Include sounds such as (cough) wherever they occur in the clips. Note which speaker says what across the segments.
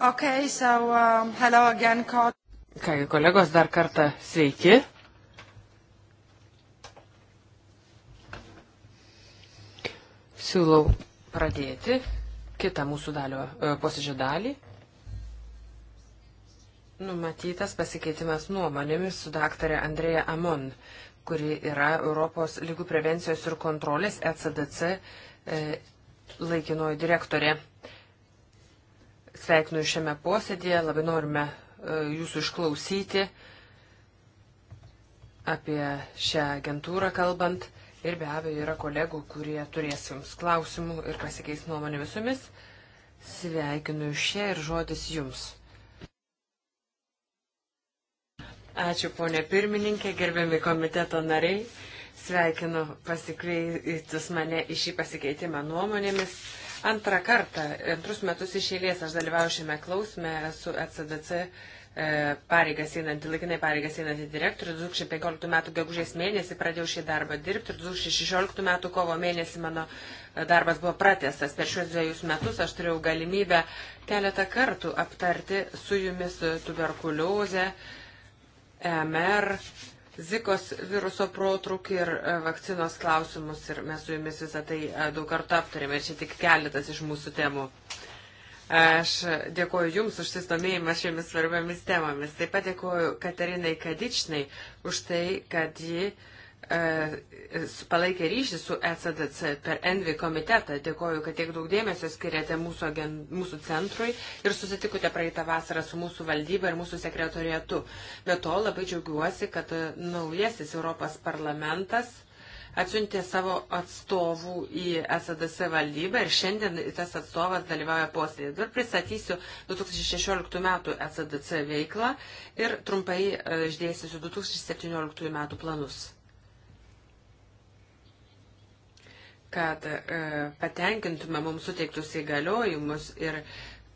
Speaker 1: Okay, so, um, hello again, Kod.
Speaker 2: Kągi, kolegos, dar kartą sveiki. Siūlau pradėti kitą mūsų dalio e, posėdžio dalį. Numatytas pasikeitimas nuomonėmis su daktarė Andrėja Amon, kuri yra Europos lygų prevencijos ir kontrolės ECDC e, laikinoji direktorė. Sveikinu jūs šiame posėdėje, labai norime e, jūsų išklausyti apie šią agentūrą kalbant. Ir be abejo yra kolegų, kurie turės jums klausimų ir pasikeis nuomonė visomis. Sveikinu jūs čia ir žodis jums. Ačiū ponė pirmininkė, gerbiami komiteto nariai. Sveikinu pasikreitus mane į šį pasikeitimą nuomonėmis. Antrą kartą, antrus metus išėlės aš dalyvauju šiame klausime, esu ECDC e, pareigas einantį, laikinai pareigas einantį direktorių. 2015 m. gegužės mėnesį pradėjau šį darbą dirbti ir 2016 m. kovo mėnesį mano e, darbas buvo pratestas. Per šiuos dviejus metus aš turėjau galimybę keletą kartų aptarti su jumis tuberkuliozę, e MR, Zikos viruso protrukį ir e, vakcinos klausimus ir mes su jumis visą tai e, daug kartų aptarėme ir čia tik keletas iš mūsų temų. E, aš dėkoju Jums už susidomėjimą šiomis svarbiamis temomis. Taip pat dėkoju Katerinai Kadičnai už tai, kad ji e, palaikė ryšį su ECDC per Envi komitetą. Dėkoju, kad tiek daug dėmesio skiriate mūsų, agen, mūsų centrui ir susitikote praeitą vasarą su mūsų valdyba ir mūsų sekretorietu. Be to labai džiaugiuosi, kad e, naujasis Europos parlamentas atsiuntė savo atstovų į SDC e valdybą ir šiandien tas atstovas dalyvauja posėdėje. Dar pristatysiu 2016 metų SDC e veiklą ir trumpai išdėsiu 2017 metų planus. kad e, patenkintume mums suteiktus įgaliojimus ir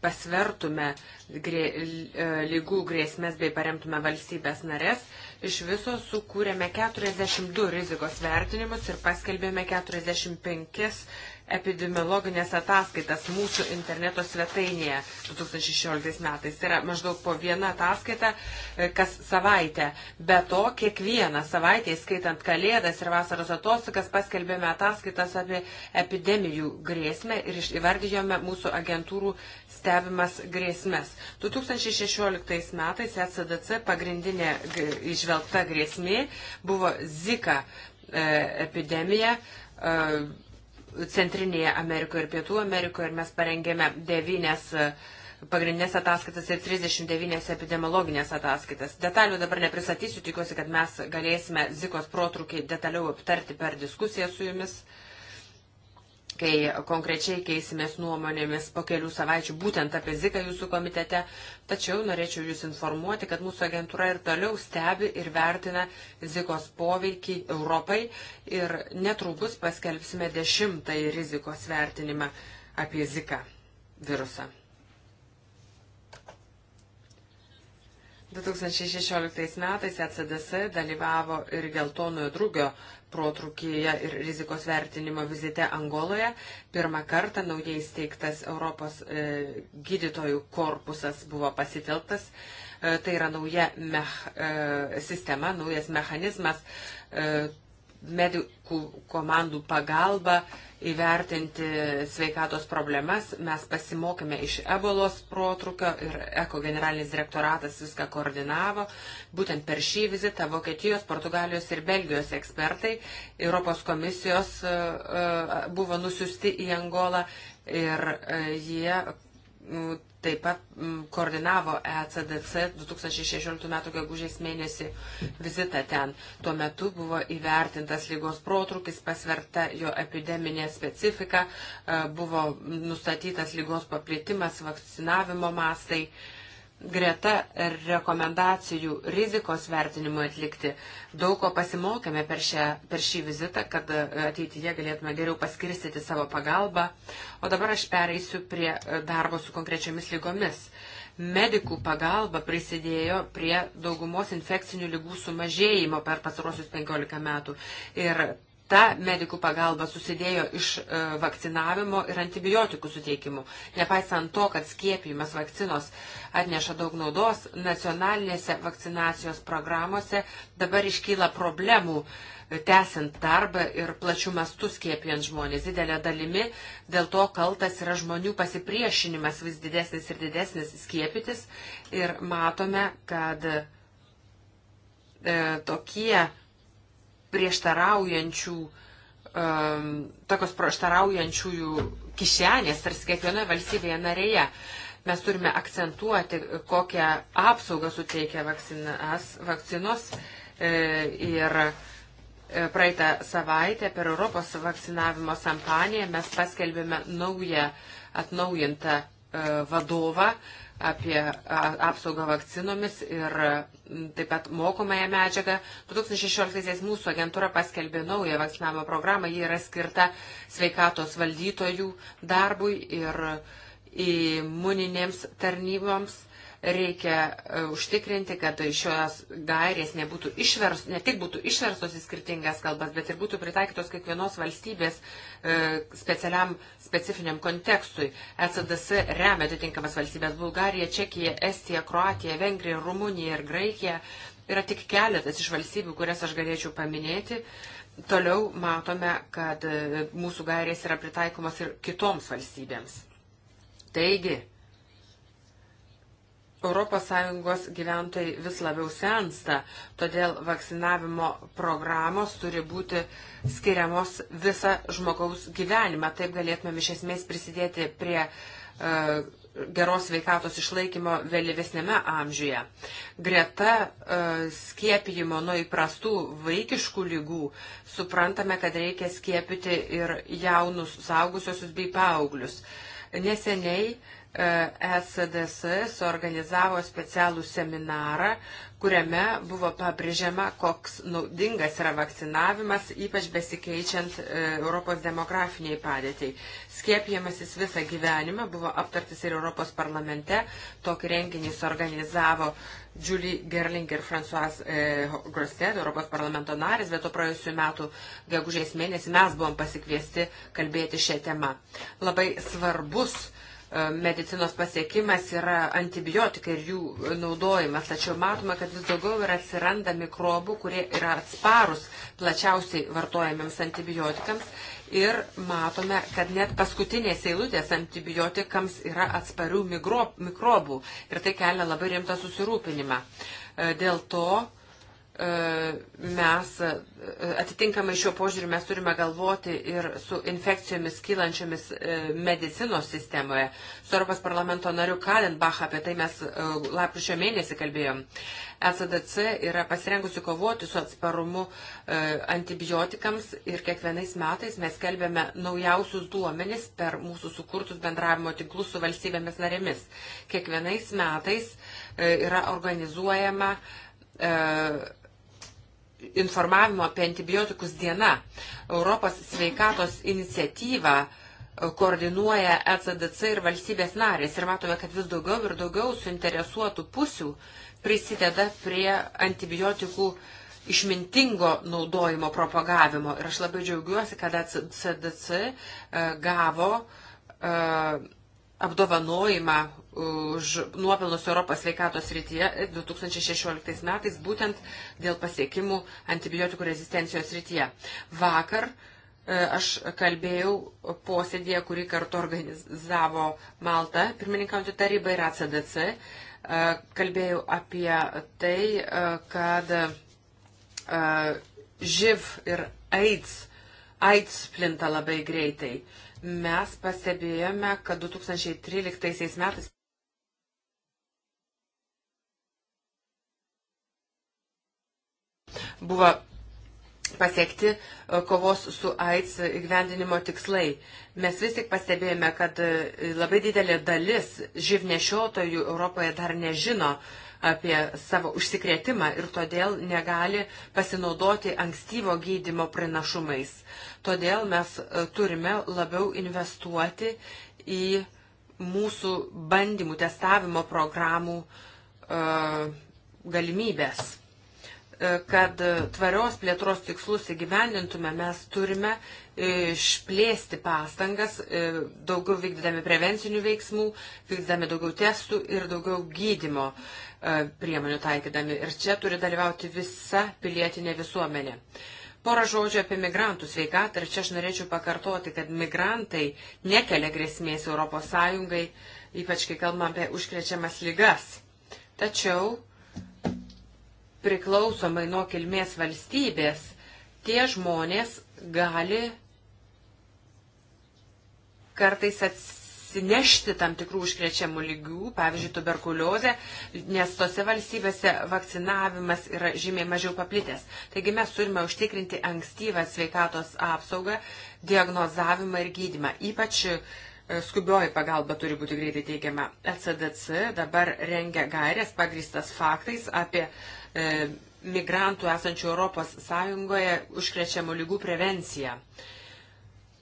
Speaker 2: pasvertume grė, e, lygų grėsmės bei paremtume valstybės narės, iš viso sukūrėme 42 rizikos vertinimus ir paskelbėme 45 epidemiologinės ataskaitas mūsų interneto svetainėje 2016 metais. Tai yra maždaug po vieną ataskaitą e, kas savaitę. Be to, kiekvieną savaitę, skaitant kalėdas ir vasaros atostogas, paskelbėme ataskaitas apie epidemijų grėsmę ir įvardyjome mūsų agentūrų stebimas grėsmes. 2016 metais ECDC pagrindinė išvelgta grėsmė buvo Zika e, epidemija e, Centrinėje Amerikoje ir Pietų Amerikoje ir mes parengėme devynės e, pagrindinės ataskaitas ir 39 epidemiologinės ataskaitas. Detalių dabar nepristatysiu, tikiuosi, kad mes galėsime Zikos protrukį detaliau aptarti per diskusiją su jumis. Uh, kai konkrečiai keisimės nuomonėmis po kelių savaičių būtent apie Ziką jūsų komitete, tačiau norėčiau jūs informuoti, kad mūsų agentūra ir toliau stebi ir vertina Zikos poveikį Europai ir netrukus paskelbsime dešimtąjį rizikos vertinimą apie Ziką virusą. 2016 metais ECDC dalyvavo ir geltonojo drugio protrukyje ir rizikos vertinimo vizite Angoloje. Pirmą kartą naujai steigtas Europos e, gydytojų korpusas buvo pasitelktas. E, tai yra nauja mech, e, sistema, naujas mechanizmas. E, medikų komandų pagalba įvertinti sveikatos problemas. Mes pasimokėme iš ebolos protrukio ir Eko generalinis direktoratas viską koordinavo. Būtent per šį vizitą Vokietijos, Portugalijos ir Belgijos ekspertai Europos komisijos e, e, buvo nusiusti į Angolą ir e, jie taip pat koordinavo ECDC 2016 m. gegužės mėnesį vizitą ten. Tuo metu buvo įvertintas lygos protrukis, pasverta jo epideminė specifika, e, buvo nustatytas lygos paplitimas, vakcinavimo mastai greta rekomendacijų rizikos vertinimui atlikti. Daug ko pasimokėme per, šią, per šį vizitą, kad e, ateityje galėtume geriau paskirstyti savo pagalbą. O dabar aš pereisiu prie e, darbo su konkrečiomis lygomis. Medikų pagalba prisidėjo prie daugumos infekcinių lygų sumažėjimo per pasarosius 15 metų. Ir ta medikų pagalba susidėjo iš e, vakcinavimo ir antibiotikų suteikimų. Nepaisant to, kad skiepijimas vakcinos atneša daug naudos, nacionalinėse vakcinacijos programuose dabar iškyla problemų e, tęsiant darbą ir plačių mastų skiepijant žmonės. Didelė dalimi dėl to kaltas yra žmonių pasipriešinimas vis didesnis ir didesnis skiepytis. Ir matome, kad e, tokie prieštaraujančių, um, tokios prieštaraujančiųjų kišenės tarsi kiekvienoje valstybėje narėje. Mes turime akcentuoti, kokią apsaugą suteikia vakcinas, vakcinos e, ir e, praeitą savaitę per Europos vakcinavimo kampaniją mes paskelbėme naują atnaujintą e, vadovą, e, apie apsaugą vakcinomis ir taip pat mokomąją medžiagą. 2016-aisiais mūsų agentūra paskelbė naują vakcinavimo programą, ji yra skirta sveikatos valdytojų darbui ir imuninėms tarnyboms. Reikia e, užtikrinti, kad šios gairės nebūtų išvers, ne tik būtų išverstos į skirtingas kalbas, bet ir būtų pritaikytos kiekvienos valstybės e, specialiam specifiniam kontekstui. ECDS remia atitinkamas valstybės - Bulgarija, Čekija, Estija, Kroatija, Vengrija, Rumunija ir Graikija. Yra tik keletas iš valstybių, kurias aš galėčiau paminėti. Toliau matome, kad e, mūsų gairės yra pritaikomas ir kitoms valstybėms. Taigi, ES gyventojai vis labiau sensta, todėl vakcinavimo programos turi būti skiriamos visą žmogaus gyvenimą. Taip galėtumėm iš esmės prisidėti prie uh, geros veikatos išlaikymo vėlyvesnėme amžiuje. Greta uh, skiepijimo nuo įprastų vaikiškų lygų suprantame, kad reikia skiepyti ir jaunus saugusiosius bei paauglius. Neseniai uh, ECDS suorganizavo specialų seminarą, kuriame buvo pabrėžiama, koks naudingas yra vakcinavimas, ypač besikeičiant e, Europos demografiniai padėtiai. Skiepiamasis visą gyvenimą buvo aptartis ir Europos parlamente. Tokį renginį suorganizavo Julie Gerling ir François e, Grosted, Europos parlamento narės, bet to praėjusiu metu gegužės mėnesį mes buvom pasikviesti kalbėti šią temą. Labai svarbus uh, E, medicinos pasiekimas yra antibiotikai ir jų naudojimas, tačiau matome, kad vis daugiau yra atsiranda mikrobų, kurie yra atsparus plačiausiai vartojamiems antibiotikams ir matome, kad net paskutinės eilutės antibiotikams yra atsparių mikrobų ir tai kelia labai rimtą susirūpinimą. E, dėl to mes atitinkamai šiuo požiūriu mes turime galvoti ir su infekcijomis kylančiomis e, medicinos sistemoje. Su Europos parlamento nariu Kalenbach apie tai mes e, lapkričio mėnesį kalbėjom. ECDC yra pasirengusi kovoti su atsparumu e, antibiotikams ir kiekvienais metais mes kelbėme naujausius duomenis per mūsų sukurtus bendravimo tinklus su valstybėmis narėmis. Kiekvienais metais yra organizuojama informavimo apie antibiotikus diena. Europos sveikatos iniciatyva e, koordinuoja ECDC ir valstybės narės ir matome, kad vis daugiau ir daugiau suinteresuotų pusių prisideda prie antibiotikų išmintingo naudojimo propagavimo. Ir aš labai džiaugiuosi, kad ECDC e, gavo uh, apdovanojimą už nuopelnus Europos sveikatos rytyje 2016 metais būtent dėl pasiekimų antibiotikų rezistencijos rytyje. Vakar e, aš kalbėjau posėdėje, kurį kartu organizavo Malta, pirmininkaujantį tarybą ir ACDC. E, kalbėjau apie tai, e, kad živ ir AIDS, AIDS plinta labai greitai. Mes pastebėjome, kad 2013 metais buvo pasiekti e, kovos su AIDS įgyvendinimo tikslai. Mes vis tik pastebėjome, kad e, labai didelė dalis živnešiotojų Europoje dar nežino apie savo užsikrėtimą ir todėl negali pasinaudoti ankstyvo gydimo pranašumais. Uh, Todėl mes e, turime labiau investuoti į mūsų bandymų testavimo programų e, galimybės. E, kad tvarios plėtros tikslus įgyvendintume, mes turime išplėsti pastangas, daugiau vykdydami prevencinių veiksmų, vykdydami daugiau testų ir daugiau gydimo priemonių taikydami. Ir čia turi dalyvauti visa pilietinė visuomenė. Uh, Porą žodžių apie migrantų sveikatą ir čia aš norėčiau pakartoti, kad migrantai nekelia grėsmės ES, ypač kai kalbam apie užkrečiamas lygas. Tačiau priklausomai nuo kilmės valstybės, tie žmonės gali kartais ats, parsinešti tam tikrų užkrečiamų lygių, pavyzdžiui, tuberkuliozę, nes tose valstybėse vakcinavimas yra žymiai mažiau paplitęs. Taigi mes turime užtikrinti ankstyvą sveikatos apsaugą, diagnozavimą ir gydimą. Ypač e, skubioji pagalba turi būti greitai teikiama. ECDC dabar rengia gairės pagristas faktais apie e, migrantų esančių Europos Sąjungoje užkrečiamų lygų prevenciją. E,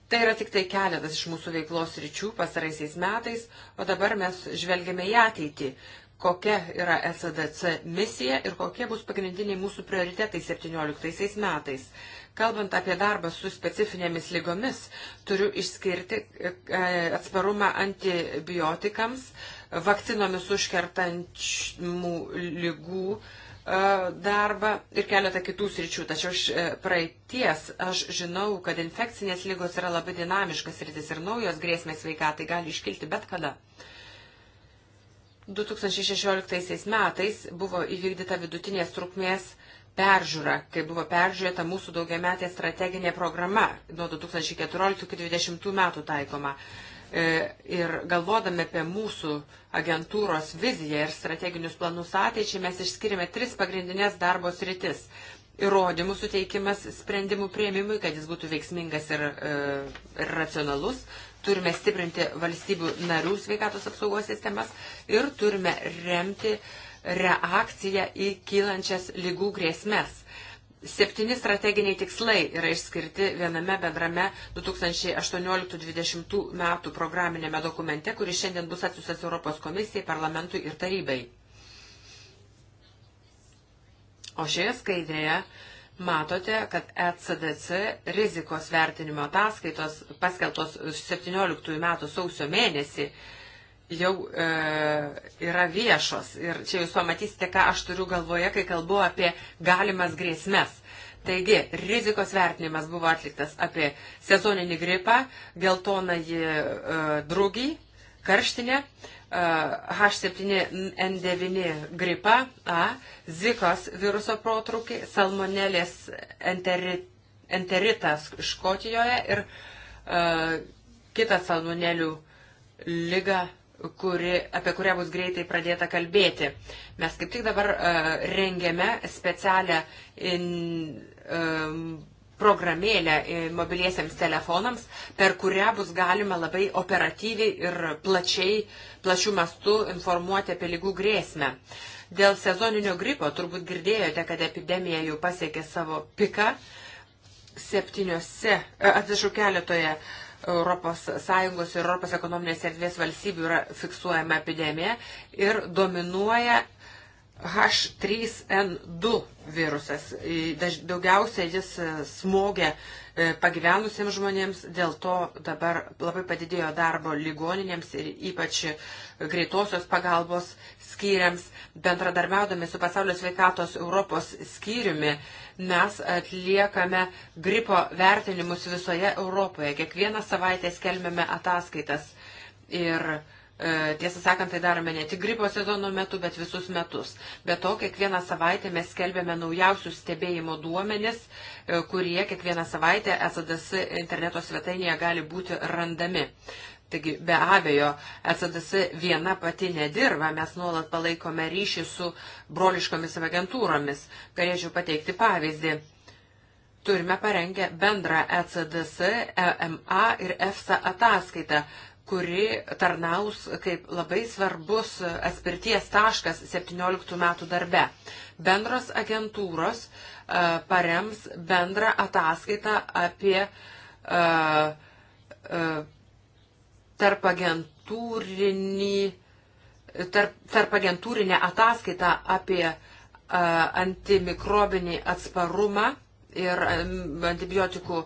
Speaker 2: Tai yra tik tai keletas iš mūsų veiklos ryčių pasaraisiais metais, o dabar mes žvelgiame į ateitį, kokia yra SADC misija ir kokie bus pagrindiniai mūsų prioritetai 17 metais. Kalbant apie darbą su specifinėmis lygomis, turiu išskirti e, e, atsparumą antibiotikams, vakcinomis užkertančių lygų E, darbą ir keletą kitų sričių. Tačiau iš e, praeities aš žinau, kad infekcinės lygos yra labai dinamiškas rytis ir naujos grėsmės veikatai gali iškilti bet kada. 2016 metais buvo įvykdyta vidutinės trukmės peržiūra, kai buvo peržiūrėta mūsų daugiametė strateginė programa nuo 2014 iki 2020 metų taikoma. E, ir galvodami apie mūsų agentūros viziją ir strateginius planus ateičiai, mes išskiriame tris pagrindinės darbo sritis. Įrodymų suteikimas sprendimų prieimimui, kad jis būtų veiksmingas ir, e, ir racionalus. Turime stiprinti valstybių narių sveikatos apsaugos sistemas ir turime remti reakciją į kylančias lygų grėsmės Septyni strateginiai tikslai yra išskirti viename bendrame 2018-2020 metų programinėme dokumente, kuris šiandien bus atsiusęs Europos komisijai, parlamentui ir tarybai. O šioje skaidrėje matote, kad ECDC rizikos vertinimo ataskaitos paskeltos 17 metų sausio mėnesį jau e, yra viešos. Ir čia jūs pamatysite, ką aš turiu galvoje, kai kalbu apie galimas grėsmės. Taigi, rizikos vertinimas buvo atliktas apie sezoninį gripą, geltonąjį e, drugį, karštinę, e, H7N9 gripą, A, Zikos viruso protrukį, salmonelės enterit, enteritas Škotijoje ir e, kitą salmonelių lygą kuri, apie kurią bus greitai pradėta kalbėti. Mes kaip tik dabar uh, rengiame specialią in, um, programėlę e, mobiliesiams telefonams, per kurią bus galima labai operatyviai ir plačiai, plačių mastų informuoti apie lygų grėsmę. Dėl sezoninio gripo turbūt girdėjote, kad epidemija jau pasiekė savo piką septyniose, atsiprašau, keletoje uh, ES ir ES ekonominės erdvės valstybių yra fiksuojama epidemija ir dominuoja H3N2 virusas. Daugiausia jis e, smogia e, pagyvenusiems žmonėms, dėl to dabar labai padidėjo darbo ligoninėms ir ypač greitosios pagalbos skyriams, bendradarbiaudami su pasaulio sveikatos Europos skyriumi, mes atliekame gripo vertinimus visoje Europoje. Kiekvieną savaitę skelbėme ataskaitas ir e, Tiesą sakant, tai darome ne tik gripo sezono metu, bet visus metus. Be to, kiekvieną savaitę mes skelbėme naujausius stebėjimo duomenis, e, kurie kiekvieną savaitę SADS interneto svetainėje gali būti randami. Taigi be abejo, ECDC viena pati nedirba, mes nuolat palaikome ryšį su broliškomis agentūromis. Galėčiau pateikti pavyzdį. Turime parengę bendrą ECDC, EMA ir EFSA ataskaitą, kuri tarnaus kaip labai svarbus atspirties taškas 17 metų darbe. Bendros agentūros uh, parems bendrą ataskaitą apie uh, uh, tarp agentūrinį, tarp, tarp agentūrinę ataskaitą apie a, e, antimikrobinį atsparumą ir antibiotikų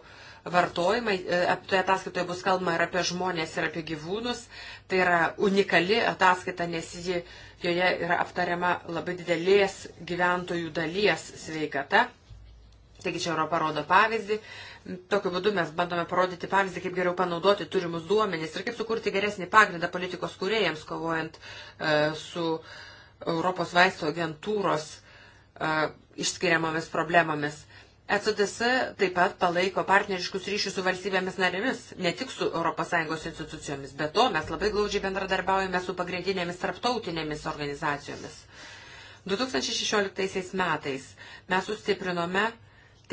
Speaker 2: vartojimai. E, toje ataskaitoje bus kalbama ir apie žmonės, ir apie gyvūnus. Tai yra unikali ataskaita, nes ji, joje yra aptariama labai didelės gyventojų dalies sveikata. Taigi čia Europa rodo pavyzdį. Tokiu būdu mes bandome parodyti pavyzdį, kaip geriau panaudoti turimus duomenys ir kaip sukurti geresnį pagrindą politikos kūrėjams, kovojant e, su Europos vaisto agentūros e, išskiriamomis problemomis. ECDS taip pat palaiko partneriškus ryšius su valstybėmis narėmis, ne tik su ES institucijomis, bet to mes labai glaudžiai bendradarbiaujame su pagrindinėmis tarptautinėmis organizacijomis. 2016 metais mes sustiprinome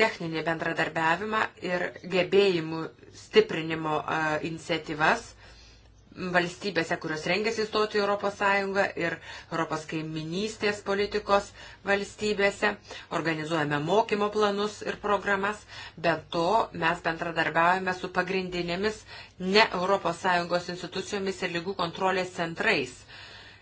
Speaker 2: techninį bendradarbiavimą ir gebėjimų stiprinimo iniciatyvas valstybėse, kurios rengiasi įstoti į ES ir Europos kaiminystės politikos valstybėse. Organizuojame mokymo planus ir programas, bet to mes bendradarbiavame su pagrindinėmis ne ES institucijomis ir lygų kontrolės centrais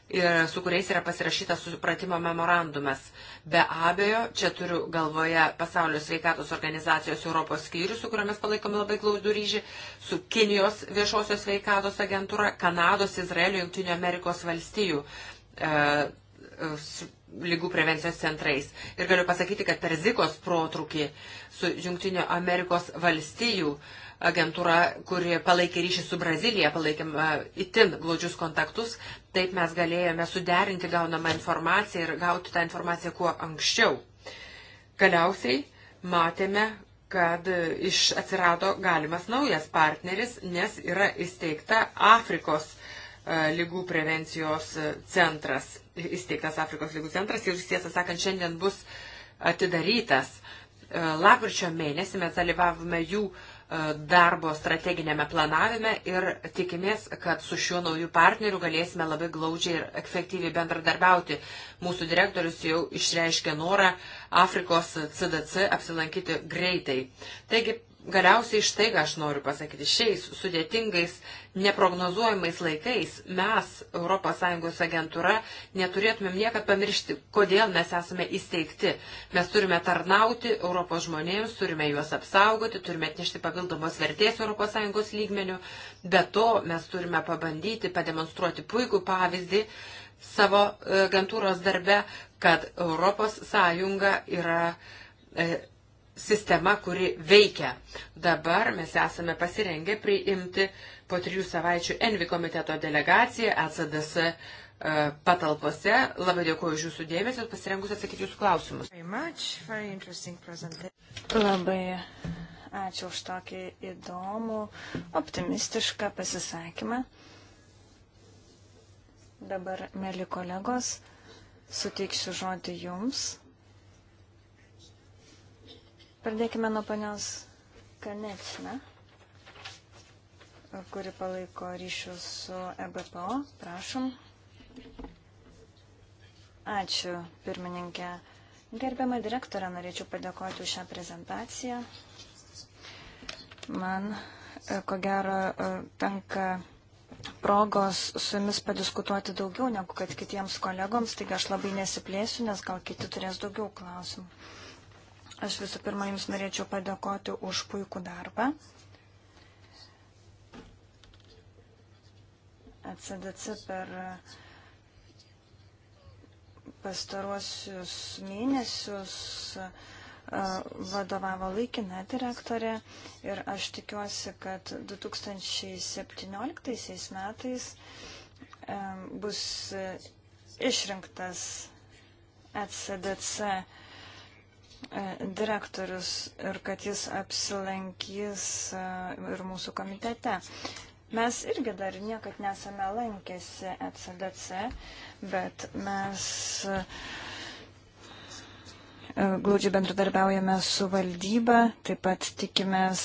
Speaker 2: ir e, su kuriais yra pasirašytas supratimo memorandumas. Be abejo, čia turiu galvoje Pasaulio sveikatos organizacijos Europos skyrių, su kuriomis palaikome labai glaudų ryžį, su Kinijos viešosios sveikatos agentūra, Kanados, Izraelio, Junktinių Amerikos valstijų e, lygų prevencijos centrais. Ir galiu pasakyti, kad per Zikos protrukį su Junktinio Amerikos valstijų agentūra, kuri palaikė ryšį su Brazilija, palaikė e, itin glaudžius kontaktus, Taip mes galėjome suderinti gaunamą informaciją ir gauti tą informaciją kuo anksčiau. Galiausiai matėme, kad iš atsirado galimas naujas partneris, nes yra įsteigta Afrikos e, lygų prevencijos e, centras. Įsteigtas Afrikos lygų centras ir jis tiesą sakant šiandien bus atidarytas. E, lapkričio mėnesį mes dalyvavome jų uh, E, darbo strateginėme planavime ir tikimės, kad su šiuo nauju partneriu galėsime labai glaudžiai ir efektyviai bendradarbiauti. Mūsų direktorius jau išreiškė norą Afrikos CDC apsilankyti greitai. Taigi, galiausiai štai ką aš noriu pasakyti. Šiais sudėtingais neprognozuojamais laikais mes, ES agentūra, neturėtumėm niekad pamiršti, kodėl mes esame įsteigti. Mes turime tarnauti Europos žmonėms, turime juos apsaugoti, turime atnešti papildomos vertės ES lygmenių, bet to mes turime pabandyti pademonstruoti puikų pavyzdį savo e, agentūros darbe, kad ES yra. E, sistema, kuri veikia. Dabar mes esame pasirengę priimti uh, Po trijų savaičių Envi komiteto delegacija ECDS e, patalpose. Labai dėkuoju už jūsų dėmesį ir pasirengus atsakyti jūsų klausimus.
Speaker 3: Very much, very Labai ačiū už tokį įdomų, optimistišką pasisakymą. Dabar, mėly kolegos, suteiksiu žodį jums. Pradėkime nuo panios Kanečna kuri palaiko ryšius su EBPO. Prašom. Ačiū, pirmininkė. Gerbiamą direktorą norėčiau padėkoti už šią prezentaciją. Man, e, ko gero, e, tenka progos su jumis padiskutuoti daugiau negu kad kitiems kolegoms, taigi aš labai nesiplėsiu, nes gal kiti turės daugiau klausimų. Aš visų pirma Jums norėčiau padėkoti už puikų darbą. ECDC per e, pastaruosius mėnesius e, vadovavo laikina direktorė ir aš tikiuosi, kad 2017 metais e, bus išrinktas ECDC direktorius ir kad jis apsilankys ir mūsų komitete. Mes irgi dar niekad nesame lankėsi ECDC, bet mes e, glaudžiai bendradarbiaujame su valdyba, taip pat tikimės,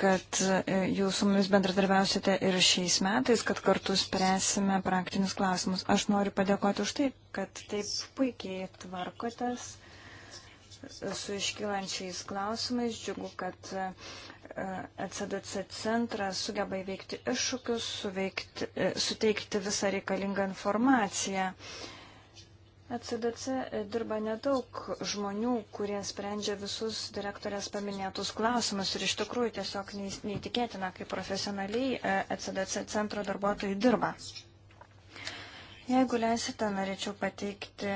Speaker 3: kad e, jūs su mumis bendradarbiausite ir šiais metais, kad kartu spręsime praktinius klausimus. Aš noriu padėkoti už tai, kad taip puikiai tvarkotės su iškylančiais klausimais. Džiugu, kad ECDC centras sugeba įveikti iššūkius, suveikti, e, suteikti visą reikalingą informaciją. ECDC e, dirba nedaug žmonių, kurie sprendžia visus direktorės paminėtus klausimus ir iš tikrųjų tiesiog neįtikėtina, kaip profesionaliai ECDC e centro darbuotojai dirba. Jeigu leisite, norėčiau pateikti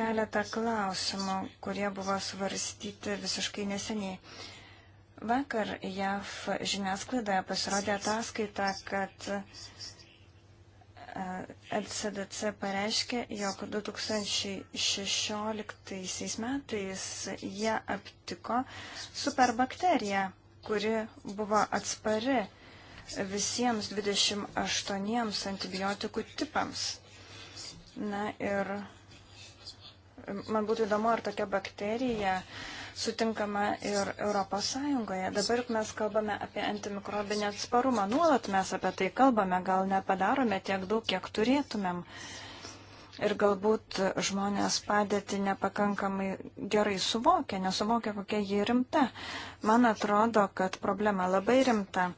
Speaker 3: keletą klausimų, kurie buvo svarstyti visiškai neseniai. Vakar JAV žiniasklaidoje pasirodė ataskaita, kad e, LCDC pareiškė, jog 2016 metais jie aptiko superbakteriją, kuri buvo atspari visiems 28 antibiotikų tipams. Na ir man būtų įdomu, ar tokia bakterija uh, sutinkama ir Europos Sąjungoje. Dabar mes kalbame apie antimikrobinį atsparumą. Nuolat mes apie tai kalbame, gal nepadarome tiek daug, kiek turėtumėm. Ir galbūt žmonės padėti nepakankamai gerai suvokia, nesuvokia, kokia ji rimta. Man atrodo, kad problema labai rimta.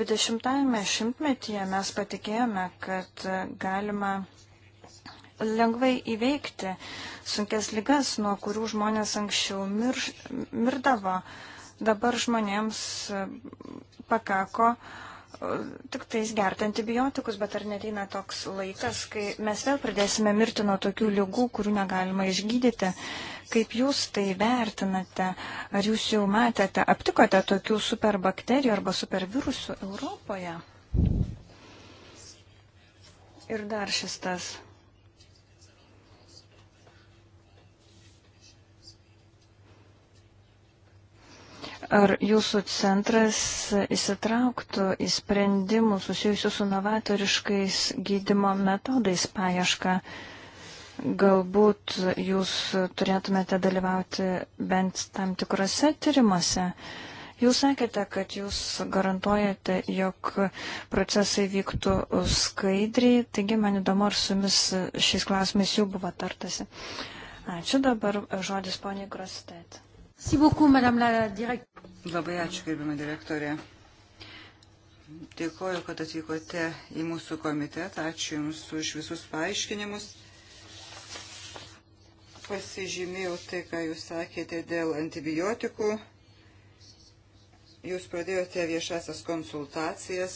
Speaker 3: 20-ame šimtmetyje mes patikėjome, kad galima lengvai įveikti sunkes ligas, nuo kurių žmonės anksčiau mir, mirdavo. Dabar žmonėms e, pakako e, tik tais gerti antibiotikus, bet ar neteina toks laikas, kai mes vėl pradėsime mirti nuo tokių lygų, kurių negalima išgydyti. Kaip jūs tai vertinate? Ar jūs jau matėte, aptikote tokių superbakterijų arba supervirusų Europoje? Ir dar šis tas Ar jūsų centras įsitrauktų į sprendimų susijusių su novatoriškais gydimo metodais paiešką? Galbūt jūs turėtumėte dalyvauti bent tam tikrose tyrimuose. Jūs sakėte, kad jūs garantuojate, jog procesai vyktų skaidriai, taigi man įdomu, ar su jumis šiais klausimais jau buvo tartasi. Ačiū dabar žodis poniai Grostet. Labai
Speaker 1: ačiū, gerbima direktorė. Dėkoju, kad atvykote į mūsų komitetą. Ačiū Jums už visus paaiškinimus. Pasižymėjau tai, ką Jūs sakėte dėl antibiotikų. Jūs pradėjote viešasias konsultacijas,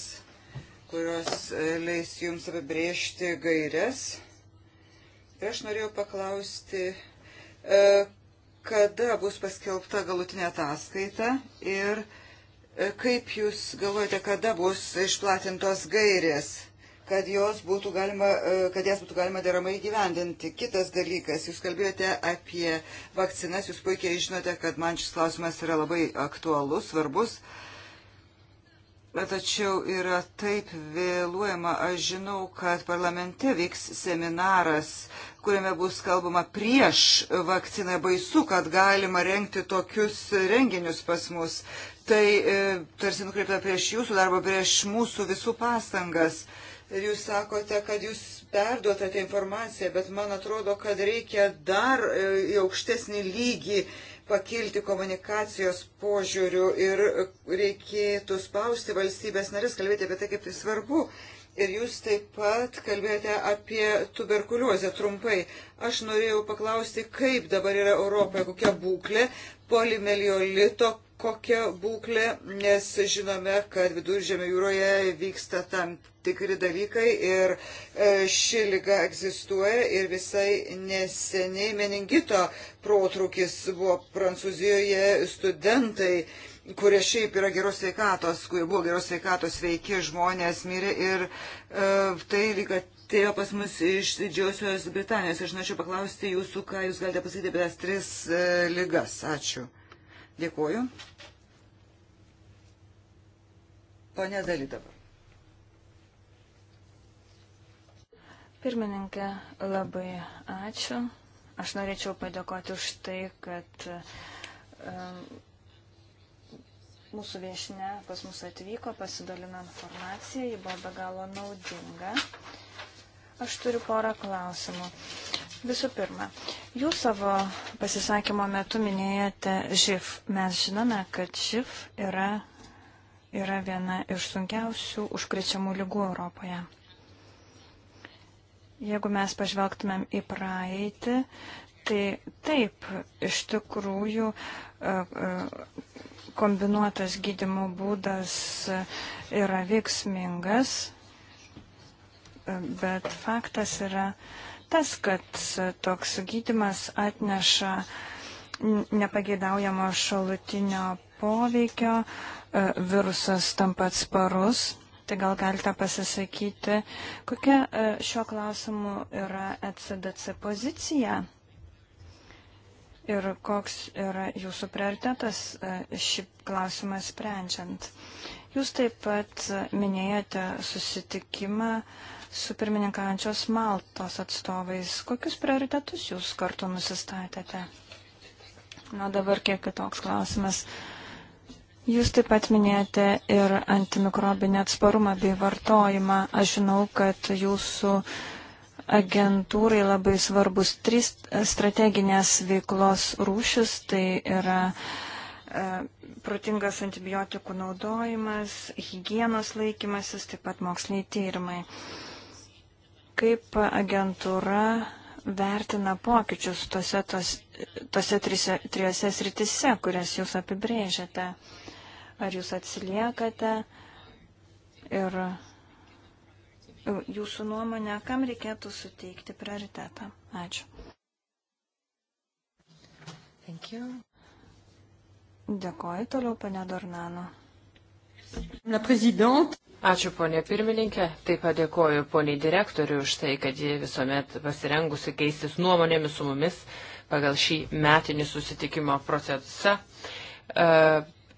Speaker 1: kurios e, leis Jums apibriežti gairias. Ir aš norėjau paklausti, e, kada bus paskelbta galutinė ataskaita ir e, kaip jūs galvojate, kada bus išplatintos gairės, kad, būtų galima, e, kad jas būtų galima deramai gyvendinti. Kitas dalykas, jūs kalbėjote apie vakcinas, jūs puikiai žinote, kad man šis klausimas yra labai aktualus, svarbus. Uh, Tačiau yra taip vėluojama, aš žinau, kad parlamente vyks seminaras, kuriame bus kalbama prieš vakciną. Baisu, kad galima renkti tokius renginius pas mus. Tai e, tarsi nukreipta prieš jūsų darbą, prieš mūsų visų pastangas. Ir jūs sakote, kad jūs perduotate informaciją, bet man atrodo, kad reikia dar e, į aukštesnį lygį pakilti komunikacijos požiūrių ir reikėtų spausti valstybės narės, kalbėti apie tai, kaip tai svarbu. Ir jūs taip pat kalbėjote apie tuberkuliozę trumpai. Aš norėjau paklausti, kaip dabar yra Europoje, kokia būklė, polimeliolito kokia būklė, nes žinome, kad viduržėmio jūroje vyksta tam tikri dalykai ir e, ši lyga egzistuoja ir visai neseniai meningito protrukis buvo Prancūzijoje studentai kurie šiaip yra geros sveikatos, kurie buvo geros sveikatos, sveiki žmonės mirė ir e, tai lyg atėjo pas mus iš Didžiosios Britanijos. Aš norėčiau paklausti jūsų, ką jūs galite pasakyti apie tas tris e, lygas. Ačiū. Dėkuoju. Pane Daly dabar.
Speaker 3: Pirmininkė, labai ačiū. Aš norėčiau padėkoti už tai, kad um, mūsų viešinė pas mus atvyko, pasidalino informaciją, ji buvo be galo naudinga. Aš turiu porą klausimų. Visų pirma, jūs savo pasisakymo metu minėjote ŽIF. Mes žinome, kad ŽIF yra, yra viena iš sunkiausių užkrečiamų lygų Europoje. Jeigu mes pažvelgtumėm į praeitį, tai taip, iš tikrųjų e, e, kombinuotas gydimo būdas yra veiksmingas, bet faktas yra tas, kad toks gydimas atneša nepageidaujamo šalutinio poveikio, e, virusas tampa atsparus. Tai gal galite pasisakyti, kokia e, šiuo klausimu yra ECDC pozicija ir koks yra jūsų prioritetas e, šį klausimą sprendžiant. Jūs taip pat minėjote susitikimą uh, su pirmininkančios Maltos atstovais. Kokius prioritetus jūs kartu nusistatėte? Na dabar kiek kitoks klausimas. Jūs taip pat minėjote ir antimikrobinį atsparumą bei vartojimą. Aš žinau, kad jūsų agentūrai labai svarbus trys strateginės veiklos rūšis. Tai yra e, protingas antibiotikų naudojimas, hygienos laikymasis, taip pat moksliniai tyrimai. E, Kaip agentūra vertina pokyčius tose, tos, tose trise, trijose sritise, kurias jūs apibrėžiate? Ar jūs atsiliekate? Ir jūsų nuomonė, kam reikėtų suteikti prioritetą? Ačiū. Thank you. Dėkoju toliau, pane Dornano.
Speaker 2: Ačiū ponė pirmininkė, taip pat dėkoju poniai direktoriui už tai, kad ji visuomet pasirengusi keistis nuomonėmis su mumis pagal šį metinį susitikimo procesą. E,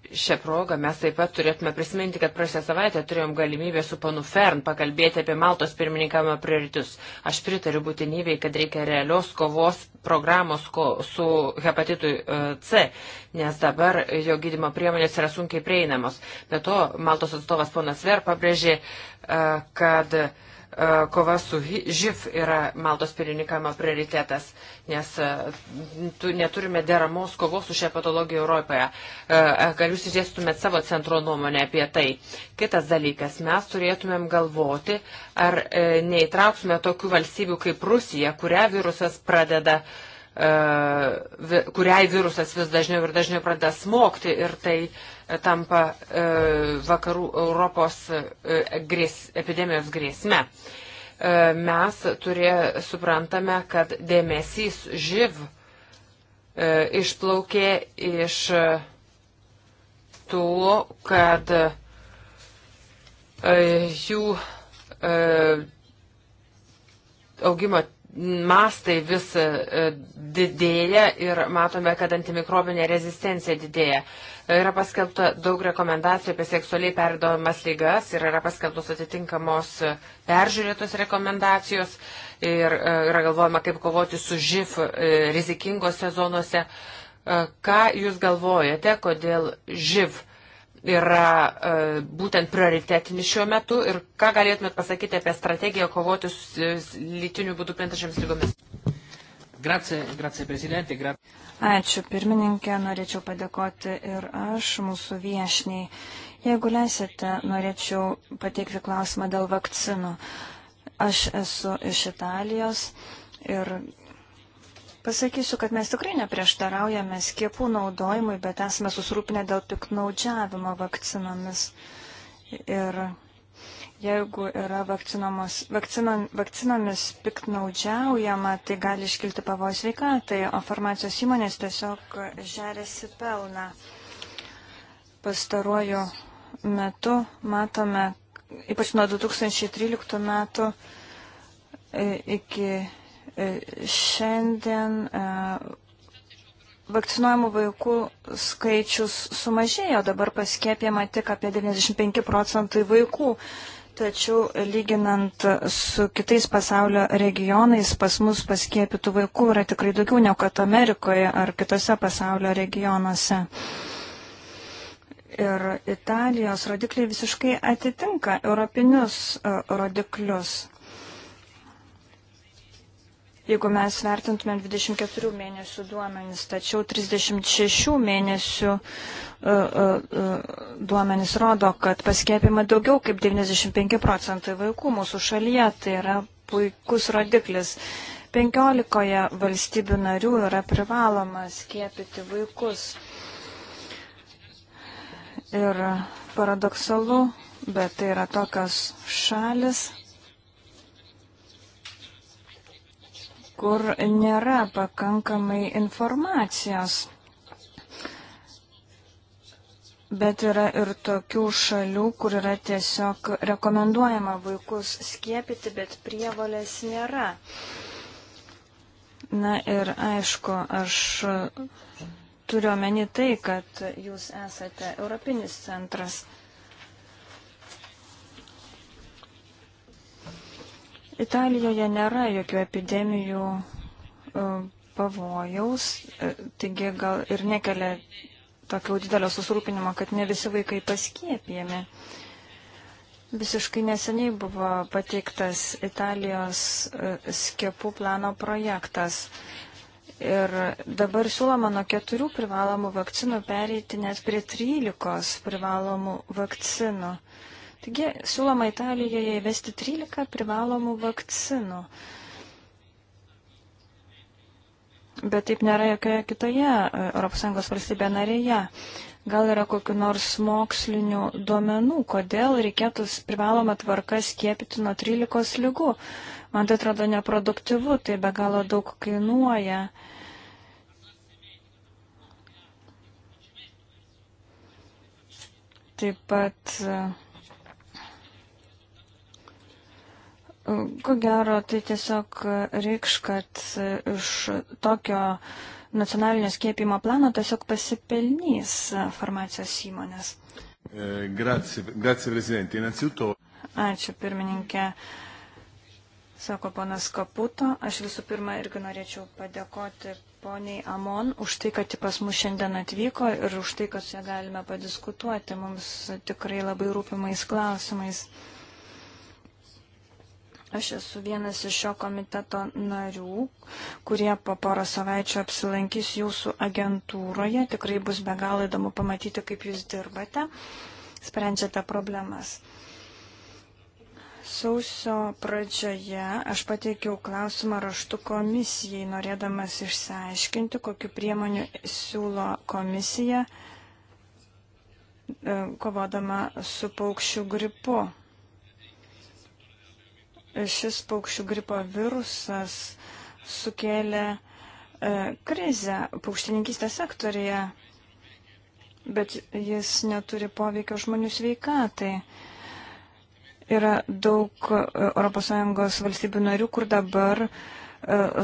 Speaker 2: Šią progą mes taip pat turėtume prisiminti, kad praėjusią savaitę turėjom galimybę su ponu Fern pakalbėti apie Maltos pirmininkavimo prioritus. Aš pritariu būtinybei, kad reikia realios kovos programos ko, su hepatitu e, C, nes dabar jo gydimo priemonės yra sunkiai prieinamos. Be to, Maltos atstovas ponas Ver pabrėžė, e, kad uh, E, kova su živ yra Maltos pirininkavimo prioritetas, nes e, neturime deramos kovos su šia patologija Europoje. E, gal jūs išdėstumėt savo centro nuomonę apie tai? Kitas dalykas, mes turėtumėm galvoti, ar neįtrauksime tokių valstybių kaip Rusija, kurią virusas pradeda uh, kuriai virusas vis dažniau ir dažniau pradeda smogti ir tai e, tampa e, vakarų Europos e, grės, epidemijos grėsme. Mes turė, suprantame, kad dėmesys živ išplaukė iš tų, kad jų augimo mastai vis e, didėja ir matome, kad antimikrobinė rezistencija didėja. Yra paskelbta daug rekomendacijų apie seksualiai perdomas lygas ir yra paskelbtos atitinkamos e, peržiūrėtos rekomendacijos ir e, yra galvojama, kaip kovoti su živ rizikingose zonose. Ką Jūs galvojate, kodėl živ yra e, būtent prioritetinis šiuo metu ir ką galėtumėt pasakyti apie strategiją kovoti su lytiniu būdu plintačiams lygomis? Grazie, grazie prezidentė. Gra...
Speaker 3: Ačiū pirmininkė, norėčiau padėkoti ir aš mūsų viešniai. Jeigu leisite, norėčiau pateikti klausimą dėl vakcinų. Aš esu iš Italijos ir Pasakysiu, kad mes tikrai neprieštaraujame skiepų naudojimui, bet esame susirūpinę dėl piknaudžiavimo vakcinomis. Ir jeigu yra vakcino, vakcinomis piknaudžiaujama, tai gali iškilti pavojus veikatai, o farmacijos įmonės tiesiog žerėsi pelną. Pastaruoju metu matome, ypač nuo 2013 metų e, iki E, šiandien e, vakcinuojamų vaikų skaičius sumažėjo, dabar paskėpėma tik apie 95 procentai vaikų. Tačiau lyginant su kitais pasaulio regionais, pas mus paskėpytų vaikų yra tikrai daugiau negu kad Amerikoje ar kitose pasaulio regionuose. Ir Italijos rodikliai visiškai atitinka europinius e, rodiklius jeigu mes vertintume 24 mėnesių duomenis, tačiau 36 mėnesių e, e, e, duomenis rodo, kad paskėpima daugiau kaip 95 procentai vaikų mūsų šalyje. Tai yra puikus rodiklis. 15 valstybių narių yra privaloma skiepyti vaikus. Ir paradoksalu, bet tai yra tokios šalis, kur nėra pakankamai informacijos. Bet yra ir tokių šalių, kur yra tiesiog rekomenduojama vaikus skiepyti, bet prievalės nėra. Na ir aišku, aš turiu omeny tai, kad jūs esate Europinis centras. Italijoje nėra jokių epidemijų e, pavojaus, e, taigi gal ir nekelia tokio didelio susirūpinimo, kad ne visi vaikai paskiepijami. Visiškai neseniai buvo pateiktas Italijos e, skiepų plano projektas. Ir dabar siūloma nuo keturių privalomų vakcinų pereiti net prie trylikos privalomų vakcinų. Uh, Taigi siūloma Italijoje įvesti 13 privalomų vakcinų. Bet taip nėra jokioje kitoje ES valstybė narėje. Gal yra kokiu nors mokslinių duomenų, kodėl reikėtų privaloma tvarka skiepyti nuo 13 lygų. Man tai atrodo neproduktyvu, tai be galo daug kainuoja. Taip pat. Uh, Ko gero, tai tiesiog reikš, kad iš tokio nacionalinio skiepimo plano tiesiog pasipelnys farmacijos įmonės.
Speaker 2: E, grazie, grazie prezidentė. Innanzitutto.
Speaker 3: Ačiū, pirmininkė. Sako ponas Kaputo, aš visų pirma irgi norėčiau padėkoti poniai Amon už tai, kad ji pas mus šiandien atvyko ir už tai, kad su ją galime padiskutuoti mums tikrai labai rūpimais klausimais. Aš esu vienas iš šio komiteto narių, kurie po porą savaičių apsilankys jūsų agentūroje. Tikrai bus be galo įdomu pamatyti, kaip jūs dirbate, sprendžiate problemas. Sausio pradžioje aš pateikiau klausimą raštu komisijai, norėdamas išsiaiškinti, kokiu priemoniu siūlo komisija e, kovodama su paukščių gripu šis paukščių gripo virusas sukėlė e, krizę paukštininkystės sektorija, bet jis neturi poveikio žmonių sveikatai. Yra daug ES valstybių narių, kur dabar uh,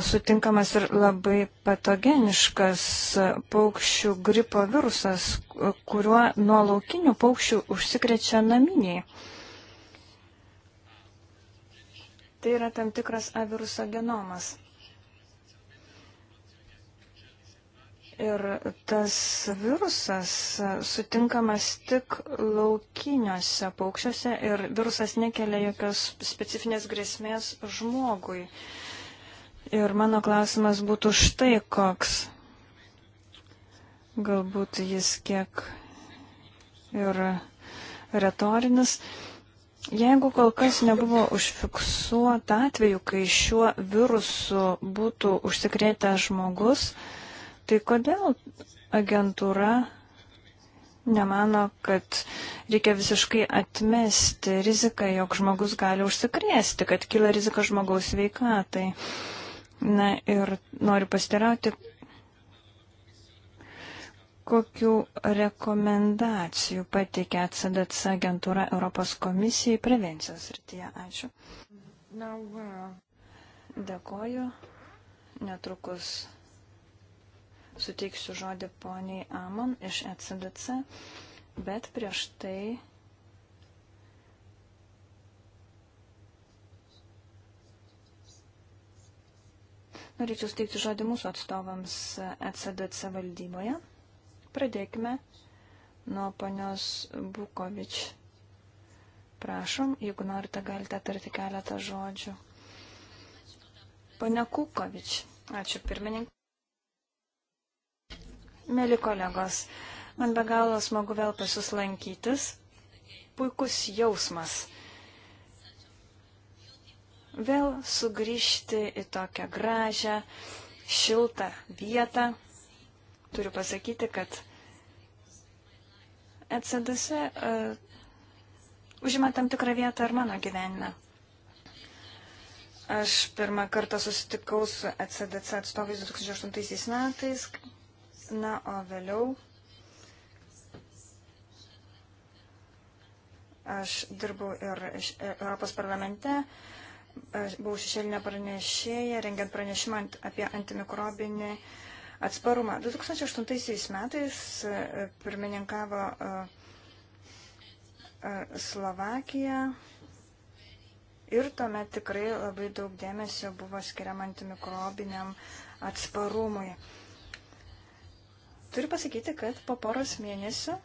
Speaker 3: sutinkamas ir labai patogeniškas paukščių gripo virusas, kuriuo nuo laukinių paukščių užsikrečia naminiai. Tai yra tam tikras A viruso genomas. Ir tas virusas sutinkamas tik laukiniuose paukščiuose ir virusas nekelia jokios specifinės grėsmės žmogui. Ir mano klausimas būtų štai koks. Galbūt jis kiek ir retorinis. Jeigu kol kas nebuvo užfiksuota atveju, kai šiuo virusu būtų užsikrėtęs žmogus, tai kodėl agentūra nemano, kad reikia visiškai atmesti riziką, jog žmogus gali užsikrėsti, kad kyla rizika žmogaus veikatai? Na ir noriu pasitirauti, kokių rekomendacijų pateikia CDC agentūra Europos komisijai prevencijos rytyje. Ačiū. Now, uh... Dėkoju. Netrukus suteiksiu žodį poniai Amon iš ECDC, bet prieš tai norėčiau steigti žodį mūsų atstovams ECDC valdyboje. Pradėkime nuo ponios Bukovič. Prašom, jeigu norite, galite tarti keletą žodžių. Pane Kukovič, ačiū pirmininkai. Mėly kolegos, man be galo smagu vėl pas jūs lankytis. Puikus jausmas. Vėl sugrįžti į tokią gražią, šiltą vietą, turiu pasakyti, kad ECDS uh, e, užima tam tikrą vietą ir mano gyvenime. Aš pirmą kartą susitikau su ECDC atstovais 2008 metais, na, o vėliau aš dirbau ir e, Europos parlamente, buvau šešėlinė pranešėja, rengiant pranešimą apie antimikrobinį uh, atsparumą. 2008 metais e, pirmininkavo e, e, Slovakija ir tuomet tikrai labai daug dėmesio buvo skiriama antimikrobiniam atsparumui. Turiu pasakyti, kad po poros mėnesių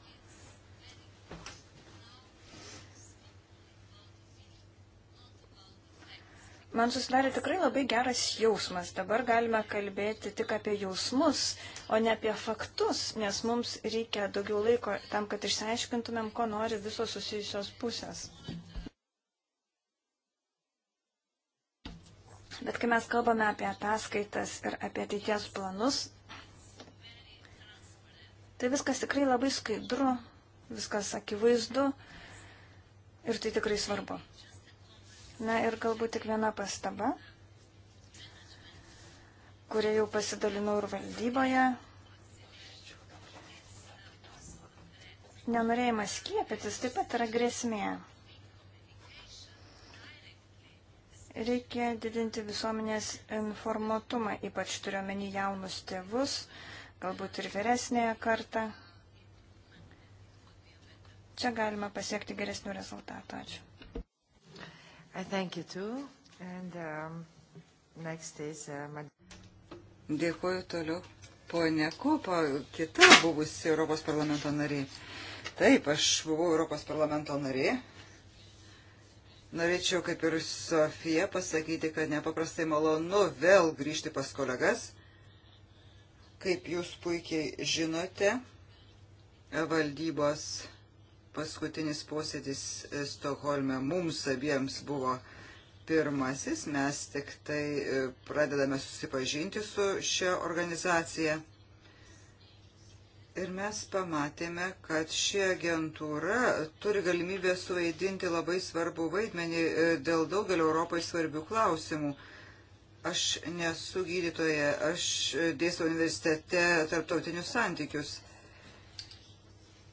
Speaker 3: Man susidarė tikrai labai geras jausmas. Dabar galime kalbėti tik apie jausmus, o ne apie faktus, nes mums reikia daugiau laiko tam, kad išsiaiškintumėm, ko nori visos susijusios pusės. Bet kai mes kalbame apie ataskaitas ir apie ateities planus, tai viskas tikrai labai skaidru, viskas akivaizdu ir tai tikrai svarbu. Na ir galbūt tik viena pastaba, kurie jau pasidalinau ir valdyboje. Nenorėjimas skiepytis taip pat yra grėsmė. Reikia didinti visuomenės informatumą, ypač turiuomenį jaunus tėvus, galbūt ir vyresnėje kartą. Čia galima pasiekti geresnių rezultatų. Ačiū.
Speaker 2: I thank you too. And um, next is uh, Madam.
Speaker 1: Dėkuoju toliau. Pone Kopa, kita buvusi Europos parlamento narė. Taip, aš buvau Europos parlamento narė. Norėčiau, kaip ir Sofija, pasakyti, kad nepaprastai malonu vėl grįžti pas kolegas. Kaip jūs puikiai žinote, valdybos paskutinis posėdis e, Stokholme mums abiems buvo pirmasis, mes tik tai e, pradedame susipažinti su šia organizacija. Ir mes pamatėme, kad ši agentūra turi galimybę suvaidinti labai svarbų vaidmenį e, dėl daugelio Europai svarbių klausimų. Aš nesu gydytoja, aš dėstu universitete tarptautinius santykius.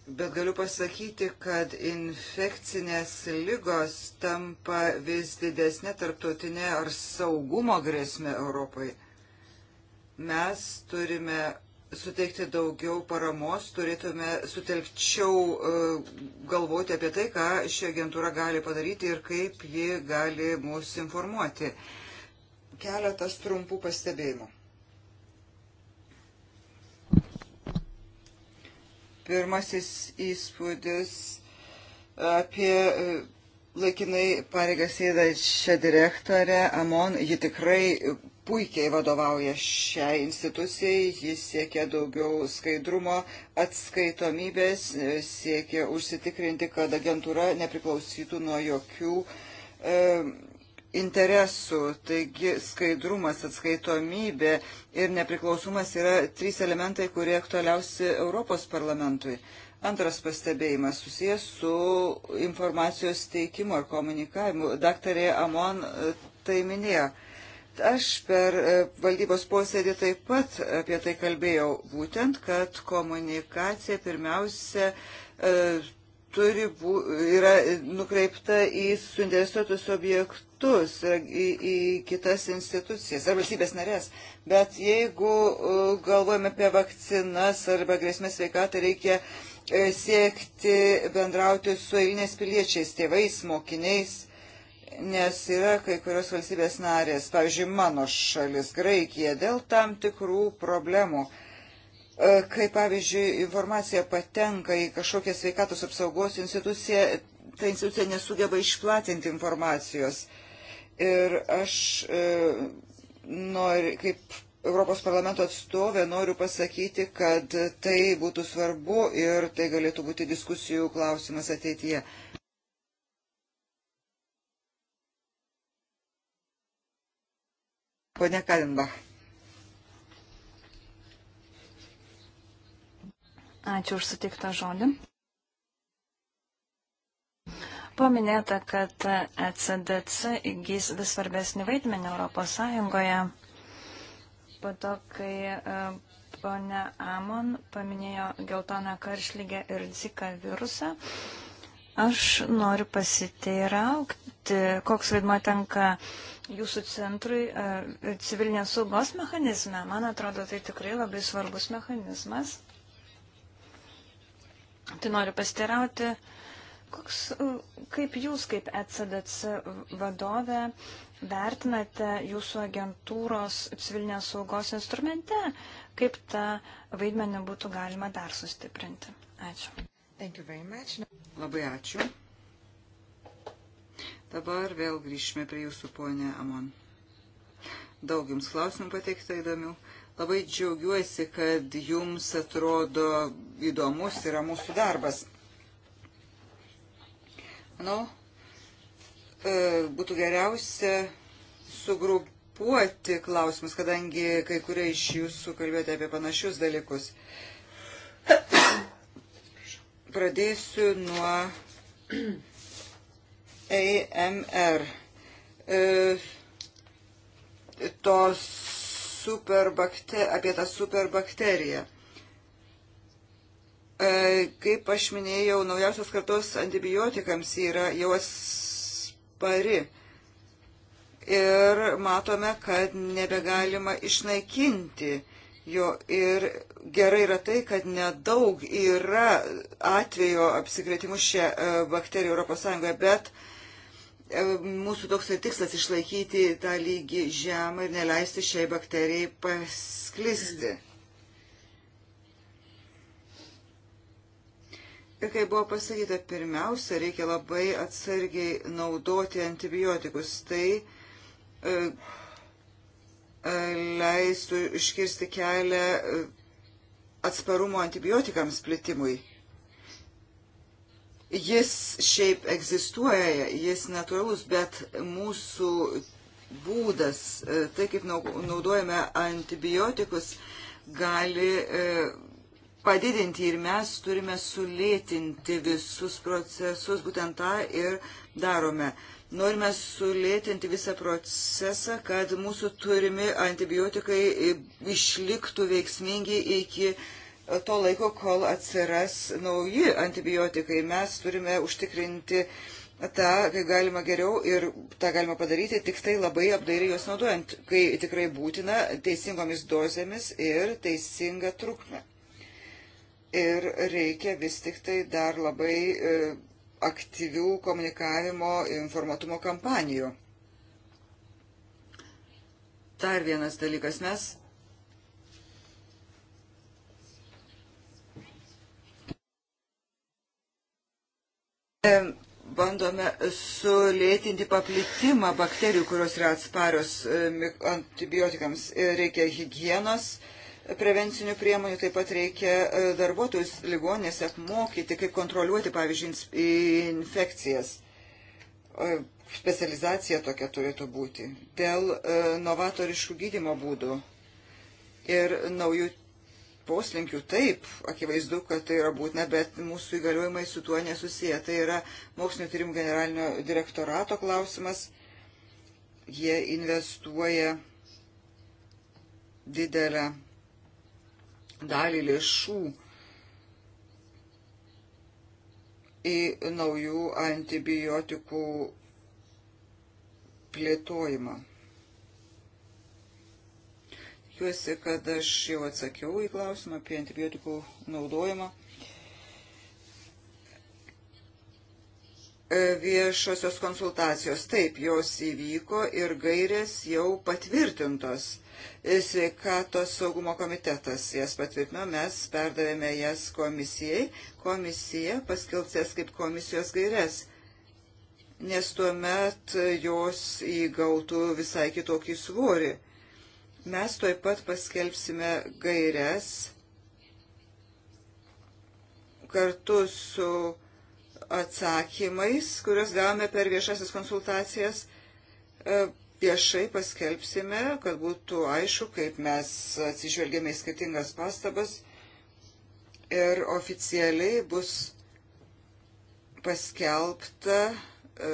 Speaker 1: Bet galiu pasakyti, kad infekcinės lygos tampa vis didesnė tarptautinė ar saugumo grėsmė Europai. Mes turime suteikti daugiau paramos, turėtume sutelkčiau e, galvoti apie tai, ką ši agentūra gali padaryti ir kaip ji gali mus informuoti. Keletas trumpų pastebėjimų. pirmasis įspūdis apie e, laikinai pareigas įdačią direktorę Amon. Ji tikrai puikiai vadovauja šiai institucijai, jis siekia daugiau skaidrumo, atskaitomybės, e, siekia užsitikrinti, kad agentūra nepriklausytų nuo jokių e, interesų. Taigi skaidrumas, atskaitomybė ir nepriklausumas yra trys elementai, kurie aktualiausi Europos parlamentui. Antras pastebėjimas susijęs su informacijos teikimu ar komunikavimu. Daktarė Amon e, tai minėjo. Aš per e, valdybos posėdį taip pat apie tai kalbėjau, būtent, kad komunikacija pirmiausia e, turi bū, yra nukreipta į suinteresuotus objektus kitus, e, į, į kitas institucijas ar valstybės narės. Bet jeigu e, galvojame apie vakcinas arba grėsmės sveikatą, reikia e, siekti bendrauti su eilinės piliečiais, tėvais, mokiniais, nes yra kai kurios valstybės narės, pavyzdžiui, mano šalis, Graikija, dėl tam tikrų problemų kai, pavyzdžiui, informacija patenka į kažkokią sveikatos apsaugos instituciją, ta institucija nesugeba išplatinti informacijos. Ir aš e, noriu, kaip Europos parlamento atstovė noriu pasakyti, kad tai būtų svarbu ir tai galėtų būti diskusijų klausimas ateityje. Pone Kalinbach. Ačiū už sutiktą žodį.
Speaker 3: Paminėta, kad ECDC įgys vis svarbesnį vaidmenį Europos Sąjungoje. Po to, kai e, ponia Amon paminėjo geltoną karšlygę ir dzika virusą, aš noriu pasiteiraukti, koks vaidmo tenka jūsų centrui e, civilinės saugos mechanizme. Man atrodo, tai tikrai labai svarbus mechanizmas. Tai noriu pasiteirauti Koks, kaip jūs, kaip ECDC vadovė, vertinate jūsų agentūros civilinės saugos instrumente, kaip tą vaidmenį būtų galima dar sustiprinti? Ačiū.
Speaker 1: Labai ačiū. Dabar vėl grįžime prie jūsų, ponė Amon. Daug jums klausimų pateikta įdomių. Labai džiaugiuosi, kad jums atrodo įdomus yra mūsų darbas. Manau, e, būtų geriausia sugrupuoti klausimus, kadangi kai kurie iš jūsų kalbėjote apie panašius dalykus. Pradėsiu nuo AMR. E, Tos superbakter, apie tą superbakteriją. E, kaip aš minėjau, naujausios kartos antibiotikams yra jau atspari. Ir matome, kad nebegalima išnaikinti jo. Ir gerai yra tai, kad nedaug yra atvejo apsikretimų šią e, bakteriją ES, bet e, mūsų toks ir tikslas išlaikyti tą lygį žemą ir neleisti šiai bakterijai pasklisti. Ir kai buvo pasakyta, pirmiausia, reikia labai atsargiai naudoti antibiotikus. Tai e, e leistų iškirsti kelią e, atsparumo antibiotikams plitimui. Jis šiaip egzistuoja, jis natūralus, bet mūsų būdas, e, tai kaip naudojame antibiotikus, gali e, padidinti ir mes turime sulėtinti visus procesus, būtent tą ir darome. Norime sulėtinti visą procesą, kad mūsų turimi antibiotikai išliktų veiksmingi iki to laiko, kol atsiras nauji antibiotikai. Mes turime užtikrinti tą, kai galima geriau ir tą galima padaryti tik tai labai apdairiai juos naudojant, kai tikrai būtina, teisingomis dozėmis ir teisinga trukme ir reikia vis tik tai dar labai e, aktyvių komunikavimo informatumo kampanijų. Dar vienas dalykas. Mes e, bandome sulėtinti paplitimą bakterijų, kurios yra atsparios e, antibiotikams. Reikia hygienos, prevencinių priemonių, taip pat reikia e, darbuotojus ligonėse apmokyti, kaip kontroliuoti, pavyzdžiui, infekcijas. Specializacija tokia turėtų būti dėl e, novatoriškų gydimo būdų ir naujų poslinkių taip, akivaizdu, kad tai yra būtina, bet mūsų įgaliojimai su tuo nesusiję. Tai yra mokslinio tyrimų generalinio direktorato klausimas. Jie investuoja didelę dalį lėšų į naujų antibiotikų plėtojimą. Tikiuosi, kad aš jau atsakiau į klausimą apie antibiotikų naudojimą. E, viešosios konsultacijos, taip, jos įvyko ir gairės jau patvirtintos sveikatos saugumo komitetas jas patvirtino, mes perdavėme jas komisijai, komisija paskelbsės kaip komisijos gairias, nes tuomet jos įgautų visai kitokį svorį. Mes tuoj pat paskelbsime gairias kartu su atsakymais, kuriuos gavome per viešasis konsultacijas e, viešai paskelbsime, kad būtų aišku, kaip mes atsižvelgėme į skirtingas pastabas ir oficialiai bus paskelbta e,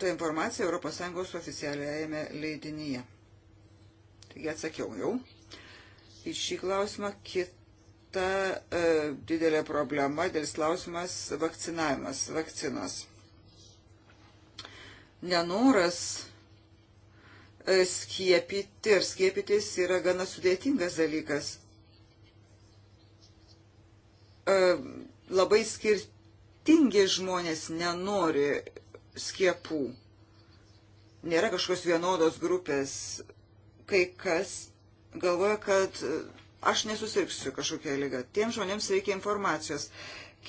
Speaker 1: ta informacija ES oficialiajame leidinyje. Taigi atsakiau jau. Į šį klausimą kita e, didelė problema, dėlis klausimas vakcinavimas, vakcinos. Nenoras E, skiepyti ir skiepytis yra gana sudėtingas dalykas. E, labai skirtingi žmonės nenori skiepų. Nėra kažkokios vienodos grupės. Kai kas galvoja, kad aš nesusirgsiu kažkokią lygą. Tiem žmonėms reikia informacijos.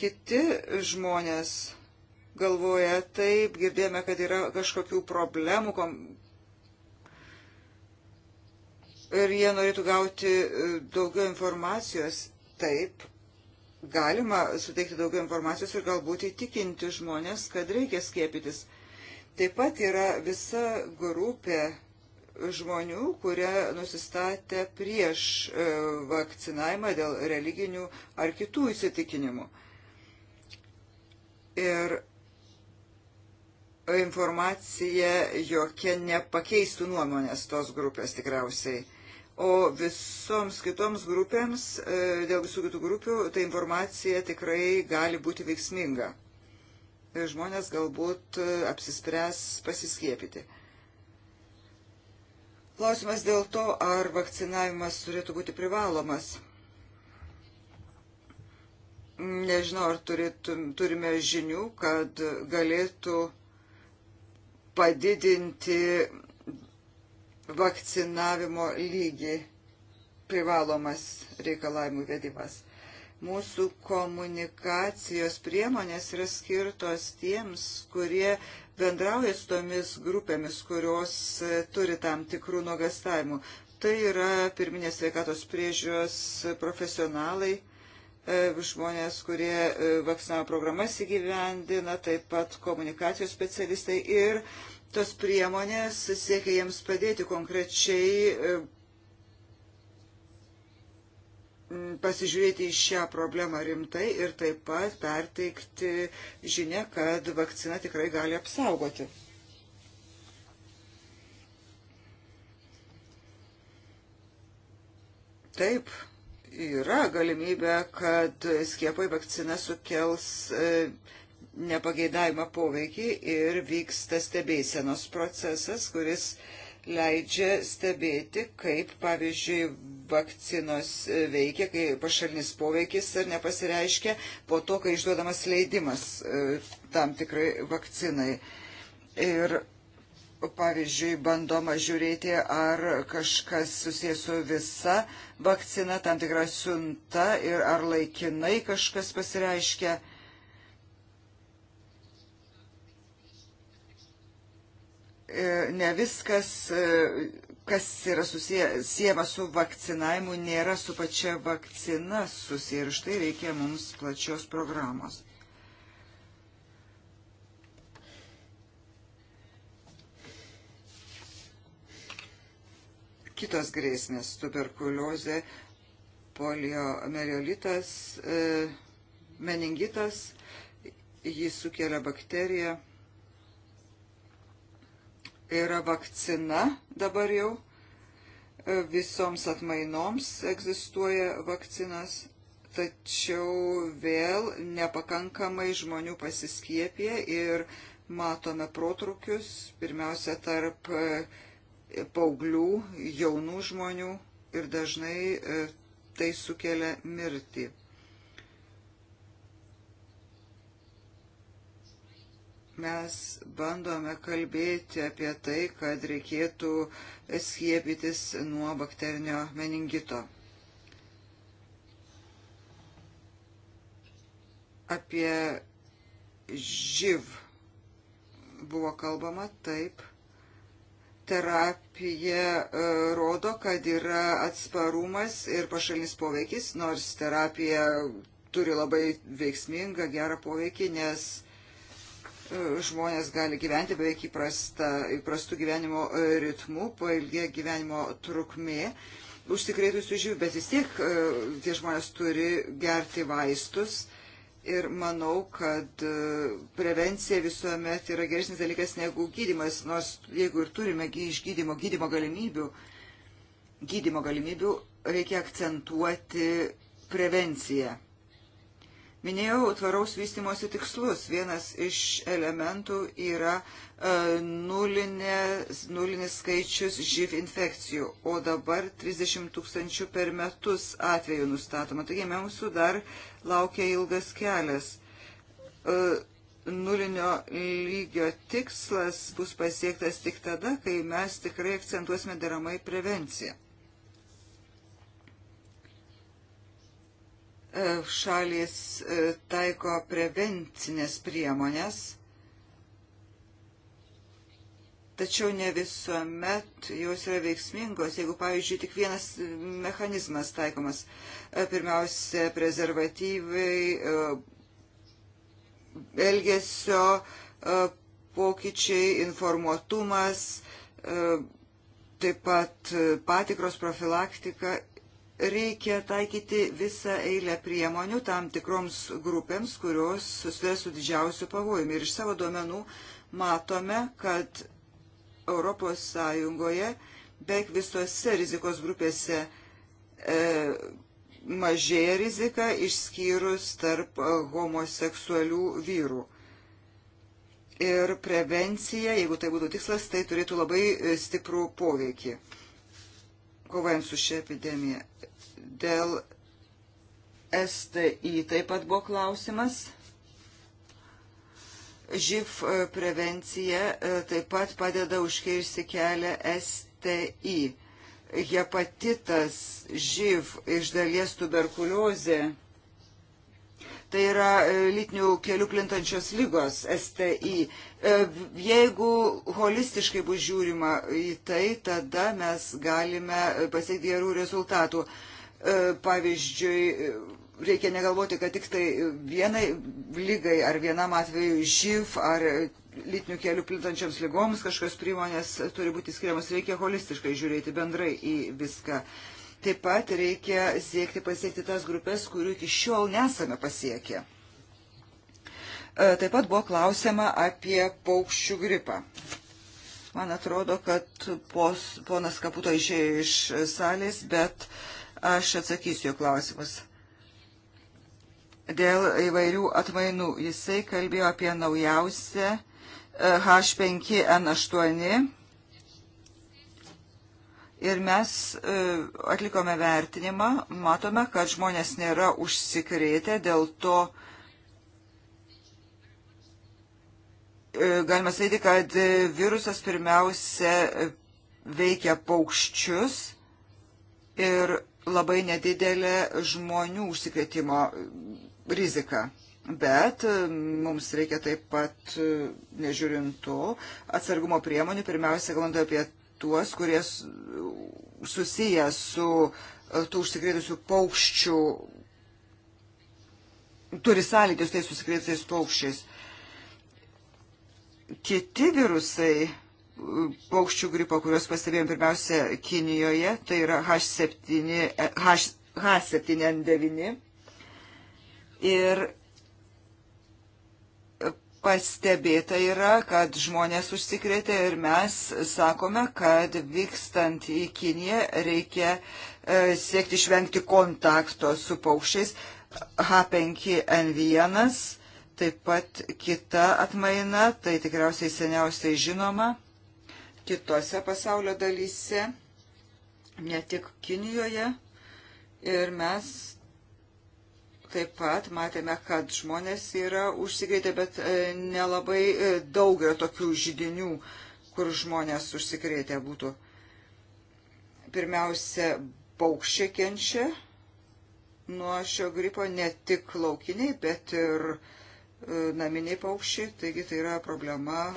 Speaker 1: Kiti žmonės galvoja, taip, girdėjome, kad yra kažkokių problemų, ir jie norėtų gauti e, daugiau informacijos, taip, galima suteikti daugiau informacijos ir galbūt įtikinti žmonės, kad reikia skiepytis. Taip pat yra visa grupė žmonių, kurie nusistatė prieš e, vakcinavimą dėl religinių ar kitų įsitikinimų. Ir informacija jokia nepakeistų nuomonės tos grupės tikriausiai o visoms kitoms grupėms, e, dėl visų kitų grupių, ta informacija tikrai gali būti veiksminga. E, žmonės galbūt e, apsispręs pasiskiepyti. Klausimas dėl to, ar vakcinavimas turėtų būti privalomas. Nežinau, ar turėtum, turime žinių, kad galėtų padidinti vakcinavimo lygį privalomas reikalavimų vedimas. Mūsų komunikacijos priemonės yra skirtos tiems, kurie bendrauja su tomis grupėmis, kurios e, turi tam tikrų nuogastavimų. Tai yra pirminės sveikatos priežiūros profesionalai, e, žmonės, kurie e, vakcinavo programas įgyvendina, taip pat komunikacijos specialistai ir tos priemonės siekia jiems padėti konkrečiai e, pasižiūrėti į šią problemą rimtai ir taip pat perteikti žinę, kad vakcina tikrai gali apsaugoti. Taip, yra galimybė, kad skiepai vakcina sukels e, nepageidavimą poveikį ir vyksta stebėsenos procesas, kuris leidžia stebėti, kaip, pavyzdžiui, vakcinos veikia, kai pašalinis poveikis ar nepasireiškia po to, kai išduodamas leidimas e, tam tikrai vakcinai. Ir pavyzdžiui, bandoma žiūrėti, ar kažkas susijęs su visa vakcina, tam tikra siunta ir ar laikinai kažkas pasireiškia. E, ne viskas, e, kas yra susijęma su vakcinavimu, nėra su pačia vakcina susiję ir štai reikia mums plačios programos. Kitos grėsmės - tuberkuliozė, poliomeriolitas, e, meningitas, jį sukelia bakterija yra vakcina dabar jau, e, visoms atmainoms egzistuoja vakcinas, tačiau vėl nepakankamai žmonių pasiskiepė ir matome protrukius, pirmiausia, tarp e, paauglių, jaunų žmonių ir dažnai e, tai sukelia mirtį. mes bandome kalbėti apie tai, kad reikėtų skiepytis nuo bakterinio meningito. Apie živ buvo kalbama taip. Terapija e, rodo, kad yra atsparumas ir pašalinis poveikis, nors terapija turi labai veiksmingą, gerą poveikį, nes žmonės gali gyventi beveik įprasta, įprastų gyvenimo e, ritmų, pailgė gyvenimo trukmė užsikrėtusių živ, bet vis tiek e, tie žmonės turi gerti vaistus. Ir manau, kad e, prevencija visuomet yra geresnis dalykas negu gydimas, nors jeigu ir turime iš gydimo, gydimo galimybių, gydimo galimybių reikia akcentuoti prevenciją. Minėjau tvaraus vystimosi tikslus. Vienas iš elementų yra e, nulinė, nulinis skaičius živ infekcijų, o dabar 30 tūkstančių per metus atveju nustatoma. Taigi mūsų dar laukia ilgas kelias. E, nulinio lygio tikslas bus pasiektas tik tada, kai mes tikrai akcentuosime deramai prevenciją. E, šalis e, taiko prevencinės priemonės, tačiau ne visuomet jos yra veiksmingos, jeigu, pavyzdžiui, tik vienas mechanizmas taikomas. E, pirmiausia, prezervatyvai, elgesio pokyčiai, informuotumas, taip pat patikros profilaktika reikia taikyti visą eilę priemonių tam tikroms grupėms, kurios susiduria su didžiausiu pavojumi. Ir iš savo duomenų matome, kad Europos Sąjungoje beveik visose rizikos grupėse e, mažėja rizika, išskyrus tarp homoseksualių vyrų. Ir prevencija, jeigu tai būtų tikslas, tai turėtų labai stiprų poveikį kovojant su šia epidemija dėl STI taip pat buvo klausimas. ŽIF e, prevencija e, taip pat padeda užkirsti kelią STI. Hepatitas, ŽIV, iš dalies tuberkuliozė. Tai yra e, lytinių kelių plintančios lygos STI. Jeigu holistiškai bus žiūrima į tai, tada mes galime pasiekti gerų rezultatų. E, pavyzdžiui, e, reikia negalvoti, kad tik tai vienai lygai ar vienam atveju živ ar lytinių kelių plintančiams lygoms kažkokios priemonės turi būti skiriamas. Reikia holistiškai žiūrėti bendrai į viską. Taip pat reikia siekti pasiekti tas grupės, kurių iki šiol nesame pasiekę. E, taip pat buvo klausima apie paukščių gripą. Man atrodo, kad pos, ponas Kaputo išėjo iš salės, bet uh, Aš atsakysiu jo klausimus. Dėl įvairių atmainų jisai kalbėjo apie naujausią e, H5N8 ir mes e, atlikome vertinimą, matome, kad žmonės nėra užsikrėtę, dėl to e, galima sakyti, kad virusas pirmiausia veikia paukščius ir labai nedidelė žmonių užsikrėtimo rizika. Bet e, mums reikia taip pat, e, nežiūrint to, atsargumo priemonių, pirmiausia, kalbant apie tuos, kurie susiję su e, tų užsikrėtusių paukščių, turi sąlygius tais užsikrėtusiais paukščiais. Kiti virusai paukščių gripo, kuriuos pastebėjom pirmiausia Kinijoje, tai yra H7, H, e, H7N9. Ir pastebėta yra, kad žmonės užsikrėtė ir mes sakome, kad vykstant į Kiniją reikia e, siekti išvengti kontakto su paukščiais. H5N1, taip pat kita atmaina, tai tikriausiai seniausiai žinoma kitose pasaulio dalyse, ne tik Kinijoje. Ir mes taip pat matėme, kad žmonės yra užsikrėtę, bet e, nelabai e, daug yra tokių žydinių, kur žmonės užsikrėtę būtų. Pirmiausia, paukščiai kenčia nuo šio gripo ne tik laukiniai, bet ir e, naminiai paukščiai, taigi tai yra problema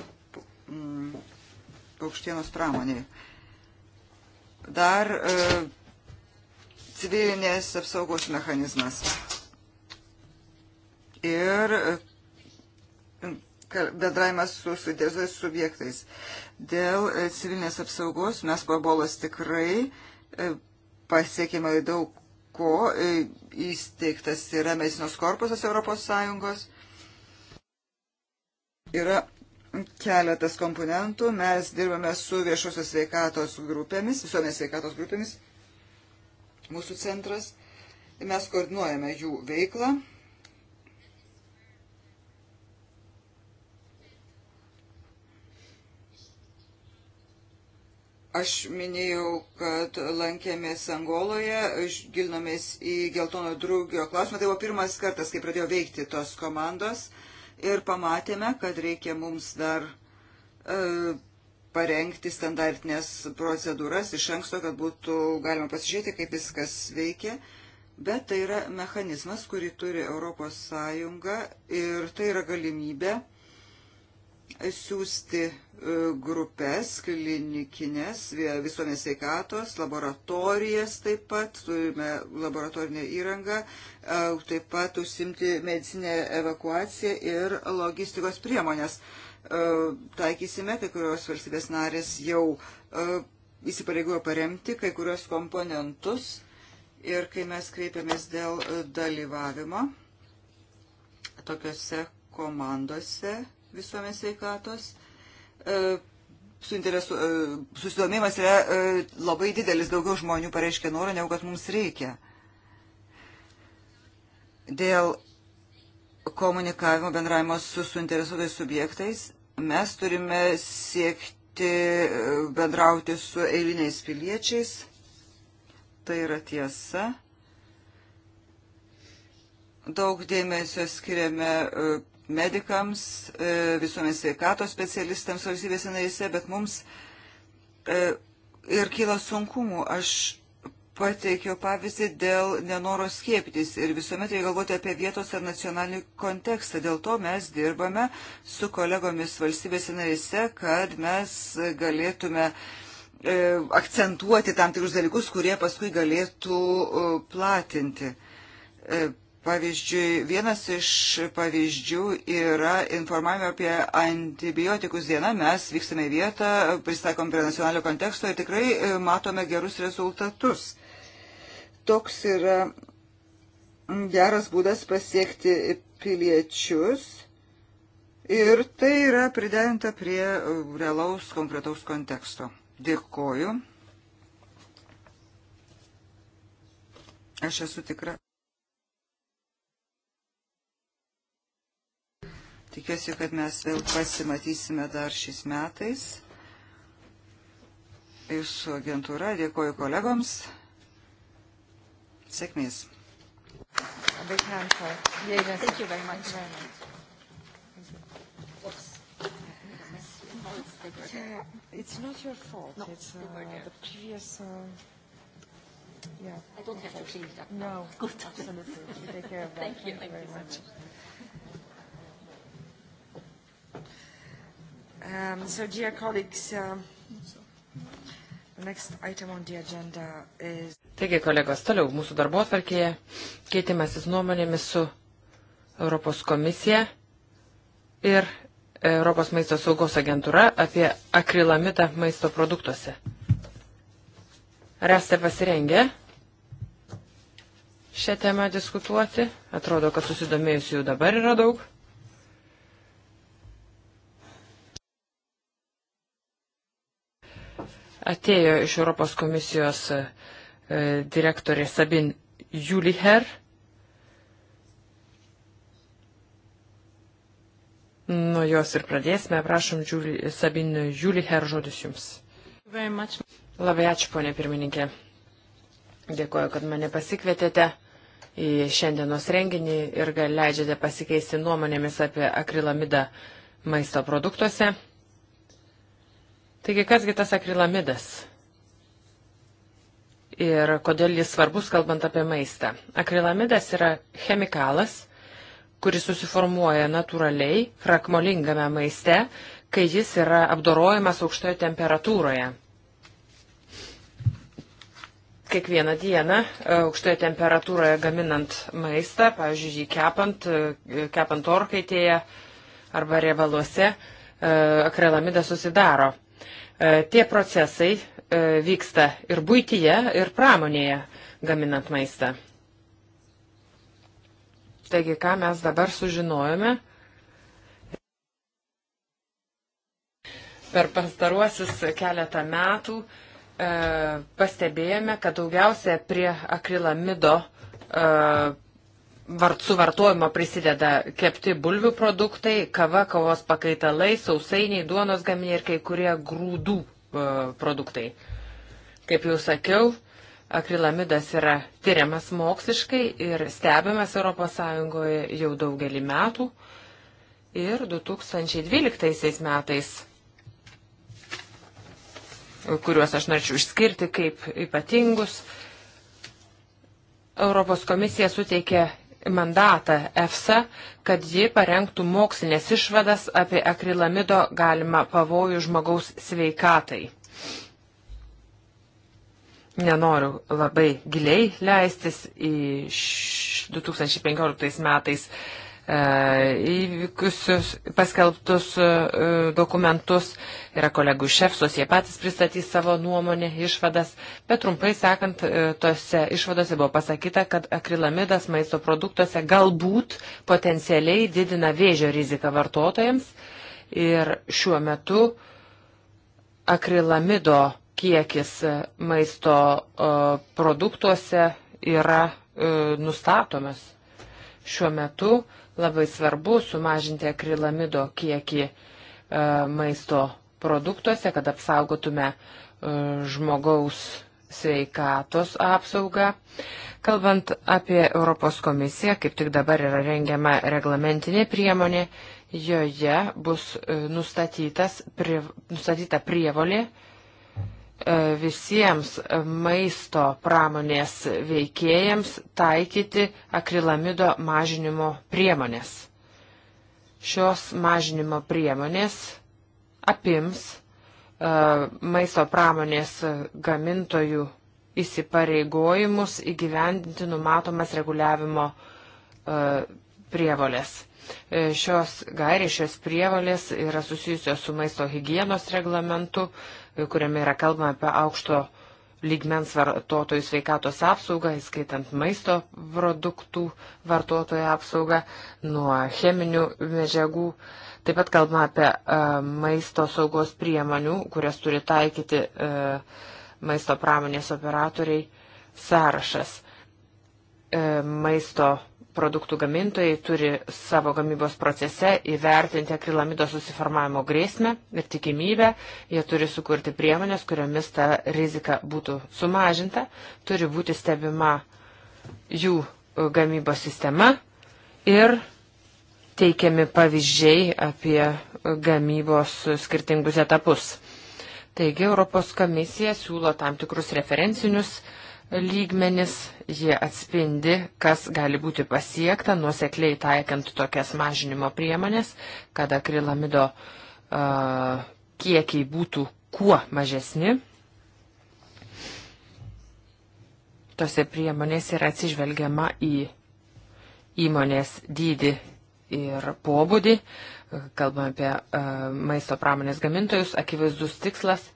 Speaker 1: paukštienos pramoniai. Dar e, civilinės apsaugos mechanizmas. Ir e, bendravimas su sudėzais subjektais. Dėl e, civilinės apsaugos mes po ebolos tikrai e, pasiekėme daug ko. Įsteigtas yra medicinos korpusas Europos Sąjungos. Yra keletas komponentų. Mes dirbame su viešosios sveikatos grupėmis, visuomenės sveikatos grupėmis, mūsų centras. Mes koordinuojame jų veiklą. Aš minėjau, kad lankėmės Angoloje, gilinomės į geltono drugio klausimą. Tai buvo pirmas kartas, kai pradėjo veikti tos komandos. Uh, ir pamatėme, kad reikia mums dar e, parengti standartinės procedūras iš anksto, kad būtų galima pasižiūrėti, kaip viskas veikia. Bet tai yra mechanizmas, kurį turi Europos Sąjunga ir tai yra galimybė siūsti e, grupės klinikinės, visuomenės sveikatos, laboratorijas taip pat, turime laboratorinę įrangą, e, taip pat užsimti medicinę evakuaciją ir logistikos priemonės. E, taikysime, kai kurios valstybės narės jau įsipareigojo paremti kai kurios komponentus ir kai mes kreipiamės dėl dalyvavimo tokiuose komandose visuomenės veikatos. E, suinteresu, e, susidomėjimas yra e, labai didelis, daugiau žmonių pareiškia norą, negu kad mums reikia. Dėl komunikavimo bendravimo su suinteresuotais subjektais mes turime siekti bendrauti su eiliniais piliečiais. Tai yra tiesa daug dėmesio skiriame medikams, e, visuomenės sveikatos specialistams valstybėse narėse, bet mums e, ir kyla sunkumų. Aš pateikiau pavyzdį dėl nenoro skiepytis ir visuomet reikia galvoti apie vietos ar nacionalinį kontekstą. Dėl to mes dirbame su kolegomis valstybėse narėse, kad mes galėtume e, akcentuoti tam tikrus dalykus, kurie paskui galėtų platinti Pavyzdžiui, vienas iš pavyzdžių yra informavimo apie antibiotikus dieną. Mes vykstame į vietą, pristaikom prie nacionalinio konteksto ir tikrai e, matome gerus rezultatus. Toks yra geras būdas pasiekti piliečius ir tai yra priderinta prie realaus konkretaus konteksto. Dėkoju. Aš esu tikra. Tikiuosi, kad mes vėl pasimatysime dar šis metais. Ir su agentūra dėkoju kolegoms. Sėkmės. Big hand for yeah, yes. Thank you very much. Very much. Yeah,
Speaker 3: it's not your fault. No, it's uh, the previous. Uh, yeah. I don't have to change that. No. Good. Absolutely. Take care of that. Thank you. Thank you, Thank you very you so much. much. Um, so, dear colleagues, um,
Speaker 2: next item on the agenda is... Taigi, kolegos, toliau mūsų darbo atvarkėje keitimasis nuomonėmis su Europos komisija ir Europos maisto saugos agentūra apie akrilamitą maisto produktuose. Ar esate pasirengę šią temą diskutuoti? Atrodo, kad susidomėjusių jau dabar yra daug. atėjo iš Europos komisijos e, direktorė Sabin Juliher. Nuo jos ir pradėsime. Prašom, Julie, Sabin Juliher, žodis jums. Labai ačiū, ponė pirmininkė. Dėkuoju, kad mane pasikvietėte į šiandienos renginį ir gal leidžiate pasikeisti nuomonėmis apie akrilamidą maisto produktuose. Taigi, kasgi tas akrilamidas? Ir kodėl jis svarbus, kalbant apie maistą? Akrilamidas yra chemikalas, kuris susiformuoja natūraliai, krakmolingame maiste, kai jis yra apdorojamas aukštoje temperatūroje kiekvieną dieną e, aukštoje temperatūroje gaminant maistą, pavyzdžiui, jį kepant, e, kepant orkaitėje arba riebaluose, e, akrelamidas susidaro. E, tie procesai e, vyksta ir būtyje, ir pramonėje gaminant maistą. Taigi, ką mes dabar sužinojome per pastaruosius keletą metų, e, pastebėjome, kad daugiausia prie akrilamido e, vart, suvartojimo prisideda kepti bulvių produktai, kava, kavos pakaitalai, sausainiai, duonos gaminiai ir kai kurie grūdų e, produktai. Kaip jau sakiau, akrilamidas yra tyriamas moksliškai ir stebimas ES jau daugelį metų. Ir 2012 metais, kuriuos aš norėčiau išskirti kaip ypatingus, Europos komisija suteikė mandatą EFSA, kad ji parengtų mokslinės išvadas apie akrilamido galimą pavojų žmogaus sveikatai. Nenoriu labai giliai leistis į 2015 metais E, įvykusius paskelbtus e, dokumentus. Yra kolegų šefsos, jie patys pristatys savo nuomonę, išvadas. Bet trumpai sakant, e, tose išvadose buvo pasakyta, kad akrilamidas maisto produktuose galbūt potencialiai didina vėžio riziką vartotojams. Ir šiuo metu akrilamido kiekis maisto produktuose yra nustatomas. Šiuo metu uh, Labai svarbu sumažinti akrilamido kiekį e, maisto produktuose, kad apsaugotume e, žmogaus sveikatos apsaugą. Kalbant apie Europos komisiją, kaip tik dabar yra rengiama reglamentinė priemonė, joje bus e, nustatytas, pri, nustatyta prievolė uh, E, visiems maisto pramonės veikėjams taikyti akrilamido mažinimo priemonės. Šios mažinimo priemonės apims e, maisto pramonės gamintojų įsipareigojimus įgyvendinti numatomas reguliavimo e, prievolės. Šios gairės, šios prievolės yra susijusios su maisto hygienos reglamentu, kuriame yra kalbama apie aukšto lygmens vartotojų sveikatos apsaugą, įskaitant maisto produktų vartotojų apsaugą nuo cheminių medžiagų. Taip pat kalbama apie uh, maisto saugos priemonių, kurias turi taikyti uh, maisto pramonės operatoriai sąrašas. Uh, maisto uh, produktų gamintojai turi savo gamybos procese įvertinti akrilamido susiformavimo grėsmę ir tikimybę, jie turi sukurti priemonės, kuriomis ta rizika būtų sumažinta, turi būti stebima jų e, gamybos sistema ir teikiami pavyzdžiai apie e, gamybos skirtingus etapus. Taigi Europos komisija siūlo tam tikrus referencinius uh, lygmenis, jie atspindi, kas gali būti pasiekta, nuosekliai taikant tokias mažinimo priemonės, kad akrilamido uh, kiekiai būtų kuo mažesni. Tose priemonėse yra atsižvelgiama į įmonės dydį ir pobūdį, kalbame apie uh, maisto pramonės gamintojus, akivaizdus tikslas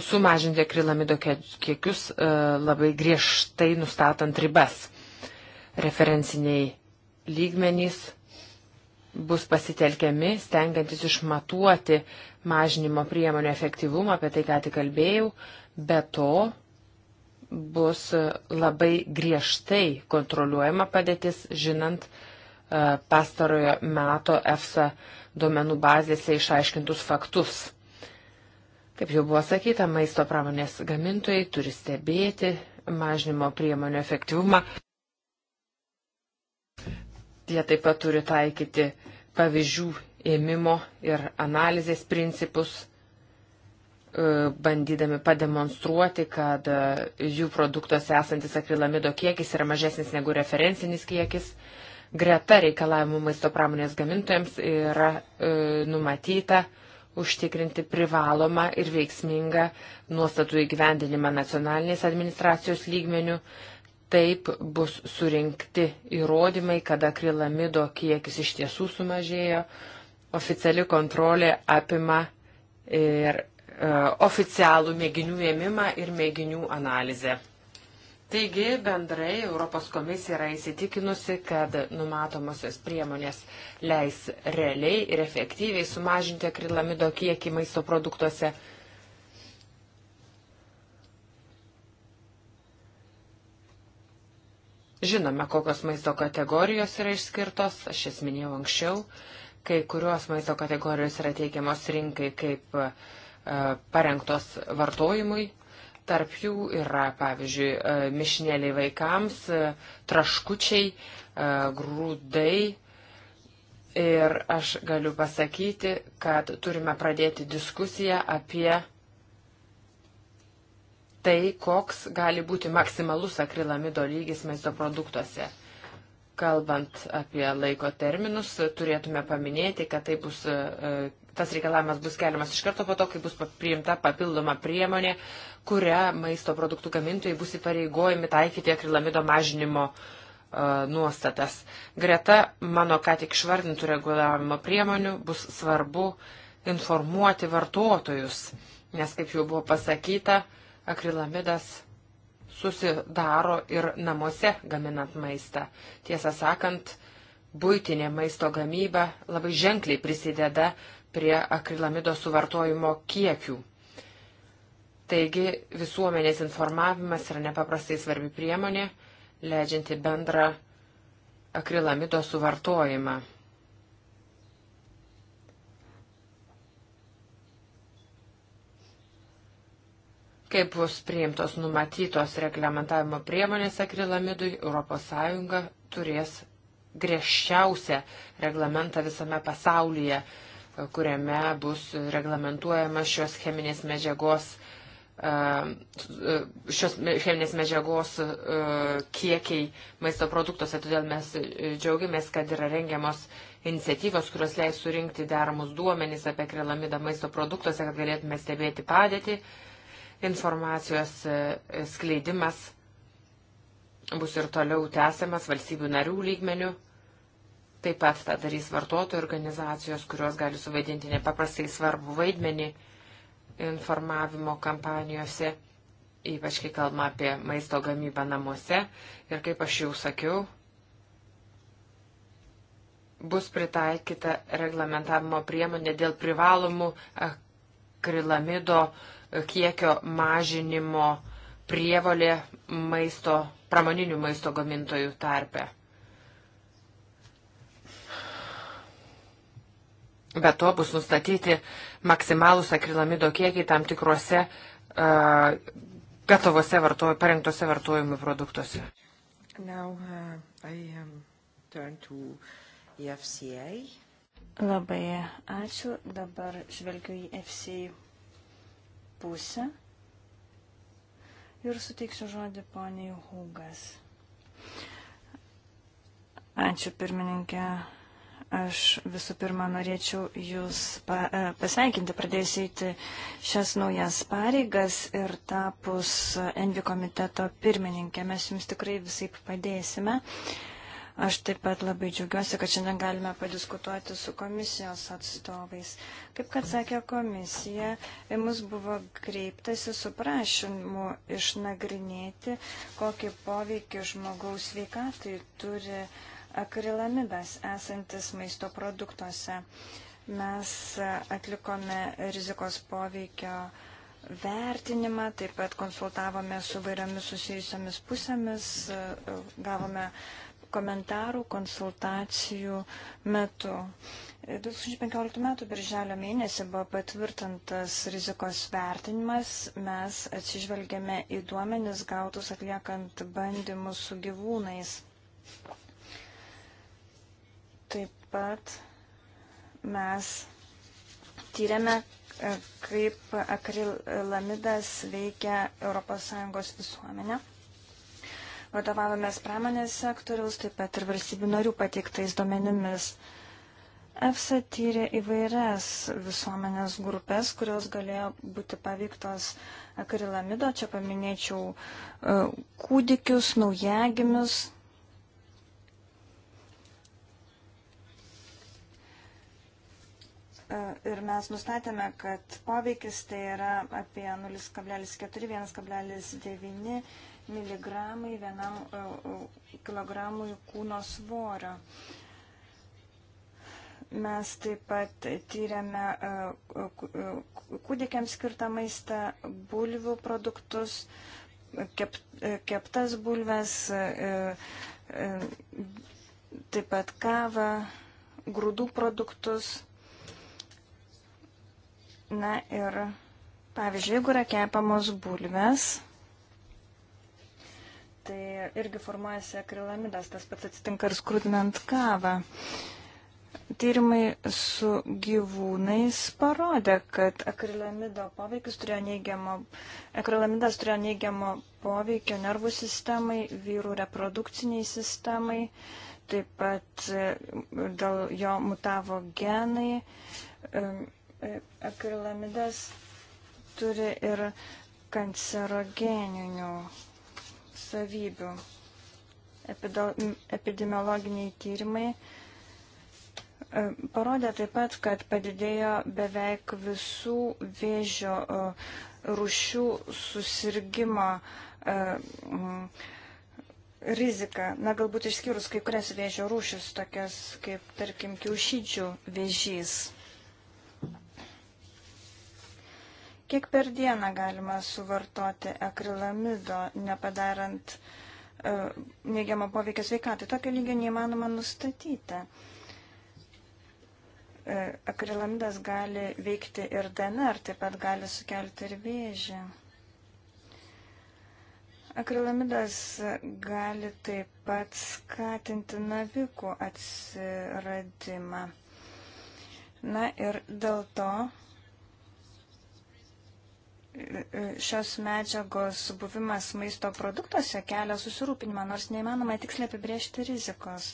Speaker 2: sumažinti akrilamido kiekius e, labai griežtai nustatant ribas. Referenciniai lygmenys bus pasitelkiami, stengiantis išmatuoti mažinimo priemonių efektyvumą, apie tai ką tik kalbėjau, be to bus e, labai griežtai kontroliuojama padėtis, žinant e, pastarojo meto EFSA duomenų bazėse išaiškintus faktus. Kaip jau buvo sakyta, maisto pramonės gamintojai turi stebėti mažinimo priemonių efektyvumą. Jie taip pat turi taikyti pavyzdžių ėmimo ir analizės principus, e, bandydami pademonstruoti, kad e, jų produktuose esantis akrilamido kiekis yra mažesnis negu referencinis kiekis. Greta reikalavimų maisto pramonės gamintojams yra e, numatyta, užtikrinti privalomą ir veiksmingą nuostatų įgyvendinimą nacionalinės administracijos lygmenių. Taip bus surinkti įrodymai, kada krilamido kiekis iš tiesų sumažėjo. Oficiali kontrolė apima ir e, oficialų mėginių ėmimą ir mėginių analizę. Taigi bendrai Europos komisija yra įsitikinusi, kad numatomosios priemonės leis realiai ir efektyviai sumažinti akrilamido kiekį maisto produktuose. Žinome, kokios maisto kategorijos yra išskirtos, aš jas minėjau anksčiau, kai kurios maisto kategorijos yra teikiamos rinkai kaip e, parengtos vartojimui Tarp jų yra, pavyzdžiui, e, mišinėliai vaikams, e, traškučiai, e, grūdai. Ir aš galiu pasakyti, kad turime pradėti diskusiją apie tai, koks gali būti maksimalus akrilamido lygis maisto produktuose. Kalbant apie laiko terminus, turėtume paminėti, kad tai bus tas reikalavimas bus keliamas iš karto po to, kai bus priimta papildoma priemonė, kurią maisto produktų gamintojai bus įpareigojami taikyti akrilamido mažinimo e, nuostatas. Greta mano ką tik švardintų reguliavimo priemonių bus svarbu informuoti vartotojus, nes, kaip jau buvo pasakyta, akrilamidas susidaro ir namuose gaminant maistą. Tiesą sakant, būtinė maisto gamyba labai ženkliai prisideda prie akrilamido suvartojimo kiekių. Taigi visuomenės informavimas yra nepaprastai svarbi priemonė, leidžianti bendrą akrilamido suvartojimą. Kaip bus priimtos numatytos reglamentavimo priemonės akrilamidui, ES turės griežčiausią reglamentą visame pasaulyje kuriame bus reglamentuojama šios cheminės medžiagos šios cheminės medžiagos kiekiai maisto produktuose. Todėl mes e, džiaugiamės, kad yra rengiamos iniciatyvos, kurios leis surinkti deramus duomenys apie krelamidą maisto produktuose, kad galėtume stebėti padėtį. Informacijos e, skleidimas bus ir toliau tęsiamas valstybių narių lygmenių. Taip pat tą darys vartotojų organizacijos, kurios gali suvaidinti nepaprastai svarbu vaidmenį informavimo kampanijose, ypač kai kalbama apie maisto gamybą namuose. Ir kaip aš jau sakiau, bus pritaikyta reglamentavimo priemonė dėl privalomų akrilamido kiekio mažinimo prievolė maisto, pramoninių maisto gamintojų tarpe. Be to bus nustatyti maksimalūs akrilamido kiekiai tam tikrose uh, gatavose vartoj, parengtose vartojimo produktuose. Now, uh, I, um, e
Speaker 3: Labai ačiū. Dabar žvelgiu į e FCA pusę ir suteiksiu žodį poniai Hūgas. Ačiū pirmininkė. Aš visų pirma norėčiau Jūs pa, e, pasveikinti pradėjus eiti šias naujas pareigas ir tapus Envi komiteto pirmininkė. Mes Jums tikrai visai padėsime. Aš taip pat labai džiaugiuosi, kad šiandien galime padiskutuoti su komisijos atstovais. Kaip kad sakė komisija, į mus buvo kreiptasi su prašymu išnagrinėti, kokį poveikį žmogaus veikatai turi uh, akrilamidas esantis maisto produktuose. Mes atlikome rizikos poveikio vertinimą, taip pat konsultavome su vairiomis susijusiamis pusėmis, gavome komentarų, konsultacijų metu. 2015 m. birželio mėnesį buvo patvirtintas rizikos vertinimas. Mes atsižvelgėme į duomenis gautus atliekant bandymus su gyvūnais. Taip pat mes tyrėme, e, kaip akrilamidas veikia ES visuomenę. Vadovavomės pramonės sektoriaus, taip pat ir valstybių narių pateiktais duomenimis. EFSA tyrė įvairias visuomenės grupės, kurios galėjo būti paveiktos akrilamido. Čia paminėčiau e, kūdikius, naujagimius, E, ir mes nustatėme, kad poveikis tai yra apie 0,4-1,9 mg vienam e, e, kilogramui kūno svorio. Mes taip pat tyrėme kūdikiams skirtą maistą, bulvių produktus, kep, keptas bulves, taip pat kavą, grūdų produktus. Na ir pavyzdžiui, jeigu yra kepamos bulvės, tai irgi formuojasi akrilamidas, tas pats atsitinka ir skrudinant kavą. Tyrimai su gyvūnais parodė, kad akrilamido poveikis turėjo neigiamo, akrilamidas turėjo neigiamo poveikio nervų sistemai, vyrų reprodukciniai sistemai, taip pat dėl jo mutavo genai, akrilamidas turi ir kancerogeninių savybių. Epidemiologiniai tyrimai e, parodė taip pat, kad padidėjo beveik visų vėžio e, rušių susirgymo e, rizika. Na, galbūt išskyrus kai kurias vėžio rūšis, tokias kaip, tarkim, kiaušydžių vėžys. Kiek per dieną galima suvartoti akrilamido, nepadarant uh, e, neigiamą poveikį sveikatai? Tokio lygio neįmanoma nustatyti. Uh, akrilamidas gali veikti ir DNR, taip pat gali sukelti ir vėžį. Akrilamidas gali taip pat skatinti navikų atsiradimą. Na ir dėl to šios medžiagos buvimas maisto produktuose kelia susirūpinimą, nors neįmanoma tiksliai apibriežti rizikos.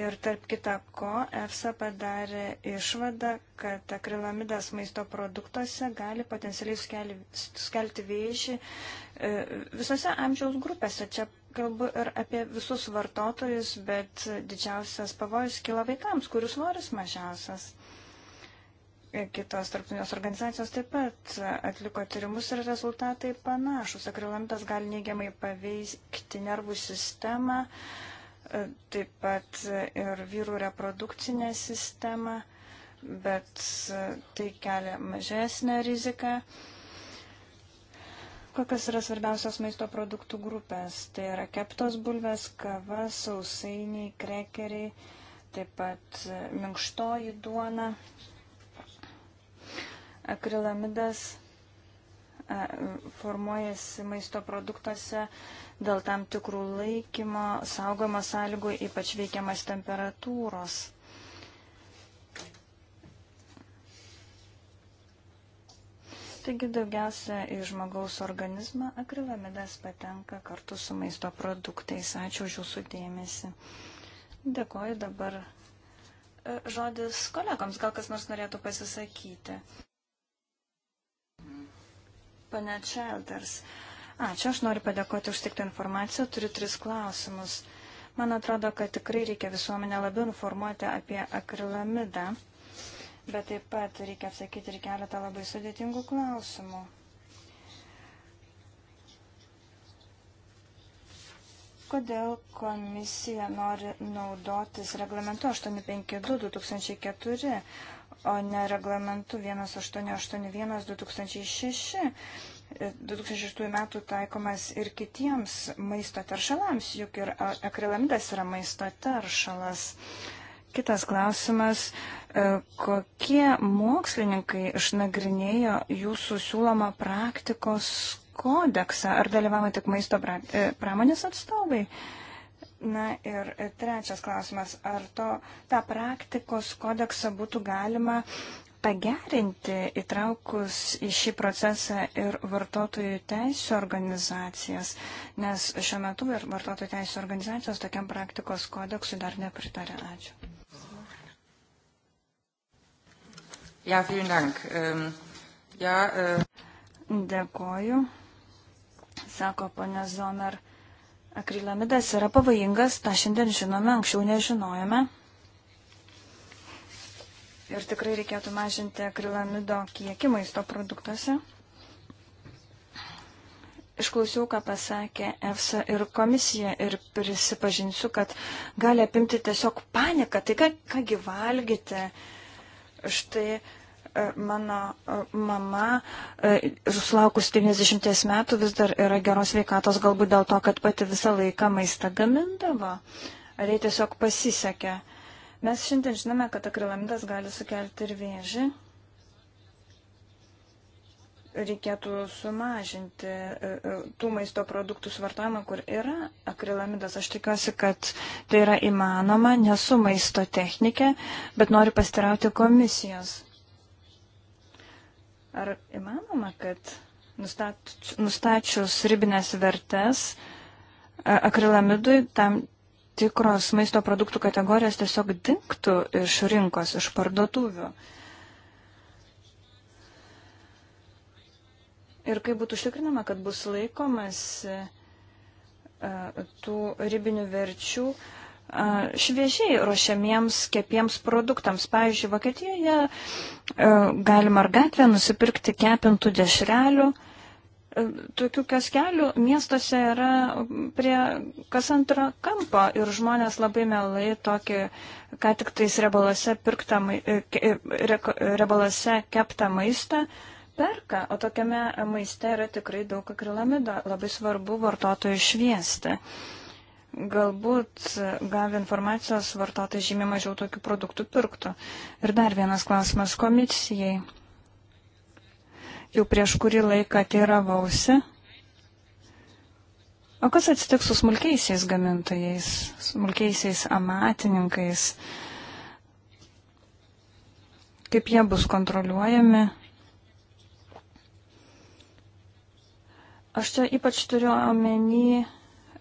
Speaker 3: Ir tarp kita ko, EFSA padarė išvadą, kad akrilamidas maisto produktuose gali potencialiai skelti, skelti vėžį e, visose amžiaus grupėse. Čia kalbu ir apie visus vartotojus, bet didžiausias pavojus kyla vaikams, kurių svoris mažiausias kitos tarptautinės organizacijos taip pat atliko tyrimus ir rezultatai panašus. Akrilampidas gali neigiamai paveikti nervų sistemą, e, taip pat ir vyrų reprodukcinę sistemą, bet e, tai kelia mažesnę riziką. Kokios yra svarbiausios maisto produktų grupės? Tai yra keptos bulvės, kava, sausainiai, krekeriai, taip pat minkštoji duona akrilamidas formuojasi maisto produktuose dėl tam tikrų laikymo, saugomo sąlygų, ypač veikiamas temperatūros. Taigi daugiausia į žmogaus organizmą akrilamidas patenka kartu su maisto produktais. Ačiū už jūsų dėmesį. Dėkoju dabar. E, žodis kolegoms, gal kas nors norėtų pasisakyti pane Čelders. Ačiū, aš noriu padėkoti už tiktą informaciją, turiu tris klausimus. Man atrodo, kad tikrai reikia visuomenę labiau informuoti apie akrilamidą, bet taip pat reikia atsakyti ir keletą labai sudėtingų klausimų. Kodėl komisija nori naudotis reglamentu 852-2004? o ne reglamentu 1881-2006. 2006 metų taikomas ir kitiems maisto teršalams, juk ir akrilamidas yra maisto teršalas. Kitas klausimas, e, kokie mokslininkai išnagrinėjo jūsų siūlomą praktikos kodeksą? Ar dalyvavo tik maisto e, pramonės atstovai? Uh, Na ir trečias klausimas, ar to, tą praktikos kodeksą būtų galima pagerinti įtraukus į šį procesą ir vartotojų teisų organizacijas, nes šiuo metu ir vartotojų teisų organizacijos tokiam praktikos kodeksui dar nepritarė. Ačiū.
Speaker 2: Ja, vielen Dank. Ähm, ja, äh...
Speaker 3: Dėkoju, sako ponė Zomer. Äh... Akrilamidas yra pavojingas, tą šiandien žinome, anksčiau nežinojome. Ir tikrai reikėtų mažinti akrilamido kiekį maisto produktuose. Išklausiau, ką pasakė EFSA ir komisija ir prisipažinsiu, kad gali apimti tiesiog paniką. Tai ką, kągi valgyti? Štai E, mano e, mama, e, susilaukus 90 metų, vis dar yra geros veikatos, galbūt dėl to, kad pati visą laiką maistą gamindavo, ar jai tiesiog pasisekė. Mes šiandien žinome, kad akrilamidas gali sukelti ir vėžį. Reikėtų sumažinti tų maisto produktų suvartojimą, kur yra akrilamidas. Aš tikiuosi, kad tai yra įmanoma, nesu maisto technikė, bet noriu pastirauti komisijos Ar įmanoma, kad nustačius ribinės vertes akrilamidui tam tikros maisto produktų kategorijos tiesiog dinktų iš rinkos, iš parduotuvių? Ir kaip būtų užtikrinama, kad bus laikomas tų ribinių verčių, uh, šviežiai ruošiamiems kepiems produktams. Pavyzdžiui, Vokietijoje galima ar gatvę nusipirkti kepintų dešrelių. Tokių kaskelių miestuose yra prie kas antro kampo ir žmonės labai melai tokį, ką tik tais rebaluose, pirktą, e, e, rebaluose keptą maistą perka, o tokiame maiste yra tikrai daug akrilamido, labai svarbu vartotojų šviesti. Uh, galbūt gavę informacijos vartotojai žymiai mažiau tokių produktų pirktų. Ir dar vienas klausimas komisijai. Jau prieš kurį laiką teiravausi. O kas atsitiks su smulkiaisiais gamintojais, smulkiaisiais amatininkais? Kaip jie bus kontroliuojami? Aš čia ypač turiu omeny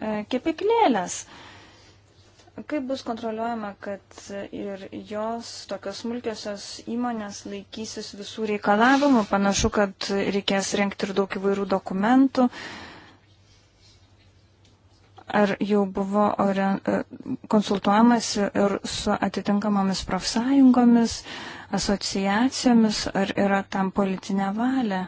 Speaker 3: E, kepyklėlės. Kaip bus kontroliuojama, kad ir jos tokios smulkiosios įmonės laikysis visų reikalavimų? Panašu, kad reikės renkti ir daug įvairių dokumentų. Ar jau buvo e, konsultuojamasi ir su atitinkamomis profsąjungomis, asociacijomis, ar yra tam politinė valia?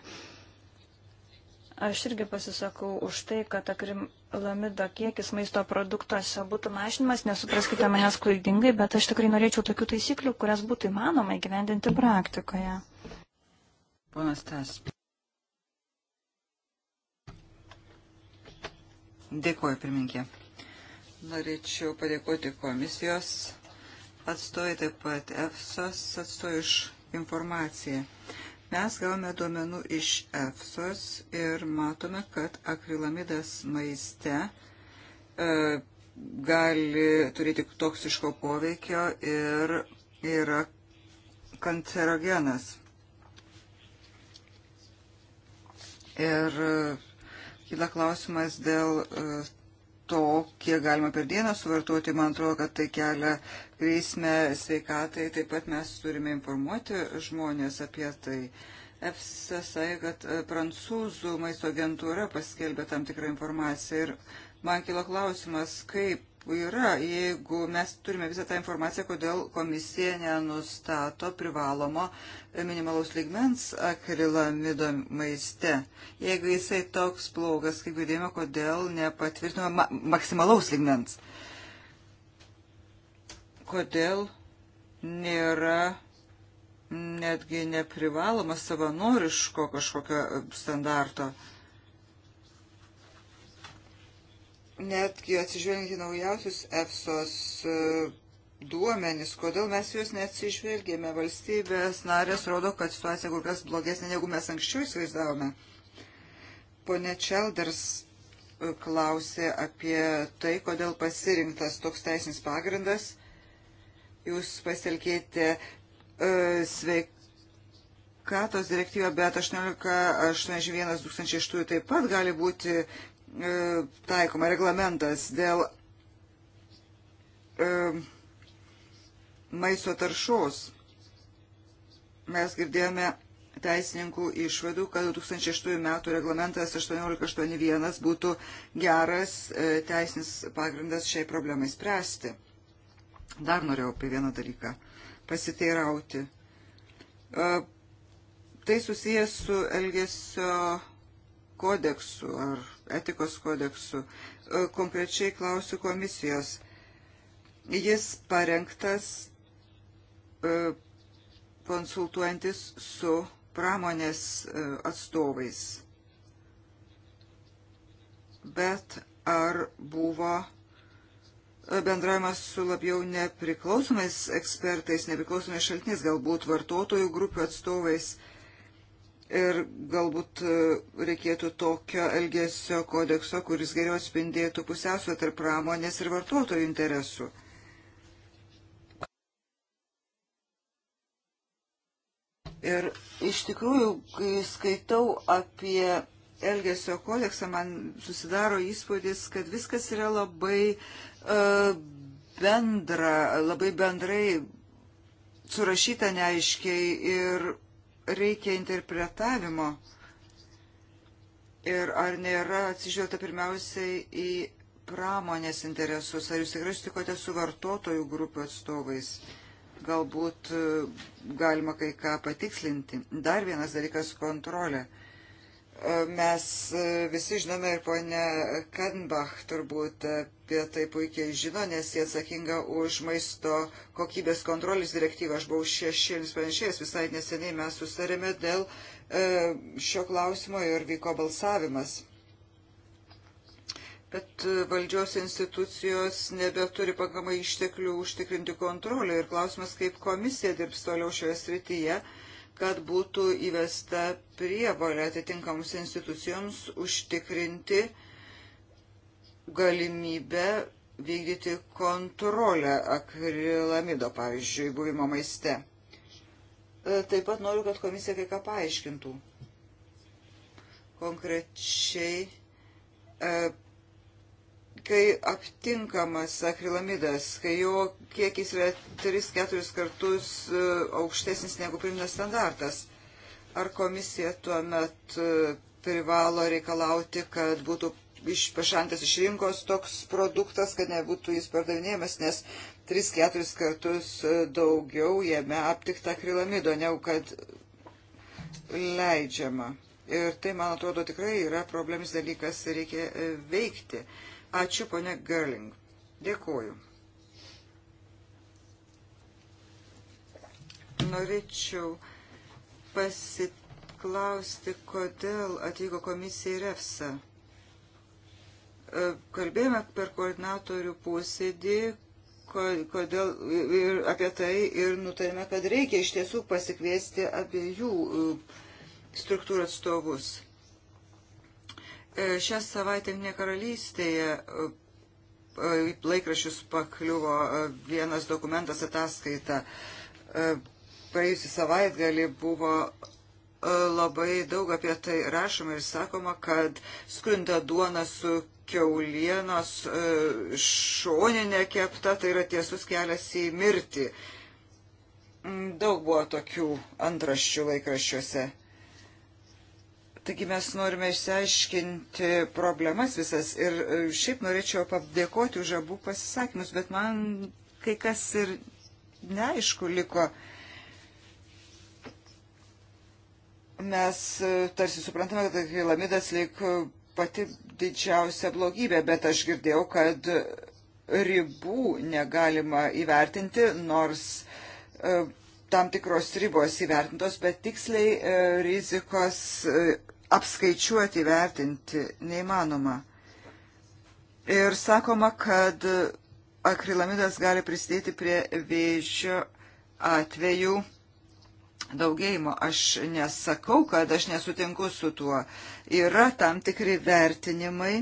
Speaker 3: Aš irgi pasisakau už tai, kad akrilamido kiekis maisto produktuose būtų mažinimas. Nesupraskite manęs klaidingai, bet aš tikrai norėčiau tokių taisyklių, kurias būtų įmanoma įgyvendinti praktikoje.
Speaker 1: Ponas Tas. Dėkuoju, pirminkė. Norėčiau padėkoti komisijos atstovai, taip pat EFSOS atstovai už informaciją. Mes gavome duomenų iš EFSOS ir matome, kad akrilamidas maiste e, gali turėti toksiško poveikio ir yra kancerogenas. Ir e, kyla klausimas dėl e, to, kiek galima per dieną suvartoti, man atrodo, kad tai kelia grėsmę sveikatai. Taip pat mes turime informuoti žmonės apie tai. EFSA sakė, kad e, prancūzų maisto agentūra paskelbė tam tikrą informaciją ir man kilo klausimas, kaip yra. Jeigu mes turime visą tą informaciją, kodėl komisija nenustato privalomo minimalaus ligmens akrilamido maiste. Jeigu jisai toks blogas, kaip girdėjome, kodėl nepatvirtinama ma maksimalaus ligmens. Kodėl nėra netgi neprivaloma savanoriško kažkokio standarto. netgi atsižvelgiant į naujausius EFSOS e, duomenis, kodėl mes juos neatsižvelgėme. Valstybės narės rodo, kad situacija kur kas blogesnė, negu mes anksčiau įsivaizdavome. Pone Čelders e, klausė apie tai, kodėl pasirinktas toks teisinis pagrindas. Jūs pasitelkėte e, sveikatos direktyvą, bet 1881-2006 taip pat gali būti E, taikoma reglamentas dėl e, maisto taršos. Mes girdėjome teisininkų išvadų, kad 2006 metų reglamentas 1881 būtų geras e, teisinis pagrindas šiai problemai spręsti. Dar norėjau apie vieną dalyką pasiteirauti. Tai susijęs su Elgesio kodeksu ar etikos kodeksu. E, konkrečiai klausiu komisijos. Jis parengtas e, konsultuojantis su pramonės e, atstovais. Bet ar buvo bendravimas su labiau nepriklausomais ekspertais, nepriklausomais šaltiniais, galbūt vartotojų grupių atstovais, ir galbūt e, reikėtų tokio elgesio kodekso, kuris geriau atspindėtų pusiausvę tarp pramonės ir vartotojų interesų. Ir iš tikrųjų, kai skaitau apie elgesio kodeksą, man susidaro įspūdis, kad viskas yra labai uh, bendra, labai bendrai surašyta neaiškiai ir reikia interpretavimo ir ar nėra atsižiūrėta pirmiausiai į pramonės interesus, ar jūs tikrai sutikote su vartotojų grupių atstovais. Galbūt e, galima kai ką patikslinti. Dar vienas dalykas - kontrolė. Mes e, visi žinome ir ponia Kadenbach turbūt apie tai puikiai žino, nes jie atsakinga už maisto kokybės kontrolės direktyvą. Aš buvau šešėlis pranešėjas, visai neseniai mes sustarėme dėl e, šio klausimo ir vyko balsavimas. Bet e, valdžios institucijos nebeturi pakamai išteklių užtikrinti kontrolę ir klausimas, kaip komisija dirbs toliau šioje srityje kad būtų įvesta prievalė atitinkamus institucijoms užtikrinti galimybę vykdyti kontrolę akrilamido, pavyzdžiui, buvimo maiste. E, taip pat noriu, kad komisija kai ką paaiškintų. Konkrečiai e, kai aptinkamas akrilamidas, kai jo kiekis yra 3-4 kartus e, aukštesnis negu priminas standartas, ar komisija tuo met e, privalo reikalauti, kad būtų iš, pašantas iš rinkos toks produktas, kad nebūtų jis pardavinėjamas, nes 3-4 kartus e, daugiau jame aptikta akrilamido, negu kad leidžiama. Ir tai, man atrodo, tikrai yra problemis dalykas ir reikia veikti. Uh, Ačiū, ponė Gerling. Dėkuoju. Norėčiau pasiklausti, kodėl atvyko komisija į EFSA. E, kalbėjome per koordinatorių posėdį, kodėl ir apie tai ir nutarėme, kad reikia iš tiesų pasikviesti abiejų e, struktūrų atstovus. E, šią savaitę ne karalystėje e, e, laikrašius pakliuvo vienas dokumentas ataskaita. Praėjusį savaitgalį buvo labai daug apie tai rašoma ir sakoma, kad skunda duona su keulienos šoninė kepta, tai yra tiesus kelias į mirtį. Mm, daug buvo tokių antraščių laikraščiuose. Taigi mes norime išsiaiškinti problemas visas ir e, šiaip norėčiau padėkoti už abu pasisakymus, bet man kai kas ir neaišku liko. Mes e, tarsi suprantame, kad lamidas lyg pati didžiausia blogybė, bet aš girdėjau, kad ribų negalima įvertinti, nors e, tam tikros ribos įvertintos, bet tiksliai e, rizikos e, apskaičiuoti, vertinti neįmanoma. Ir sakoma, kad akrilamidas gali prisidėti prie vėžio atvejų daugėjimo. Aš nesakau, kad aš nesutinku su tuo. Yra tam tikri vertinimai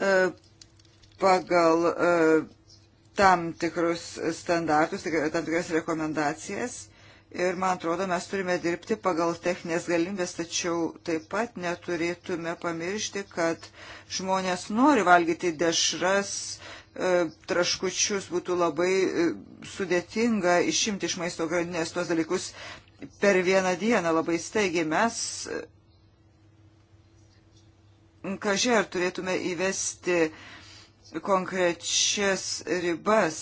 Speaker 1: e, pagal e, tam tikrus standartus, tai tam tikras rekomendacijas Ir man atrodo, mes turime dirbti pagal techninės galimybės, tačiau taip pat neturėtume pamiršti, kad žmonės nori valgyti dešras, e, traškučius, būtų labai e, sudėtinga išimti iš maisto grandinės tuos dalykus per vieną dieną labai staigiai. Mes, e, kažkai, ar turėtume įvesti konkrečias ribas,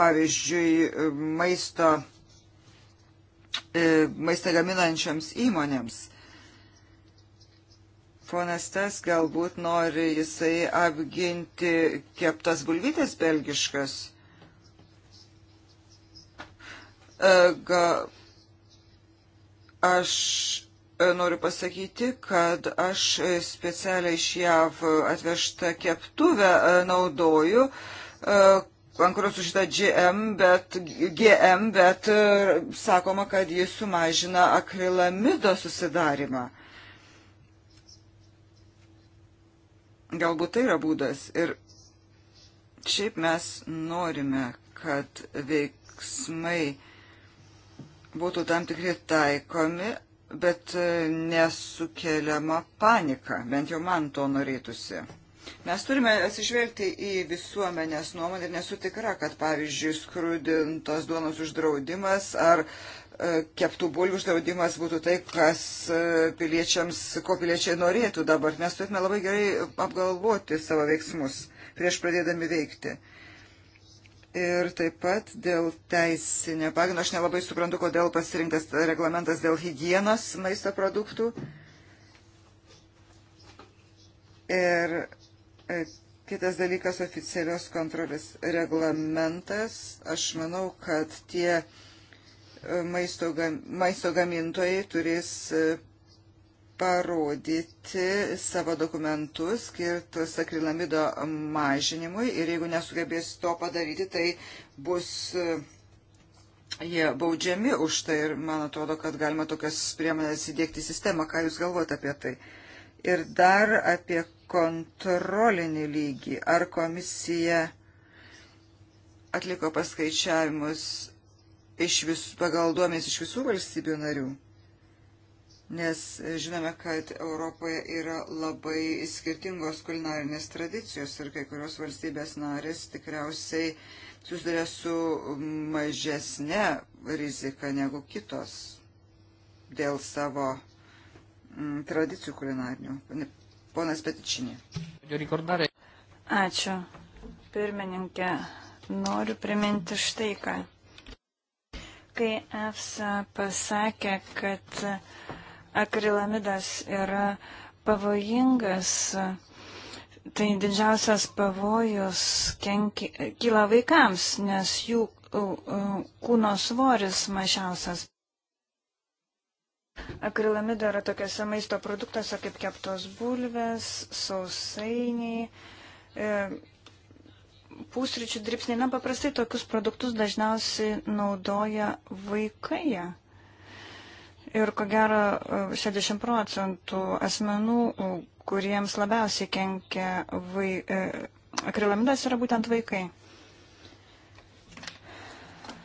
Speaker 1: pavyzdžiui, maisto E, maistą gaminančioms įmonėms. Ponas Tas galbūt nori jisai apginti keptas bulvytės belgiškas. E, ga, aš e, noriu pasakyti, kad aš specialiai iš JAV atvežtą keptuvę naudoju, konkuruos už šitą GM, bet, GM, bet e, sakoma, kad jis sumažina akrilamido susidarimą. Galbūt tai yra būdas. Ir šiaip mes norime, kad veiksmai būtų tam tikri taikomi, bet e, nesukeliama panika. Bent jau man to norėtųsi. Mes turime atsižvelgti į visuomenės nuomonę ir nesu tikra, kad pavyzdžiui skrudintos duonos uždraudimas ar e, keptų bulvių uždraudimas būtų tai, kas e, piliečiams, ko piliečiai norėtų dabar. Mes turėtume labai gerai apgalvoti savo veiksmus prieš pradėdami veikti. Ir taip pat dėl teisinio pagrindo, aš nelabai suprantu, kodėl pasirinktas reglamentas dėl hygienos maisto produktų. Ir E, kitas dalykas - oficialios kontrolės reglamentas. Aš manau, kad tie e, maisto, maisto gamintojai turės e, parodyti savo dokumentus skirtus akrilamido mažinimui ir jeigu nesugebės to padaryti, tai bus jie baudžiami už tai ir man atrodo, kad galima tokias priemonės įdėkti į sistemą. Ką Jūs galvojate apie tai? Uh, Ir dar apie kontrolinį lygį. Ar komisija atliko paskaičiavimus iš vis, pagal duomenys iš visų valstybių narių? Nes žinome, kad Europoje yra labai skirtingos kulinarinės tradicijos ir kai kurios valstybės narės tikriausiai susiduria su mažesne rizika negu kitos dėl savo Mm, tradicijų kulinarinių. Ponas Petičinė.
Speaker 3: Ačiū. Pirmininkė, noriu priminti štai ką. Kai EFSA pasakė, kad akrilamidas yra pavojingas, tai didžiausias pavojus kenki, kyla vaikams, nes jų kūno svoris mažiausias. Akrilamido yra tokiuose maisto produktuose kaip keptos bulvės, sausainiai, e, pusryčių dripsniai. Na, paprastai tokius produktus dažniausiai naudoja vaikai. Ir ko gero 60 e, procentų asmenų, e, kuriems labiausiai kenkia vai, e, akrilamidas, yra būtent vaikai.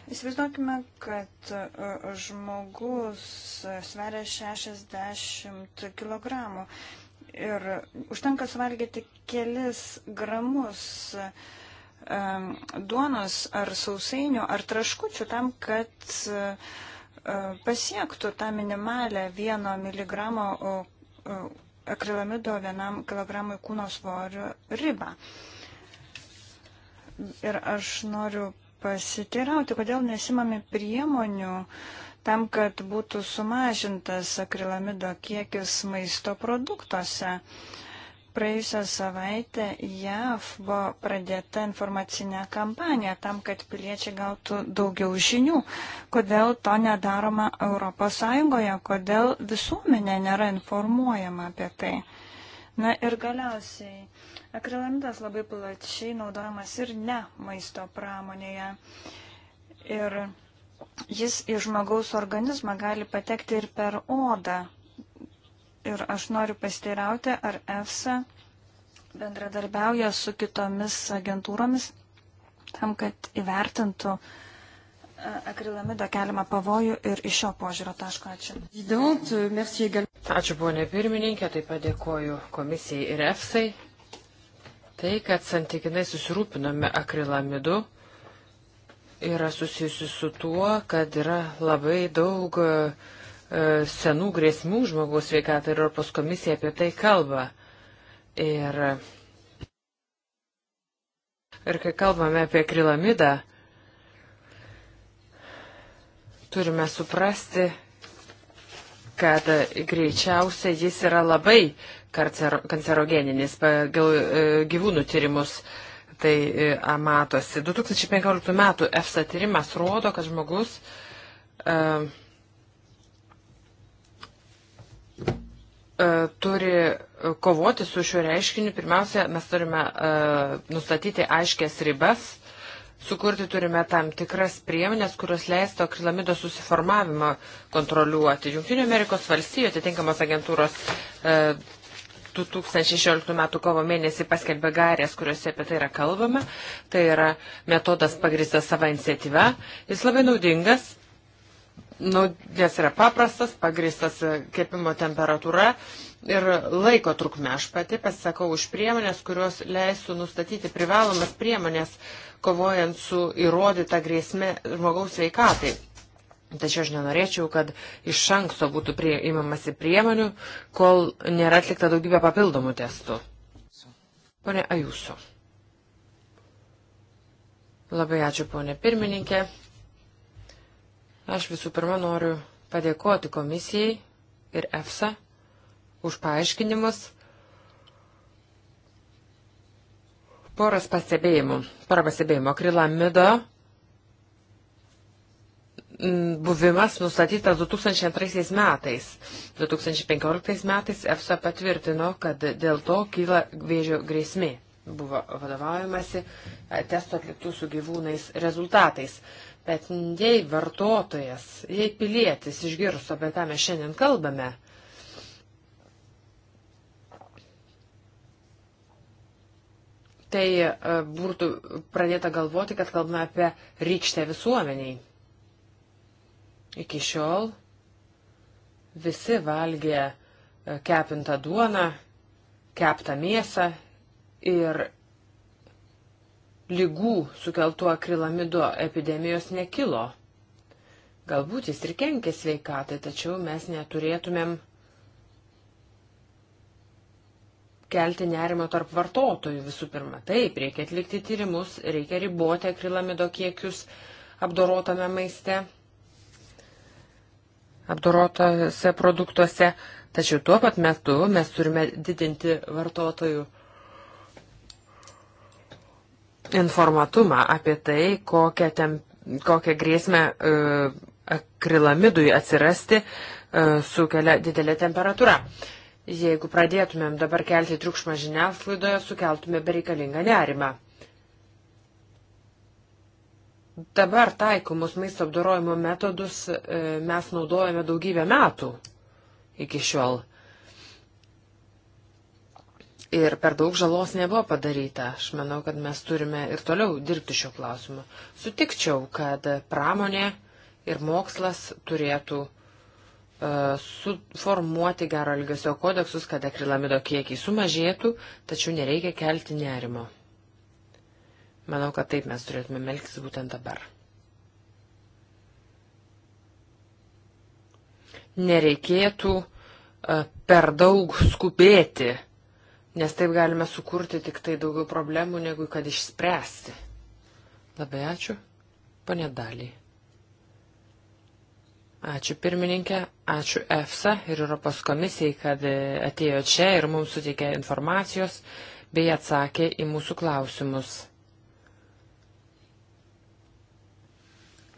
Speaker 3: Įsivaizduokime, kad e, žmogus e, sveria 60 kg ir užtenka suvalgyti kelis gramus e, duonos ar sausainių ar traškučių tam, kad pasiektų tą minimalę 1 mg akrilamido 1 kg kūno svorio ribą. Ir aš noriu pasiteirauti, kodėl nesimami priemonių tam, kad būtų sumažintas akrilamido kiekis maisto produktuose. Praėjusią savaitę JAV buvo pradėta informacinė kampanija tam, kad piliečiai gautų daugiau žinių. Kodėl to nedaroma ES, kodėl visuomenė nėra informuojama apie tai. Na ir galiausiai Akrilantas labai plačiai naudojamas ir ne maisto pramonėje. Ir jis į žmogaus organizmą gali patekti ir per odą. Ir aš noriu pasteirauti, ar EFSA bendradarbiauja su kitomis agentūromis tam, kad įvertintų e, akrilamido keliamą pavojų ir iš šio požiūrio taško. Ačiū.
Speaker 2: Ačiū, ponė pirmininkė, taip pat dėkoju komisijai ir EFSAI Tai, kad santykinai susirūpinome akrilamidu, yra susijusi su tuo, kad yra labai daug e, senų grėsmių žmogaus sveikatai ir Europos komisija apie tai kalba. Ir, ir kai kalbame apie akrilamidą, turime suprasti, kad greičiausia jis yra labai kancerogeninis pagal e, gyvūnų tyrimus. Tai e, matosi. 2015 metų EFSA tyrimas rodo, kad žmogus uh, turi kovoti su šiuo reiškiniu, pirmiausia, mes turime uh, nustatyti aiškės ribas Sukurti turime tam tikras priemonės, kurios leistų akrilamido susiformavimą kontroliuoti. Junktinių Amerikos valstijų atitinkamos agentūros e, 2016 m. kovo mėnesį paskelbė garės, kuriuose apie tai yra kalbama. Tai yra metodas pagristas savo iniciatyva. Jis labai naudingas, nu, nes yra paprastas, pagristas e, kepimo temperatūra ir laiko trukme. Aš pati pasisakau už priemonės, kurios leistų nustatyti privalomas priemonės uh, kovojant su įrodyta grėsme žmogaus veikatai. Tačiau aš nenorėčiau, kad iš anksto būtų prie, imamasi priemonių, kol nėra atlikta daugybė papildomų testų. Pone Ajuso. Labai ačiū, ponė pirmininkė. Aš visų pirma noriu padėkoti komisijai ir EFSA už paaiškinimus Poras pastebėjimų. Porą pastebėjimų. Akrilamido mm, buvimas nustatytas 2002 metais. 2015 metais EFSA patvirtino, kad dėl to kyla vėžio grėsmė. Buvo vadovaujamasi e, testo atliktų su gyvūnais rezultatais. Bet jei vartotojas, jei pilietis išgirs, apie ką mes šiandien kalbame, tai e, būtų pradėta galvoti, kad kalbame apie rykštę visuomeniai. Iki šiol visi valgė e, kepintą duoną, keptą mėsą ir lygų sukeltų akrilamido epidemijos nekilo. Galbūt jis ir kenkė sveikatai, tačiau mes neturėtumėm kelti nerimo tarp vartotojų visų pirma. Taip, reikia atlikti tyrimus, reikia riboti akrilamido kiekius apdorotame maiste, apdorotose produktuose, tačiau tuo pat metu mes turime didinti vartotojų informatumą apie tai, kokią, tem, kokią grėsmę e, akrilamidui atsirasti e, sukelia didelė temperatūra. E, Jeigu pradėtumėm dabar kelti triukšmą žiniasklaidoje, sukeltume bereikalingą nerimą. Dabar taikomus maisto apdorojimo metodus e, mes naudojame daugybę metų iki šiol. Ir per daug žalos nebuvo padaryta. Aš manau, kad mes turime ir toliau dirbti šio klausimu. Sutikčiau, kad pramonė ir mokslas turėtų E, suformuoti gero elgesio kodeksus, kad akrilamido kiekiai sumažėtų, tačiau nereikia kelti nerimo. Manau, kad taip mes turėtume melktis būtent dabar. Nereikėtų e, per daug skubėti, nes taip galime sukurti tik tai daugiau problemų, negu kad išspręsti. Labai ačiū, ponė Daliai. Ačiū pirmininkė, ačiū EFSA ir Europos komisijai, kad e, atėjo čia ir mums suteikė informacijos bei atsakė į mūsų klausimus.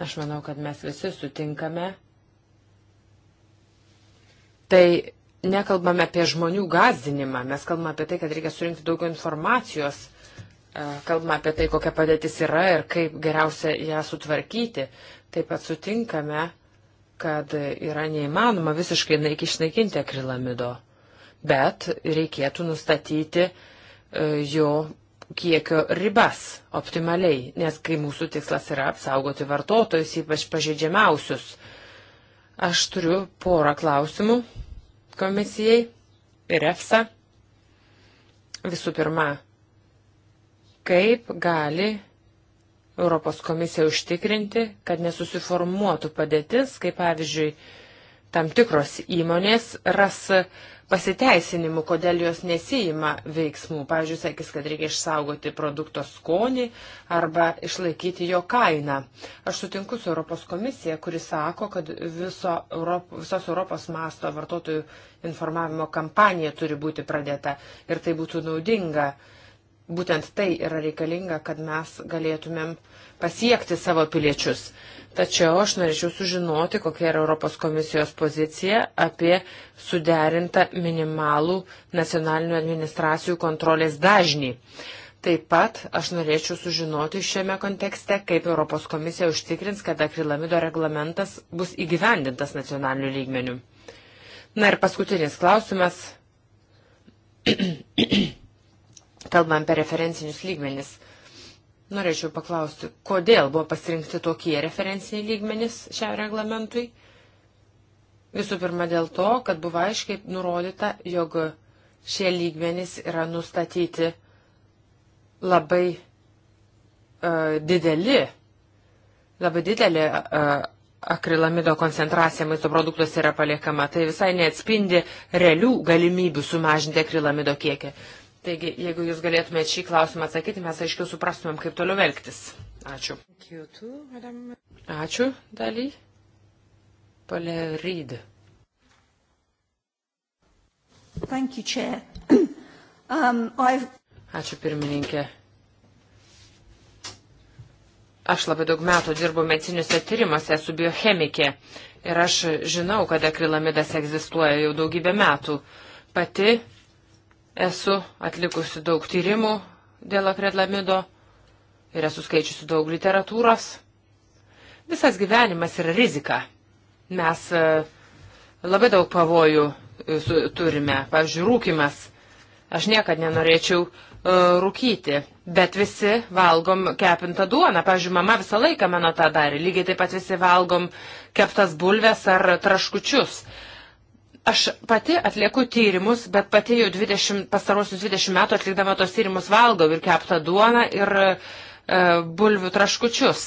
Speaker 2: Aš manau, kad mes visi sutinkame. Tai nekalbame apie žmonių gazdinimą, mes kalbame apie tai, kad reikia surinkti daugiau informacijos, e, kalbame apie tai, kokia padėtis yra ir kaip geriausia ją sutvarkyti. Taip pat sutinkame kad yra neįmanoma visiškai išnaikinti akrilamido, bet reikėtų nustatyti e, jo kiekio ribas optimaliai, nes kai mūsų tikslas yra apsaugoti vartotojus, ypač pažeidžiamiausius. Aš turiu porą klausimų komisijai ir EFSA. Visų pirma, kaip gali Europos komisija užtikrinti, kad nesusiformuotų padėtis, kaip pavyzdžiui, tam tikros įmonės ras pasiteisinimų, kodėl jos nesijima veiksmų. Pavyzdžiui, sakys, kad reikia išsaugoti produkto skonį arba išlaikyti jo kainą. Aš sutinku su Europos komisija, kuri sako, kad viso Europ, visos Europos masto vartotojų informavimo kampanija turi būti pradėta ir tai būtų naudinga. Uh, Būtent tai yra reikalinga, kad mes galėtumėm pasiekti savo piliečius. Tačiau aš norėčiau sužinoti, kokia yra Europos komisijos pozicija apie suderintą minimalų nacionalinių administracijų kontrolės dažnį. Taip pat aš norėčiau sužinoti šiame kontekste, kaip Europos komisija užtikrins, kad akrilamido reglamentas bus įgyvendintas nacionaliniu lygmeniu. Na ir paskutinis klausimas. (clears throat) kalbam apie referencinius lygmenis. Norėčiau paklausti, kodėl buvo pasirinkti tokie referenciniai lygmenys šiam reglamentui? Visų pirma dėl to, kad buvo aiškiai nurodyta, jog šie lygmenys yra nustatyti labai uh, dideli, labai didelė uh, akrilamido koncentracija maisto produktuose yra paliekama. Tai visai neatspindi realių galimybių sumažinti akrilamido kiekį. Taigi, jeigu jūs galėtumėte šį klausimą atsakyti, mes aiškiau suprastumėm, kaip toliau elgtis. Ačiū. Ačiū, daly. Pale Ryd. Ačiū pirmininkė. Aš labai daug metų dirbu mediciniuose tyrimuose, esu biochemikė ir aš žinau, kad akrilamidas egzistuoja jau daugybę metų. Pati Esu atlikusi daug tyrimų dėl akredlamido ir esu skaičiusi daug literatūros. Visas gyvenimas yra rizika. Mes e, labai daug pavojų e, turime. Pavyzdžiui, rūkimas. Aš niekad nenorėčiau e, rūkyti, bet visi valgom kepintą duoną. Pavyzdžiui, mama visą laiką mano tą darė. Lygiai taip pat visi valgom keptas bulves ar traškučius. Aš pati atlieku tyrimus, bet pati jau 20, pastarosius 20 metų atlikdama tos tyrimus valgau ir keptą duoną ir e, bulvių traškučius.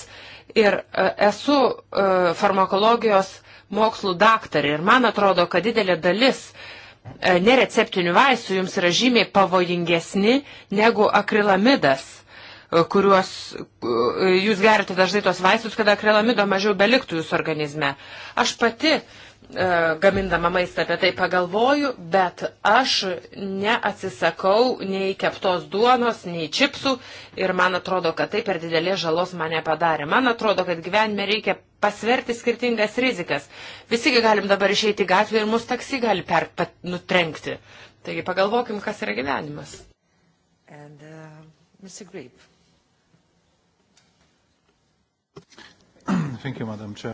Speaker 2: Ir e, esu e, farmakologijos mokslų daktarė ir man atrodo, kad didelė dalis e, nereceptinių vaistų jums yra žymiai pavojingesni negu akrilamidas e, kuriuos e, jūs gerite dažnai tos vaistus, kada akrilamido mažiau beliktų jūsų organizme. Aš pati uh, E, gamindama maistą apie tai pagalvoju, bet aš neatsisakau nei keptos duonos, nei čipsų ir man atrodo, kad tai per didelės žalos mane padarė. Man atrodo, kad gyvenime reikia pasverti skirtingas rizikas. Visigi galim dabar išeiti į gatvę ir mūsų taksi gali per, pat, nutrenkti. Taigi pagalvokim, kas yra gyvenimas. And, uh, Thank you, Madam Chair.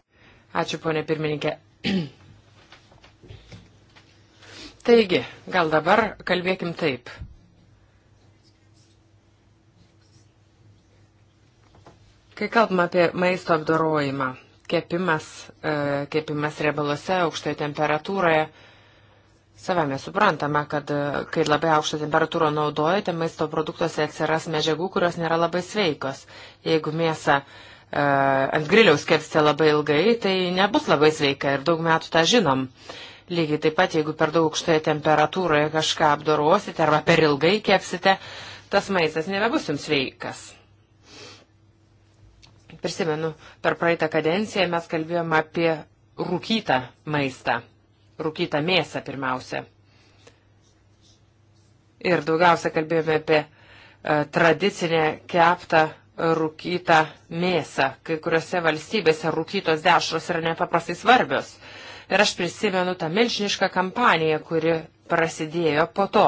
Speaker 2: Ačiū, ponė pirmininkė. (clears throat) Taigi, gal dabar kalbėkim taip. Kai kalbam apie maisto apdorojimą, kepimas, e, kepimas riebaluose, aukštoje temperatūroje, savame suprantama, kad e, kai labai aukštą temperatūrą naudojate, maisto produktuose atsiras medžiagų, kurios nėra labai sveikos. Jeigu mėsą e, ant griliaus kepsite labai ilgai, tai nebus labai sveika ir daug metų tą žinom. Lygiai taip pat, jeigu per daug aukštoje temperatūroje kažką apdorosite arba per ilgai kepsite, tas maistas nebebus jums sveikas. Prisimenu, per praeitą kadenciją mes kalbėjome apie rūkytą maistą, rūkytą mėsą pirmiausia. Ir daugiausia kalbėjome apie e, tradicinę keptą rūkytą mėsą. Kai kuriuose valstybėse rūkytos dešros yra nepaprastai svarbios. Ir aš prisimenu tą milžinišką kampaniją, kuri prasidėjo po to.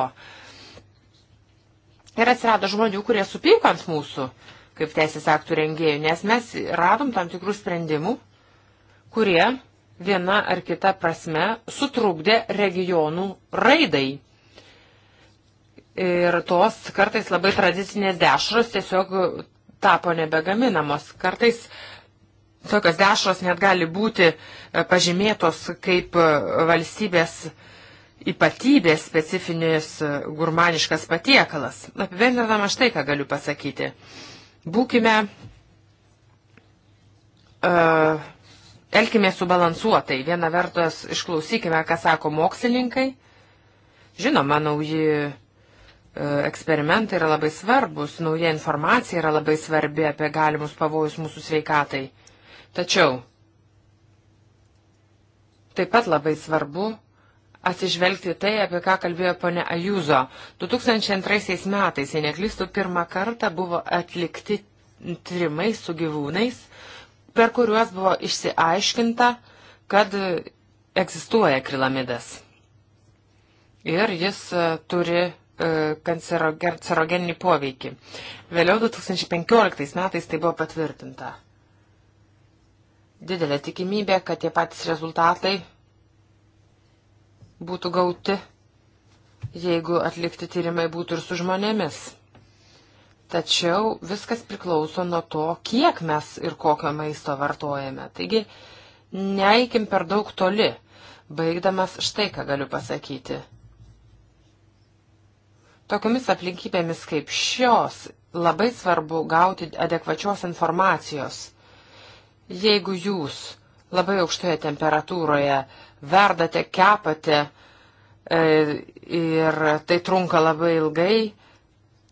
Speaker 2: Ir atsirado žmonių, kurie supyko ant mūsų, kaip teisės aktų rengėjų, nes mes radom tam tikrų sprendimų, kurie viena ar kita prasme sutrukdė regionų raidai. Ir tos kartais labai tradicinės dešros tiesiog tapo nebegaminamos. Kartais Tokios dešros net gali būti e, pažymėtos kaip e, valstybės ypatybės specifinis e, gurmaniškas patiekalas. Apibendrinama štai, ką galiu pasakyti. Būkime, uh, elkime subalansuotai. Viena vertus, išklausykime, ką sako mokslininkai. Žinoma, nauji eksperimentai yra labai svarbus, nauja informacija yra labai svarbi apie galimus pavojus mūsų sveikatai. Tačiau taip pat labai svarbu atsižvelgti tai, apie ką kalbėjo ponė Ajuzo. 2002 metais, jei neklystu, pirmą kartą buvo atlikti trimai su gyvūnais, per kuriuos buvo išsiaiškinta, kad egzistuoja akrilamidas. Ir jis e, turi e, kancerogeninį poveikį. Vėliau 2015 metais tai buvo patvirtinta didelė tikimybė, kad tie patys rezultatai būtų gauti, jeigu atlikti tyrimai būtų ir su žmonėmis. Tačiau viskas priklauso nuo to, kiek mes ir kokio maisto vartojame. Taigi, neaikim per daug toli. Baigdamas štai ką galiu pasakyti. Tokiomis aplinkybėmis kaip šios labai svarbu gauti adekvačios informacijos Jeigu jūs labai aukštoje temperatūroje verdate, kepate e, ir tai trunka labai ilgai,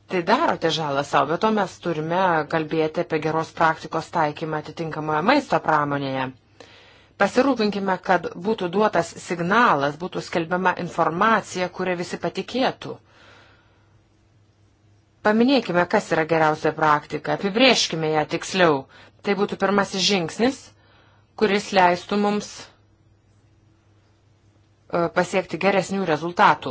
Speaker 2: tai darote žalą savo, bet to mes turime kalbėti apie geros praktikos taikymą atitinkamoje maisto pramonėje. Pasirūpinkime, kad būtų duotas signalas, būtų skelbiama informacija, kurią visi patikėtų. Paminėkime, kas yra geriausia praktika, apibrieškime ją tiksliau, Tai būtų pirmasis žingsnis, kuris leistų mums e, pasiekti geresnių rezultatų.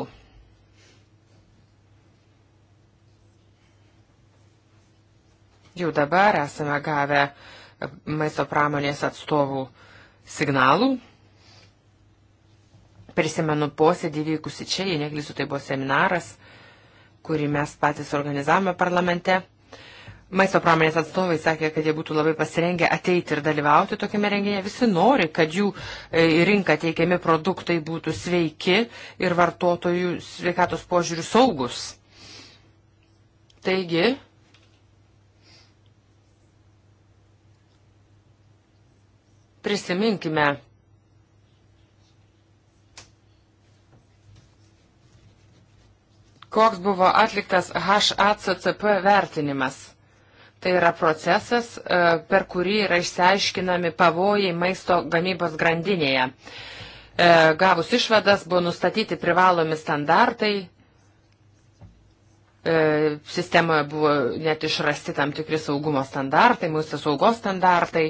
Speaker 2: Jau dabar esame gavę e, maisto pramonės atstovų signalų. Prisimenu posėdį vykusi čia, jei neklysiu, tai buvo seminaras, kurį mes patys organizavome parlamente. Maisto pramonės atstovai sakė, kad jie būtų labai pasirengę ateiti ir dalyvauti tokiame renginėje. Visi nori, kad jų e, į rinką teikiami produktai būtų sveiki ir vartotojų sveikatos požiūrių saugus. Taigi, prisiminkime koks buvo atliktas HACCP vertinimas. Tai yra procesas, e, per kurį yra išsiaiškinami pavojai maisto gamybos grandinėje. E, gavus išvadas buvo nustatyti privalomi standartai, e, sistemoje buvo net išrasti tam tikri saugumo standartai, mūsų saugos standartai.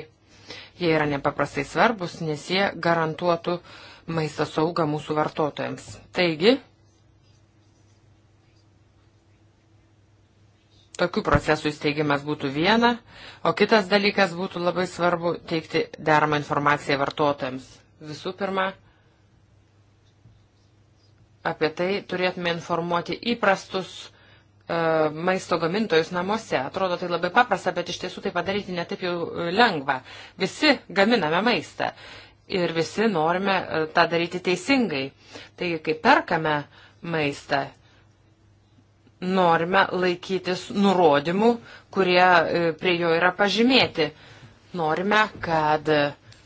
Speaker 2: Jie yra nepaprastai svarbus, nes jie garantuotų maisto saugą mūsų vartotojams. Taigi, Tokių procesų įsteigimas būtų viena, o kitas dalykas būtų labai svarbu teikti deramą informaciją vartotojams. Visų pirma, apie tai turėtume informuoti įprastus e, maisto gamintojus namuose. Atrodo tai labai paprasta, bet iš tiesų tai padaryti netaip jau e, lengva. Visi gaminame maistą ir visi norime e, tą daryti teisingai. Taigi, kai perkame maistą, norime laikytis nurodymų, kurie e, prie jo yra pažymėti. Norime, kad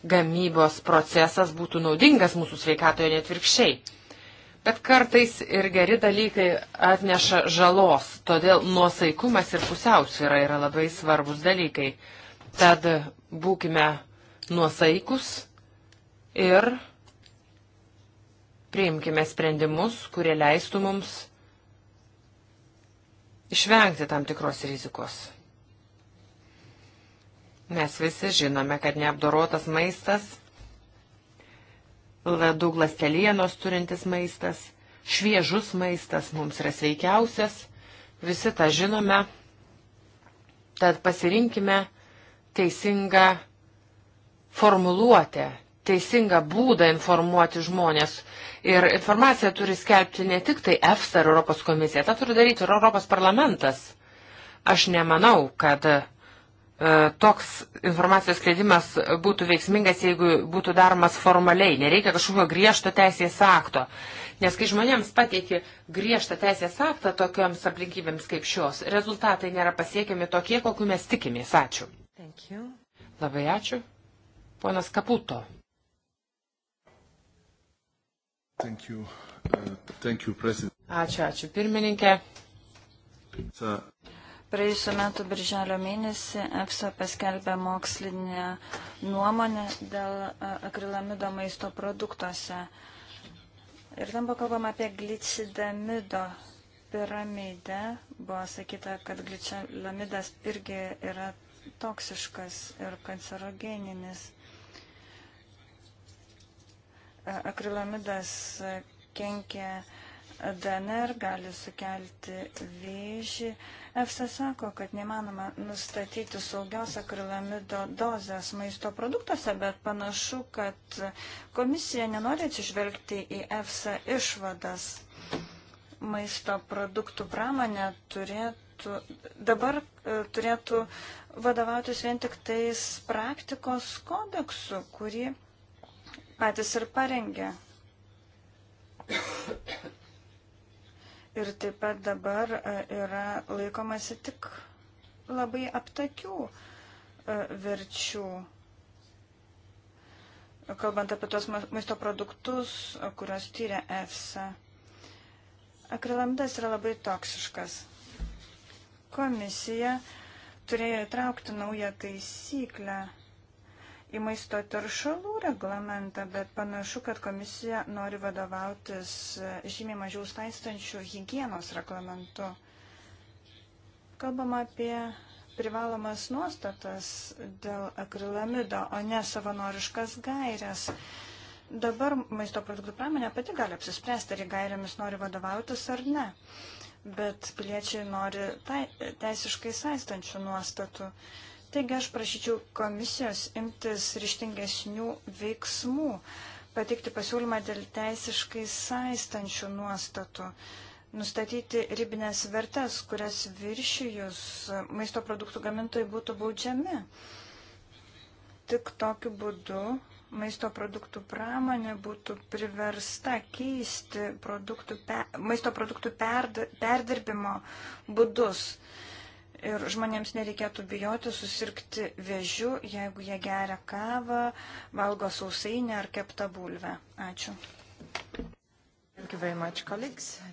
Speaker 2: gamybos procesas būtų naudingas mūsų sveikatoje netvirkščiai. Bet kartais ir geri dalykai atneša žalos, todėl nuosaikumas ir pusiausvyra yra labai svarbus dalykai. Tad būkime nuosaikus ir priimkime sprendimus, kurie leistų mums išvengti tam tikros rizikos. Mes visi žinome, kad neapdorotas maistas, ledų glastelienos turintis maistas, šviežus maistas mums yra sveikiausias, visi tą žinome, tad pasirinkime teisingą formuluotę, teisingą būdą informuoti žmonės. Ir informaciją turi skelbti ne tik tai EFSA ir Europos komisija, tą turi daryti ir Europos parlamentas. Aš nemanau, kad e, toks informacijos skleidimas būtų veiksmingas, jeigu būtų daromas formaliai. Nereikia kažkokio griežto teisės akto. Nes kai žmonėms pateiki griežtą teisės aktą tokiams aplinkybėms kaip šios, rezultatai nėra pasiekiami tokie, kokiu mes tikimės. Ačiū. Labai ačiū. Ponas Kaputo. Thank you. Uh, thank you, president. ačiū, ačiū pirmininkė. Uh...
Speaker 3: Praėjusiu metu birželio mėnesį EFSA paskelbė mokslinę nuomonę dėl akrilamido maisto produktuose. Ir tam buvo kalbama apie glicidamido piramidę. Buvo sakyta, kad glicidamidas irgi yra toksiškas ir kancerogeninis. E, Akrilamidas kenkia DNR, gali sukelti vėžį. EFSA sako, kad nemanoma nustatyti saugios akrilamido dozės maisto produktuose, bet panašu, kad komisija nenori atsižvelgti į EFSA išvadas. Maisto produktų pramonė turėtų, dabar e, turėtų vadovautis vien tik tais praktikos kodeksu, kurį patys ir parengė. Ir taip pat dabar e, yra laikomasi tik labai aptakių e, verčių. Kalbant apie tos maisto produktus, e, kuriuos tyria EFSA. Akrilamidas yra labai toksiškas. Komisija turėjo įtraukti naują taisyklę į maisto taršalų reglamentą, bet panašu, kad komisija nori vadovautis e, žymiai mažiau staistančių hygienos reglamentu. Kalbama apie privalomas nuostatas dėl akrilamido, o ne savanoriškas gairias. Dabar maisto produktų pramonė pati gali apsispręsti, ar gairiamis nori vadovautis ar ne. Bet piliečiai nori tai, teisiškai saistančių nuostatų. Uh, Taigi aš prašyčiau komisijos imtis ryštingesnių veiksmų, pateikti pasiūlymą dėl teisiškai saistančių nuostatų, nustatyti ribinės vertes, kurias viršijus maisto produktų gamintojai būtų baudžiami. Tik tokiu būdu maisto produktų pramonė būtų priversta keisti produktų, pe, maisto produktų perd, perdirbimo būdus. Uh, ir žmonėms nereikėtų bijoti susirgti vėžiu, jeigu jie geria kavą, valgo sausainę ar keptą bulvę. Ačiū. Much,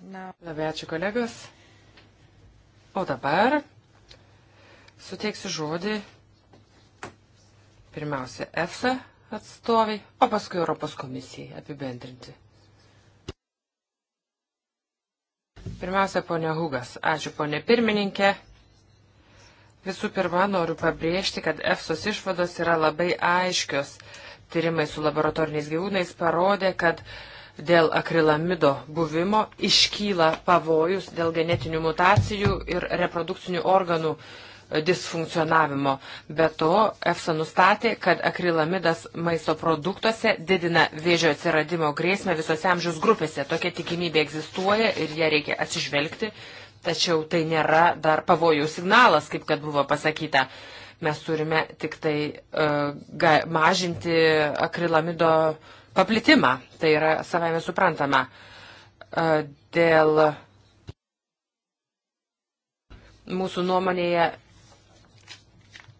Speaker 2: Now... Labai ačiū kolegos. O dabar suteiksiu žodį pirmiausia EFSA atstoviai, o paskui Europos komisijai apibendrinti. Pirmiausia, ponia Hugas, ačiū ponia pirmininkė. Visų pirma, noriu pabrėžti, kad EFSOS išvados yra labai aiškios. Tyrimai su laboratoriniais gyvūnais parodė, kad dėl akrilamido buvimo iškyla pavojus dėl genetinių mutacijų ir reprodukcinių organų e, disfunkcionavimo. Be to, EFSA nustatė, kad akrilamidas maisto produktuose didina vėžio atsiradimo grėsmę visose amžiaus grupėse. Tokia tikimybė egzistuoja ir ją reikia atsižvelgti Tačiau tai nėra dar pavojų signalas, kaip kad buvo pasakyta. Mes turime tik tai uh, ga, mažinti akrilamido paplitimą. Tai yra savai mes suprantama. Uh, dėl mūsų nuomonėje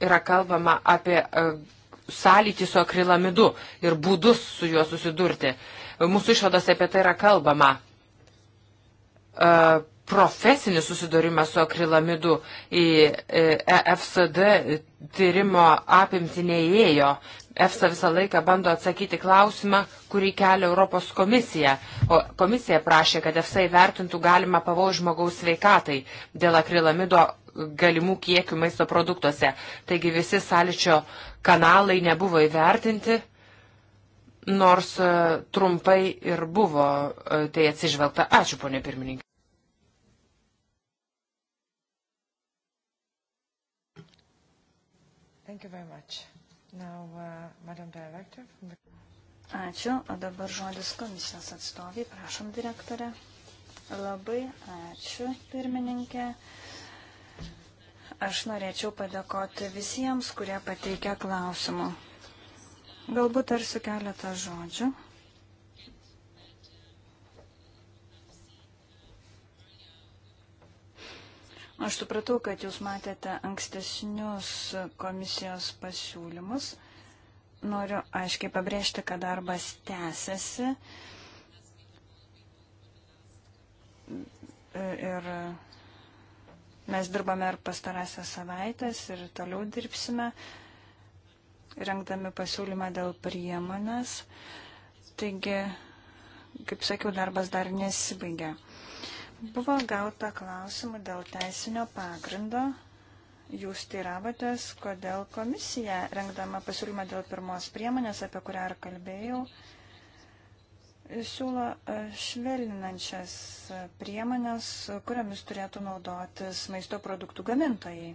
Speaker 2: yra kalbama apie uh, sąlytį su akrilamidu ir būdus su juo susidurti. Mūsų išvadose apie tai yra kalbama. Uh, profesinį susidūrimą su akrilamidu į EFSD e tyrimo apimti neįėjo. EFSA visą laiką bando atsakyti klausimą, kurį kelia Europos komisija, o komisija prašė, kad EFSA įvertintų galimą pavojų žmogaus sveikatai dėl akrilamido galimų kiekių maisto produktuose. Taigi visi sąlyčio kanalai nebuvo įvertinti nors e, trumpai ir buvo e, tai atsižvelgta. Ačiū, ponė pirmininkė.
Speaker 1: Thank you very much. Now, uh, Madam Director. From the...
Speaker 3: Ačiū. O dabar žodis komisijos atstoviai. Prašom, direktorė. Labai ačiū, pirmininkė. Aš norėčiau padėkoti visiems, kurie pateikė klausimų. Galbūt tarsiu keletą žodžių Aš supratau, kad jūs matėte ankstesnius komisijos pasiūlymus. Noriu aiškiai pabrėžti, kad darbas tęsiasi. Ir mes dirbame ir pastarąsią savaitęs ir toliau dirbsime, rengdami pasiūlymą dėl priemonės. Taigi, kaip sakiau, darbas dar nesibaigia. Buvo gauta klausimų dėl teisinio pagrindo. Jūs teiravotės, kodėl komisija, rengdama pasiūlymą dėl pirmos priemonės, apie kurią ir kalbėjau, siūlo e, švelninančias priemonės, kuriamis turėtų naudotis maisto produktų gamintojai.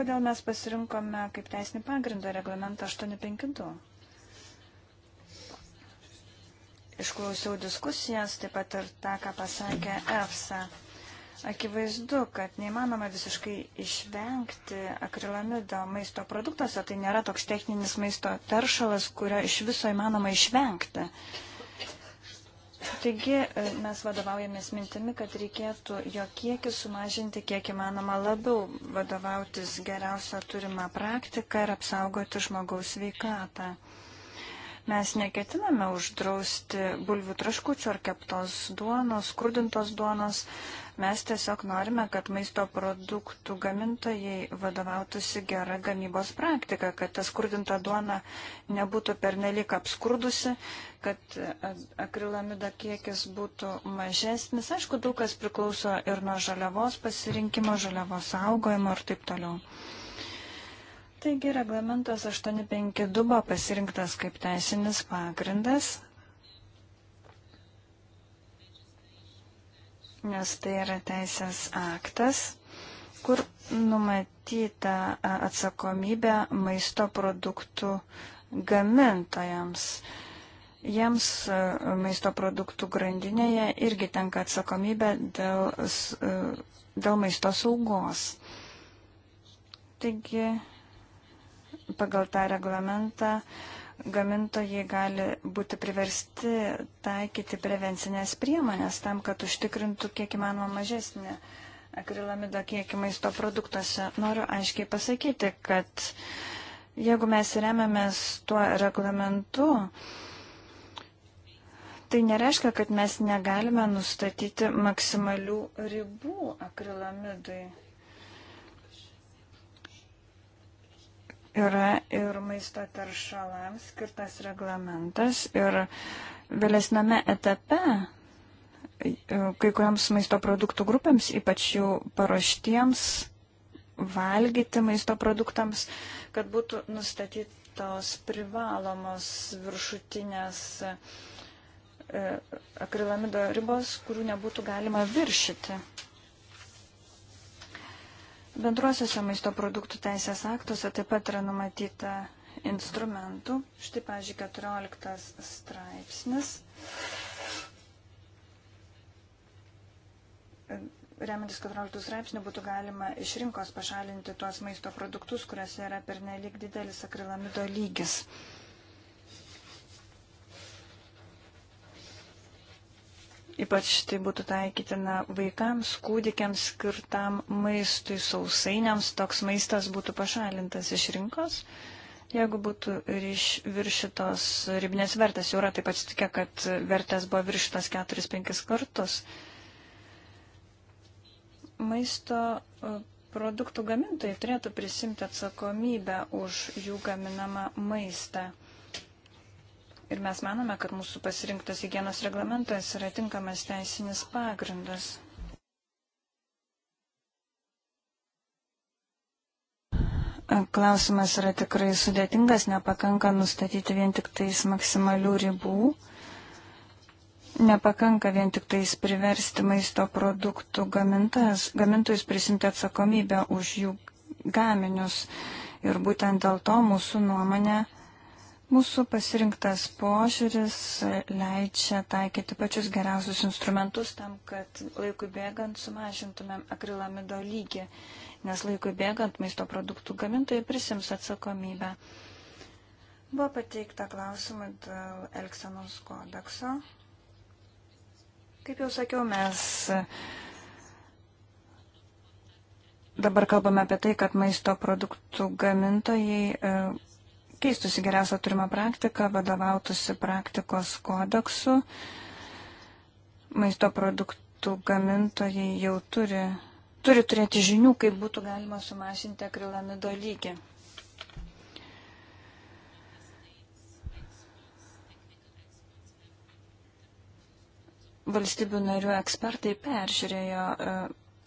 Speaker 3: Kodėl mes pasirinkome kaip teisinį pagrindą reglamentą 852? Išklausiau diskusijas, taip pat ir tą, ką pasakė EFSA. Akivaizdu, kad neįmanoma visiškai išvengti akrilamido maisto produktuose, tai nėra toks techninis maisto teršalas, kurio iš viso įmanoma išvengti. Taigi e, mes vadovaujamės mintimi, kad reikėtų jo kiekį sumažinti kiek įmanoma labiau, vadovautis geriausia turima praktika ir apsaugoti žmogaus veikatą. Mes neketiname uždrausti bulvių traškučių ar keptos duonos, skrudintos duonos. Mes tiesiog norime, kad maisto produktų gamintojai vadovautųsi gerą gamybos praktiką, kad ta skurdinta duona nebūtų pernelik apskurdusi, kad e, akrilamido kiekis būtų mažesnis. Aišku, daug kas priklauso ir nuo žaliavos pasirinkimo, žaliavos saugojimo ir taip toliau. Taigi reglamentas 852 buvo pasirinktas kaip teisinis pagrindas, nes tai yra teisės aktas, kur numatyta atsakomybė maisto produktų gamintojams. Jiems maisto produktų grandinėje irgi tenka atsakomybė dėl, dėl maisto saugos. Taigi pagal tą reglamentą gamintojai gali būti priversti taikyti prevencinės priemonės tam, kad užtikrintų kiek įmanoma mažesnį akrilamido kiekį maisto produktuose. Noriu aiškiai pasakyti, kad jeigu mes remiamės tuo reglamentu, tai nereiškia, kad mes negalime nustatyti maksimalių ribų akrilamidui. yra ir maisto taršalams skirtas reglamentas ir vėlesname etape e, kai kuriams maisto produktų grupėms, ypač jų paruoštiems valgyti maisto produktams, kad būtų nustatytos privalomos viršutinės e, akrilamido ribos, kurių nebūtų galima viršyti. Bendruosiuose maisto produktų teisės aktuose taip pat yra numatyta instrumentų. Štai, pažiūrėjau, 14 straipsnis. Remiantis 14 straipsnių būtų galima iš rinkos pašalinti tuos maisto produktus, kuriuose yra pernelyg didelis akrilamido lygis. Ypač tai būtų taikytina vaikams, kūdikiams skirtam maistui, sausainiams. Toks maistas būtų pašalintas iš rinkos, jeigu būtų virš, viršytos ribinės vertės. Jau yra taip atsitikę, kad vertės buvo viršytos 4-5 kartus. Maisto e, produktų gamintojai turėtų prisimti atsakomybę už jų gaminamą maistą. Ir mes manome, kad mūsų pasirinktas hygienos reglamentas yra tinkamas teisinis pagrindas. Klausimas yra tikrai sudėtingas, nepakanka nustatyti vien tik tais maksimalių ribų, nepakanka vien tik tais priversti maisto produktų gamintojus prisimti atsakomybę už jų gaminius. Ir būtent dėl to mūsų nuomonė Mūsų pasirinktas požiūris leidžia taikyti pačius geriausius instrumentus tam, kad laikui bėgant sumažintumėm akrilamido lygį, nes laikui bėgant maisto produktų gamintojai prisims atsakomybę. Buvo pateikta klausimai dėl Elksenos kodekso. Kaip jau sakiau, mes dabar kalbame apie tai, kad maisto produktų gamintojai e, keistusi geriausią turimą praktiką, vadovautųsi praktikos kodeksu. Maisto produktų gamintojai jau turi, turi turėti žinių, kaip būtų galima sumažinti akrilamido lygį. Valstybių narių ekspertai peržiūrėjo e,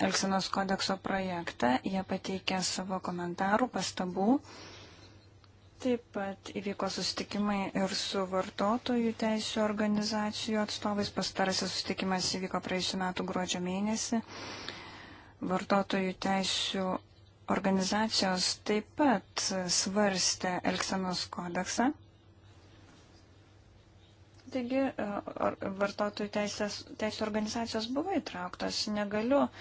Speaker 3: Elksinos kodekso projektą, jie pateikė savo komentarų, pastabų. Taip pat įvyko susitikimai ir su vartotojų teisų organizacijų atstovais. Pastarasis susitikimas įvyko praėjusiu metu gruodžio mėnesį. Vartotojų teisų organizacijos taip pat svarstė Elksenos kodeksą. Taigi e, vartotojų teisės, teisų organizacijos buvo įtrauktos. Negaliu uh,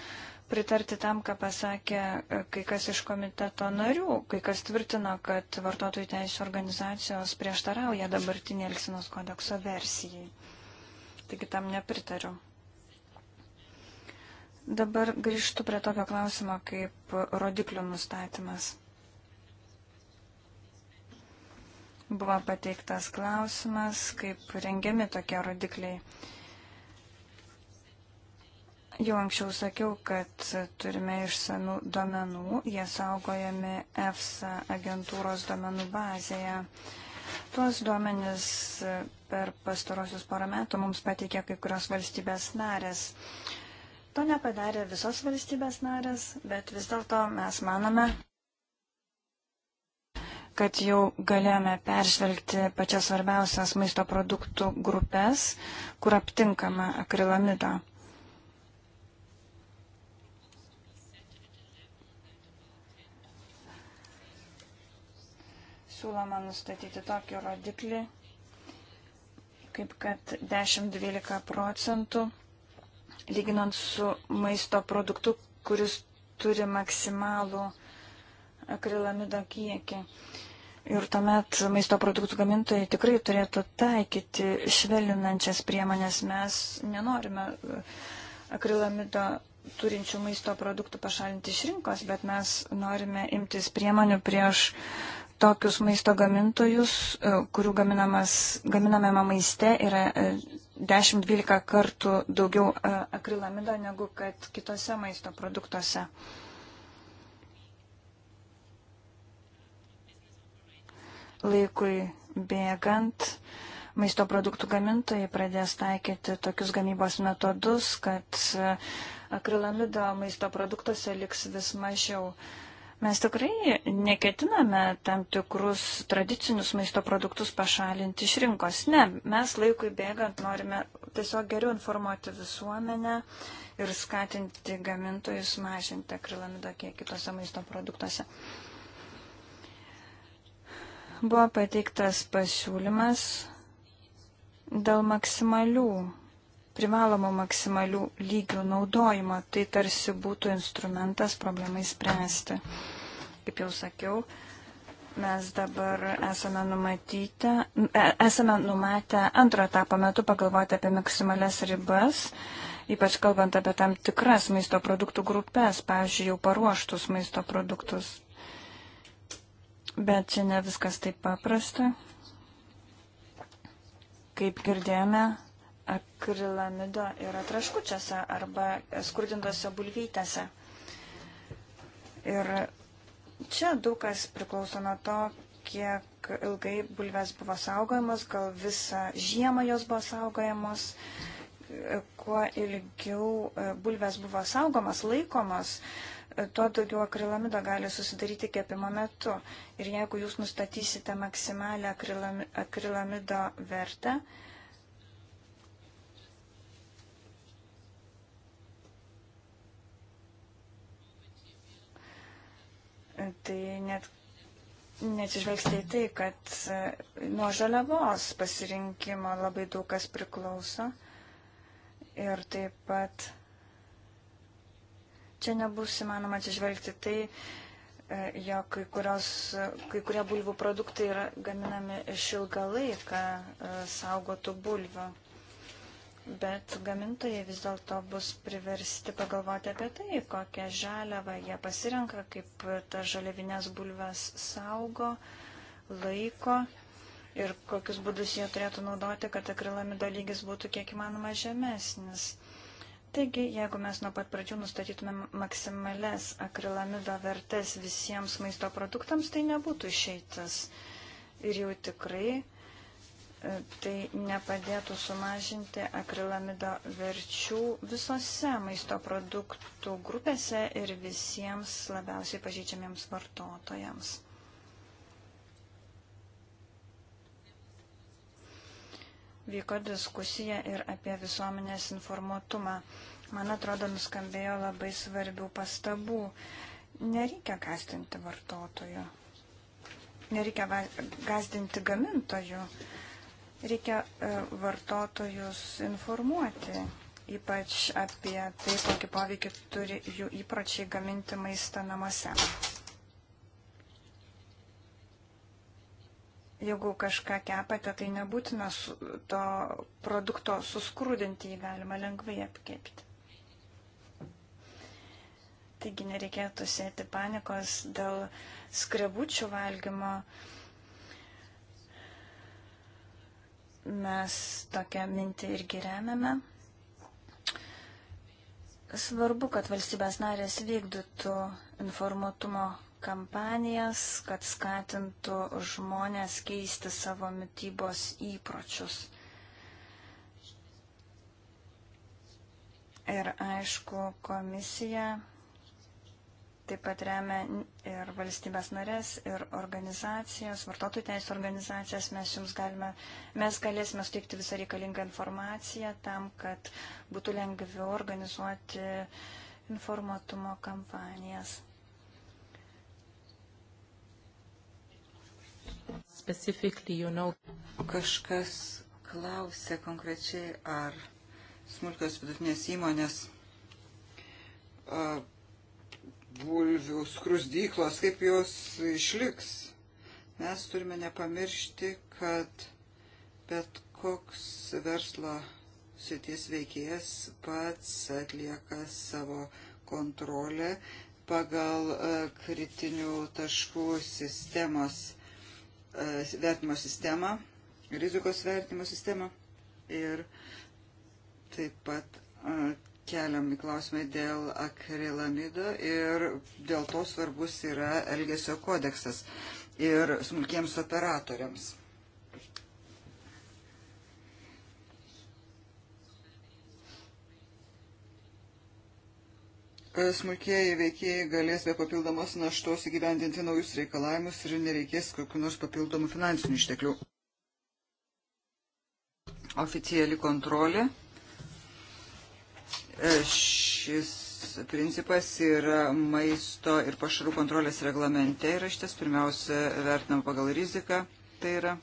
Speaker 3: pritarti tam, ką pasakė e, kai kas iš komiteto narių, kai kas tvirtino, kad vartotojų teisų organizacijos prieštarauja dabartinį Elksinos kodekso versijai. Taigi tam nepritariu. Dabar grįžtu prie tokio klausimo kaip rodiklių nustatymas. Buvo pateiktas klausimas, kaip rengiami tokie rodikliai. Jau anksčiau sakiau, kad turime išsamių duomenų, jie saugojami EFSA agentūros duomenų bazėje. Tuos duomenis per pastarosius porą metų mums pateikė kai kurios valstybės narės. To nepadarė visos valstybės narės, bet vis dėlto mes manome, kad jau galėjome peržvelgti pačias svarbiausias maisto produktų grupės, kur aptinkama akrilamido. siūloma nustatyti tokį rodiklį, kaip kad 10-12 procentų, lyginant su maisto produktu, kuris turi maksimalų akrilamido kiekį. Ir tuomet maisto produktų gamintojai tikrai turėtų taikyti švelninančias priemonės. Mes nenorime uh, akrilamido turinčių maisto produktų pašalinti iš rinkos, bet mes norime imtis priemonių prieš uh, tokius maisto gamintojus, e, kurių gaminamame maiste yra 10-12 e, kartų daugiau e, akrilamido negu kad kitose maisto produktuose. Laikui bėgant, maisto produktų gamintojai pradės taikyti tokius gamybos metodus, kad akrilamido maisto produktuose liks vis mažiau. Uh, Mes tikrai neketiname tam tikrus tradicinius maisto produktus pašalinti iš rinkos. Ne, mes laikui bėgant norime tiesiog geriau informuoti visuomenę ir skatinti gamintojus mažinti akrilamido kiekį kitose maisto produktuose. Buvo pateiktas pasiūlymas dėl maksimalių privalomų maksimalių lygių naudojimo. Tai tarsi būtų instrumentas problemai spręsti. Kaip jau sakiau, mes dabar esame, numatyti, e, esame numatę antrą etapą metu pagalvoti apie maksimalias ribas ypač kalbant apie tam tikras maisto produktų grupės, pavyzdžiui, jau paruoštus maisto produktus. Bet čia ne viskas taip paprasta. Kaip girdėjome, akrilamido yra traškučiuose arba skurdintose bulvytėse. Ir čia daug kas priklauso nuo to, kiek ilgai bulvės buvo saugojamos, gal visą žiemą jos buvo saugojamos, kuo ilgiau e, bulvės buvo saugomas, laikomas, e, tuo daugiau akrilamido gali susidaryti kepimo metu. Ir jeigu jūs nustatysite maksimalę akrilamido vertę, tai net neatsižvelgsite į tai, kad e, nuo žaliavos pasirinkimo labai daug kas priklauso. Ir taip pat čia nebus įmanoma atsižvelgti tai, e, jog kai, kurios, kai kurie bulvių produktai yra gaminami iš ilgą laiką e, saugotų bulvių bet gamintojai vis dėlto bus priversti pagalvoti apie tai, kokią žaliavą jie pasirenka, kaip tas žaliavinės bulves saugo, laiko ir kokius būdus jie turėtų naudoti, kad akrilamido lygis būtų kiek įmanoma žemesnis. Taigi, jeigu mes nuo pat pradžių nustatytume maksimales akrilamido vertes visiems maisto produktams, tai nebūtų išeitas. Ir jau tikrai tai nepadėtų sumažinti akrilamido verčių visose maisto produktų grupėse ir visiems labiausiai pažydžiamiems vartotojams. Vyko diskusija ir apie visuomenės informuotumą. Man atrodo, nuskambėjo labai svarbių pastabų. Nereikia kastinti vartotojų. Nereikia gazdinti gamintojų. Uh, Reikia e, vartotojus informuoti, ypač apie tai, kokį poveikį turi jų įpročiai gaminti maistą namuose. Jeigu kažką kepate, tai nebūtina to produkto suskrūdinti, jį galima lengvai apkepti. Taigi nereikėtų sėti panikos dėl skrebučių valgymo. Uh, mes tokią mintį irgi remiame. Svarbu, kad valstybės narės vykdytų informuotumo kampanijas, kad skatintų žmonės keisti savo mytybos įpročius. Ir aišku, komisija taip pat remia ir valstybės narės, ir organizacijas, vartotojų teisų organizacijas. Mes jums galime, mes galėsime suteikti visą reikalingą informaciją tam, kad būtų lengviau organizuoti informatumo kampanijas.
Speaker 2: You know.
Speaker 1: Kažkas klausė konkrečiai, ar smulkios vidutinės įmonės uh, bulvių skrusdyklos, kaip jos išliks. Mes turime nepamiršti, kad bet koks verslo sities veikėjas pats atlieka savo kontrolę pagal e, kritinių taškų sistemos, e, vertimo sistemą, rizikos vertimo sistemą ir taip pat e, keliami klausimai dėl akrilamido ir dėl to svarbus yra Elgesio kodeksas ir smulkiems operatoriams. smulkieji veikėjai galės be papildomos naštos įgyvendinti naujus reikalavimus ir nereikės kokiu nors papildomų finansinių išteklių. Oficiali kontrolė Šis principas yra maisto ir pašarų kontrolės reglamente ir aš ties pirmiausia vertinam pagal riziką. Tai yra.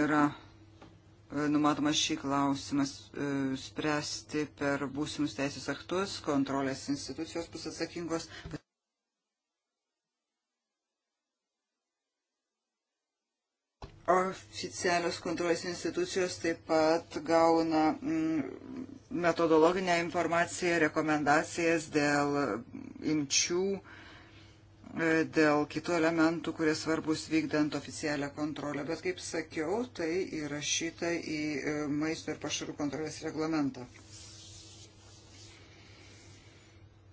Speaker 1: Yra e, numatoma šį klausimą e, spręsti per būsimus teisės aktus, kontrolės institucijos bus atsakingos. Oficialios kontrolės institucijos taip pat gauna mm, metodologinę informaciją, rekomendacijas dėl imčių, e, dėl kitų elementų, kurie svarbus vykdant oficialią kontrolę. Bet, kaip sakiau, tai įrašyta į e, maisto ir pašarų kontrolės reglamentą.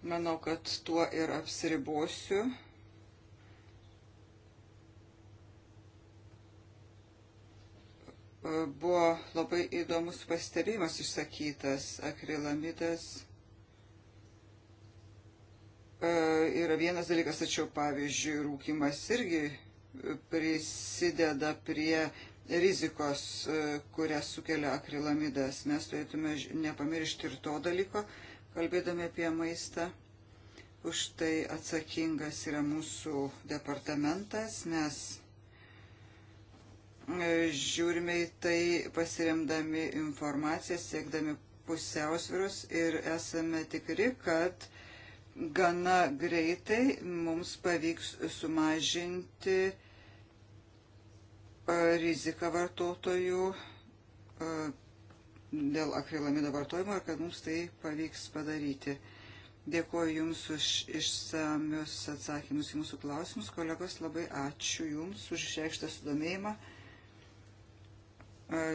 Speaker 1: Manau, kad tuo ir apsiribosiu. Buvo labai įdomus pastebėjimas išsakytas. Akrilamidas e, yra vienas dalykas, tačiau pavyzdžiui, rūkimas irgi prisideda prie rizikos, e, kurią sukelia akrilamidas. Mes turėtume nepamiršti ir to dalyko, kalbėdami apie maistą. Už tai atsakingas yra mūsų departamentas. Mes žiūrime į tai pasiremdami informaciją, siekdami pusiausvirus ir esame tikri, kad gana greitai mums pavyks sumažinti riziką vartotojų dėl akrilamido vartojimo ir kad mums tai pavyks padaryti. Dėkuoju Jums už išsamius atsakymus į mūsų klausimus. Kolegos, labai ačiū Jums už išreikštą sudomėjimą.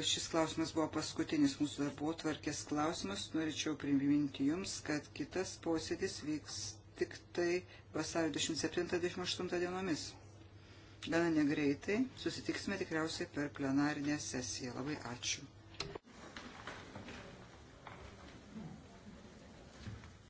Speaker 1: Šis klausimas buvo paskutinis mūsų darbo tvarkės klausimas. Norėčiau priminti Jums, kad kitas posėdis vyks tik tai vasario 27-28 dienomis. Gana negreitai susitiksime tikriausiai per plenarinę sesiją. Labai ačiū.